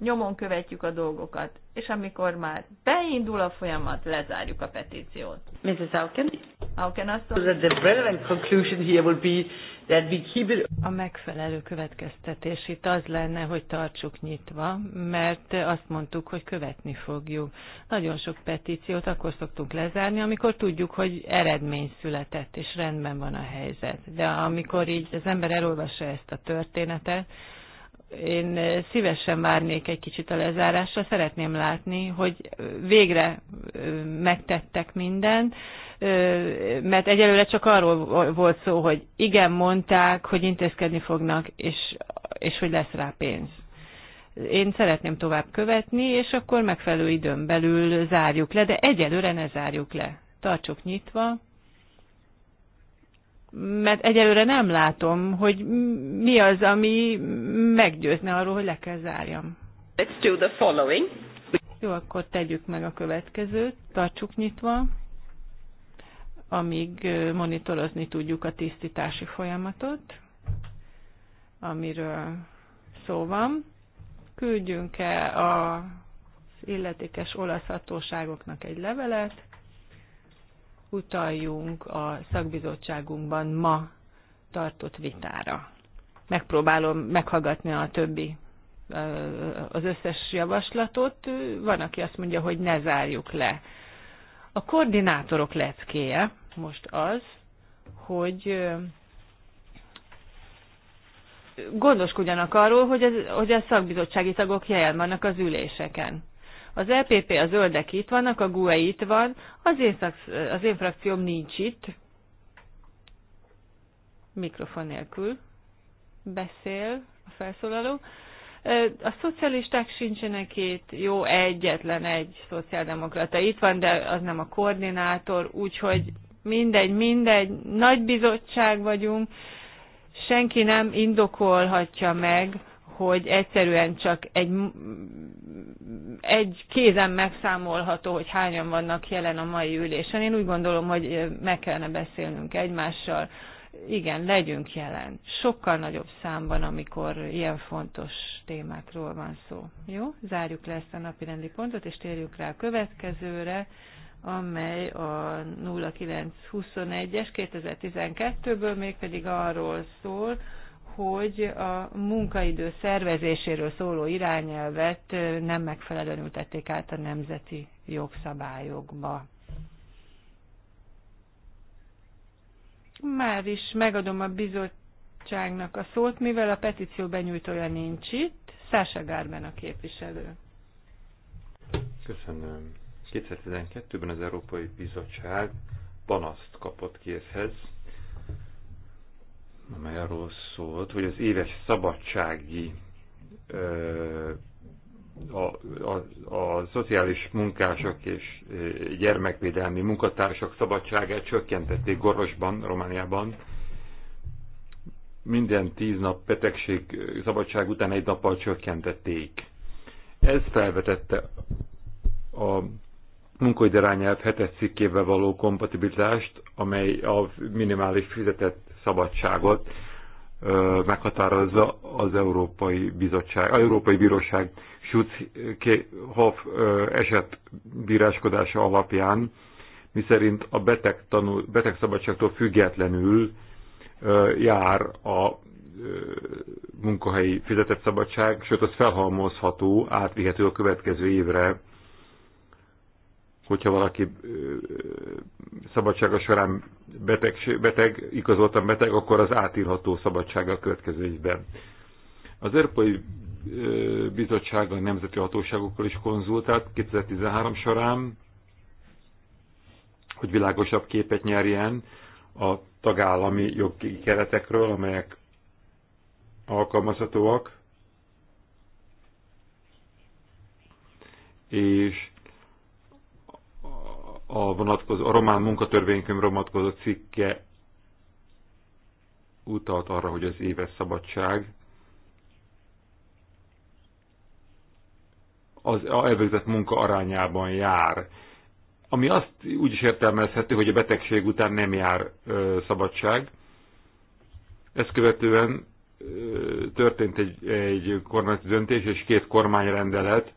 nyomon követjük a dolgokat, és amikor már beindul a folyamat, lezárjuk a petíciót. Mrs. Auken? Auken asszony? The relevant conclusion here will be that we keep it... A megfelelő következtetés itt az lenne, hogy tartsuk nyitva, mert azt mondtuk, hogy követni fogjuk. Nagyon sok petíciót akkor szoktunk lezárni, amikor tudjuk, hogy eredmény született, és rendben van a helyzet. De amikor így az ember elolvassa ezt a történetet, én szívesen várnék egy kicsit a lezárásra, szeretném látni, hogy végre megtettek mindent, mert egyelőre csak arról volt szó, hogy igen mondták, hogy intézkedni fognak, és, és hogy lesz rá pénz. Én szeretném tovább követni, és akkor megfelelő időn belül zárjuk le, de egyelőre ne zárjuk le. Tartsuk nyitva, mert egyelőre nem látom, hogy mi az, ami meggyőzne arról, hogy le kell zárjam. Let's do the following. Jó, akkor tegyük meg a következőt, tartsuk nyitva, amíg monitorozni tudjuk a tisztítási folyamatot, amiről szó van. Küldjünk-e az illetékes olasz hatóságoknak egy levelet, utaljunk a szakbizottságunkban ma tartott vitára. Megpróbálom meghallgatni a többi az összes javaslatot. Van, aki azt mondja, hogy ne zárjuk le. A koordinátorok leckéje most az, hogy gondoskodjanak arról, hogy, ez hogy a szakbizottsági tagok jelen vannak az üléseken. Az EPP, a zöldek itt vannak, a GUE itt van, az én, az én frakcióm nincs itt. Mikrofon nélkül beszél a felszólaló. A szocialisták sincsenek itt, jó, egyetlen egy szociáldemokrata itt van, de az nem a koordinátor, úgyhogy mindegy, mindegy, nagy bizottság vagyunk, senki nem indokolhatja meg, hogy egyszerűen csak egy, egy kézen megszámolható, hogy hányan vannak jelen a mai ülésen. Én úgy gondolom, hogy meg kellene beszélnünk egymással. Igen, legyünk jelen. Sokkal nagyobb számban, amikor ilyen fontos témákról van szó. Jó, zárjuk le ezt a napi rendi pontot, és térjünk rá a következőre amely a 0921-es 2012-ből mégpedig arról szól, hogy a munkaidő szervezéséről szóló irányelvet nem megfelelően ültették át a nemzeti jogszabályokba. Már is megadom a bizottságnak a szót, mivel a petíció benyújtója nincs itt. Szása Gárben a képviselő. Köszönöm. 2012-ben az Európai Bizottság panaszt kapott készhez amely arról szólt, hogy az éves szabadsági a, a, a szociális munkások és gyermekvédelmi munkatársak szabadságát csökkentették Gorosban, Romániában. Minden tíz nap betegség szabadság után egy nappal csökkentették. Ez felvetette a munkaidőrányelv hetes cikkével való kompatibilitást, amely a minimális fizetett szabadságot ö, meghatározza az Európai Bizottság, az Európai Bíróság Schutz-Hoff eset bíráskodása alapján, miszerint a beteg, tanul, beteg szabadságtól függetlenül ö, jár a ö, munkahelyi fizetett szabadság, sőt az felhalmozható, átvihető a következő évre hogyha valaki szabadsága során beteg, beteg, igazoltan beteg, akkor az átírható szabadsága a következő évben. Az Európai Bizottság a nemzeti hatóságokkal is konzultált 2013 során, hogy világosabb képet nyerjen a tagállami jogi keretekről, amelyek alkalmazhatóak, és a, vonatkozó, a román munkatörvénykönyv vonatkozó cikke utalt arra, hogy az éves szabadság az elvégzett munka arányában jár. Ami azt úgy is értelmezhető, hogy a betegség után nem jár ö, szabadság. Ezt követően ö, történt egy, egy kormányzati döntés és két kormányrendelet,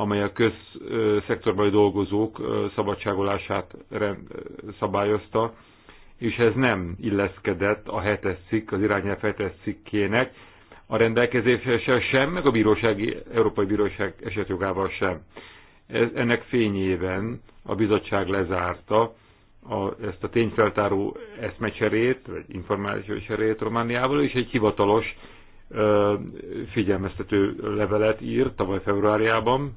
amely a közszektorban dolgozók szabadságolását rend, szabályozta, és ez nem illeszkedett a hetes cikk, az irányelv hetes cikkének, a rendelkezéssel sem, meg a bírósági, Európai Bíróság esetjogával sem. Ez, ennek fényében a bizottság lezárta a, ezt a tényfeltáró eszmecserét, vagy információs cserét Romániával, és egy hivatalos ö, figyelmeztető levelet írt tavaly februárjában,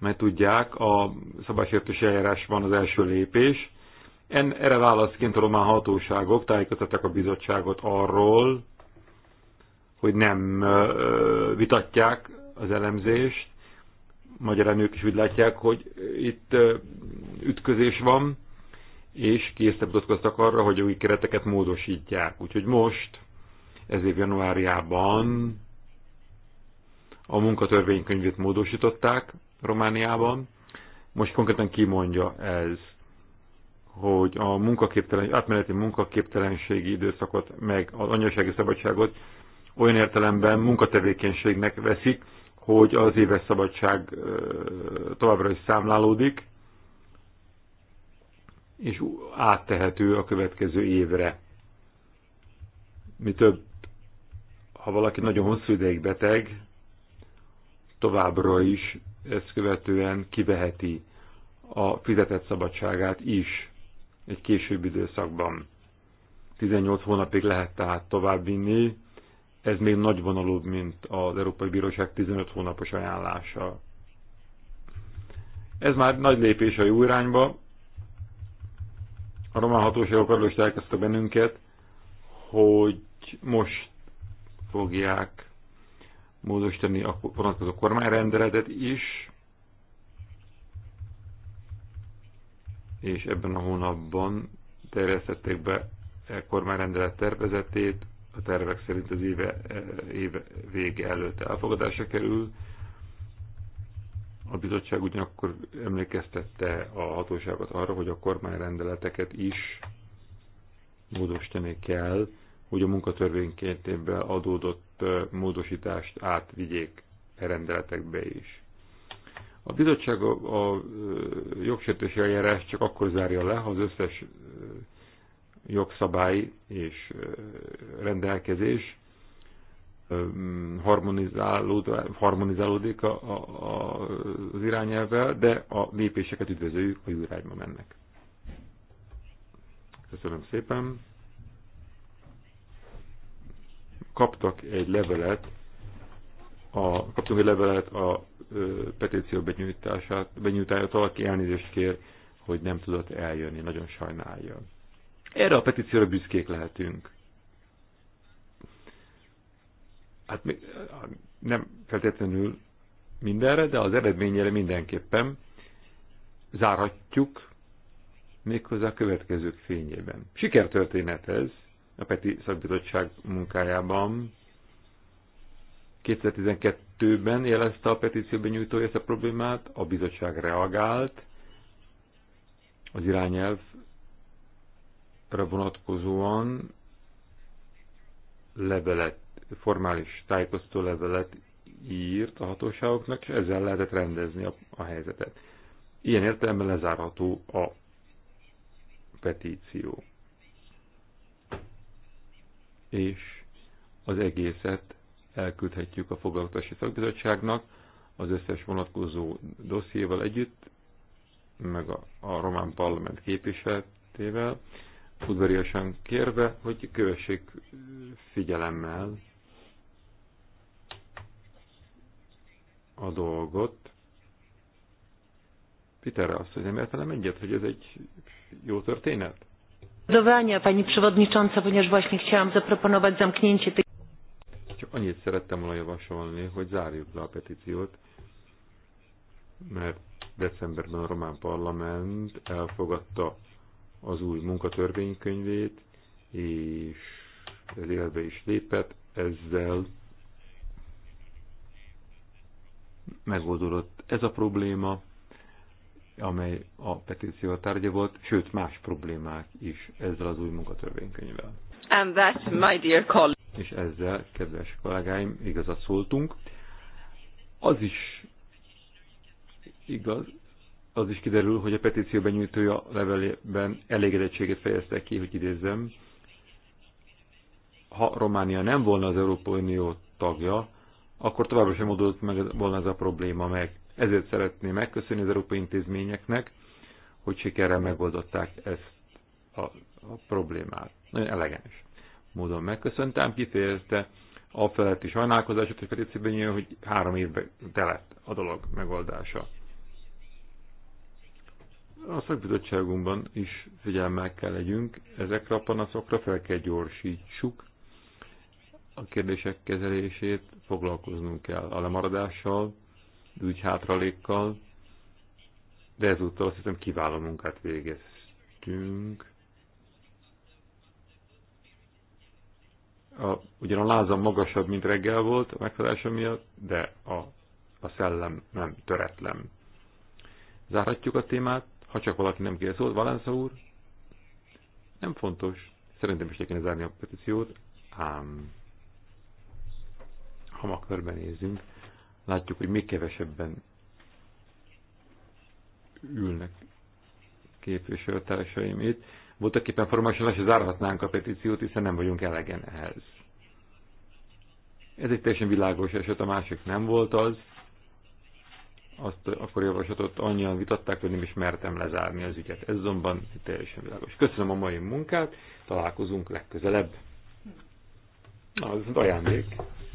mert tudják, a szabálysértési eljárás van az első lépés. En, erre válaszként a román hatóságok tájékoztatták a bizottságot arról, hogy nem vitatják az elemzést, magyarán ők is úgy látják, hogy itt ütközés van, és készítettek arra, hogy új kereteket módosítják. Úgyhogy most, ez év januárjában a munkatörvénykönyvét módosították, Romániában. Most konkrétan kimondja ez, hogy a munkaképtelen, átmeneti munkaképtelenségi időszakot, meg az anyasági szabadságot olyan értelemben munkatevékenységnek veszik, hogy az éves szabadság továbbra is számlálódik, és áttehető a következő évre. Mi több, ha valaki nagyon hosszú ideig beteg, továbbra is ezt követően kiveheti a fizetett szabadságát is egy később időszakban. 18 hónapig lehet tehát továbbvinni, ez még vonalúbb, mint az Európai Bíróság 15 hónapos ajánlása. Ez már nagy lépés a jó irányba. A román hatóságok arról is bennünket, hogy most fogják módosítani a vonatkozó kormányrendeletet is, és ebben a hónapban terjesztették be a e kormányrendelet tervezetét, a tervek szerint az éve, e, éve vége előtt elfogadásra kerül. A bizottság ugyanakkor emlékeztette a hatóságot arra, hogy a kormányrendeleteket is módosítani kell, hogy a munkatörvényként adódott módosítást átvigyék a e rendeletekbe is. A bizottság a, a jogsértési eljárás csak akkor zárja le, ha az összes jogszabály és rendelkezés harmonizálódik a, a, az irányelvvel, de a lépéseket üdvözöljük, a irányba mennek. Köszönöm szépen kaptak egy levelet, a, kaptunk egy levelet a ö, petíció benyújtását, benyújtájától, aki elnézést kér, hogy nem tudott eljönni, nagyon sajnálja. Erre a petícióra büszkék lehetünk. Hát nem feltétlenül mindenre, de az eredményére mindenképpen zárhatjuk méghozzá a következők fényében. Sikertörténet ez, a Peti Szakbizottság munkájában. 2012-ben jelezte a petícióban nyújtója ezt a problémát, a bizottság reagált, az irányelvre vonatkozóan levelet, formális tájékoztató levelet írt a hatóságoknak, és ezzel lehetett rendezni a, a helyzetet. Ilyen értelemben lezárható a petíció és az egészet elküldhetjük a foglalkozási szakbizottságnak az összes vonatkozó dossziéval együtt, meg a, a román parlament képviseletével, udvariasan kérve, hogy kövessék figyelemmel a dolgot. Peter azt mondja, mert nem egyet, hogy ez egy jó történet. Dowania, Pani Przewodnicząca, ponieważ właśnie chciałam zaproponować zamknięcie tej... Csak annyit szerettem volna javasolni, hogy zárjuk le a petíciót, mert decemberben a román parlament elfogadta az új munkatörvénykönyvét, és ez élve is lépett, ezzel megoldódott ez a probléma, amely a petíció tárgya volt, sőt más problémák is ezzel az új munkatörvénykönyvvel. And that, my dear colleague. És ezzel, kedves kollégáim, igazat szóltunk. Az is igaz, az is kiderül, hogy a petíció benyújtója levelében elégedettséget fejezte ki, hogy idézzem, ha Románia nem volna az Európai Unió tagja, akkor továbbra sem oldódott meg volna ez a probléma, meg ezért szeretném megköszönni az európai intézményeknek, hogy sikerrel megoldották ezt a, a problémát. Nagyon elegáns módon megköszöntem, kifejezte a feletti sajnálkozását, hogy Petitszében jön, hogy három évben telett a dolog megoldása. A szakbizottságunkban is figyelmel kell legyünk, ezekre a panaszokra fel kell gyorsítsuk, a kérdések kezelését foglalkoznunk kell a lemaradással, ügy hátralékkal, de ezúttal azt hiszem kiváló munkát végeztünk. A, ugyan a lázam magasabb, mint reggel volt a megfelelése miatt, de a, a szellem nem töretlen. Zárhatjuk a témát, ha csak valaki nem kérdez szót. Valensza úr? Nem fontos. Szerintem is kéne zárni a petíciót, ám ha ma körbenézünk, látjuk, hogy még kevesebben ülnek képviselőtársaim itt. Voltak éppen formálisan se zárhatnánk a petíciót, hiszen nem vagyunk elegen ehhez. Ez egy teljesen világos eset, a másik nem volt az. Azt akkor javaslatot annyian vitatták, hogy nem is mertem lezárni az ügyet. Ez azonban teljesen világos. Köszönöm a mai munkát, találkozunk legközelebb. Na, ez az ajándék.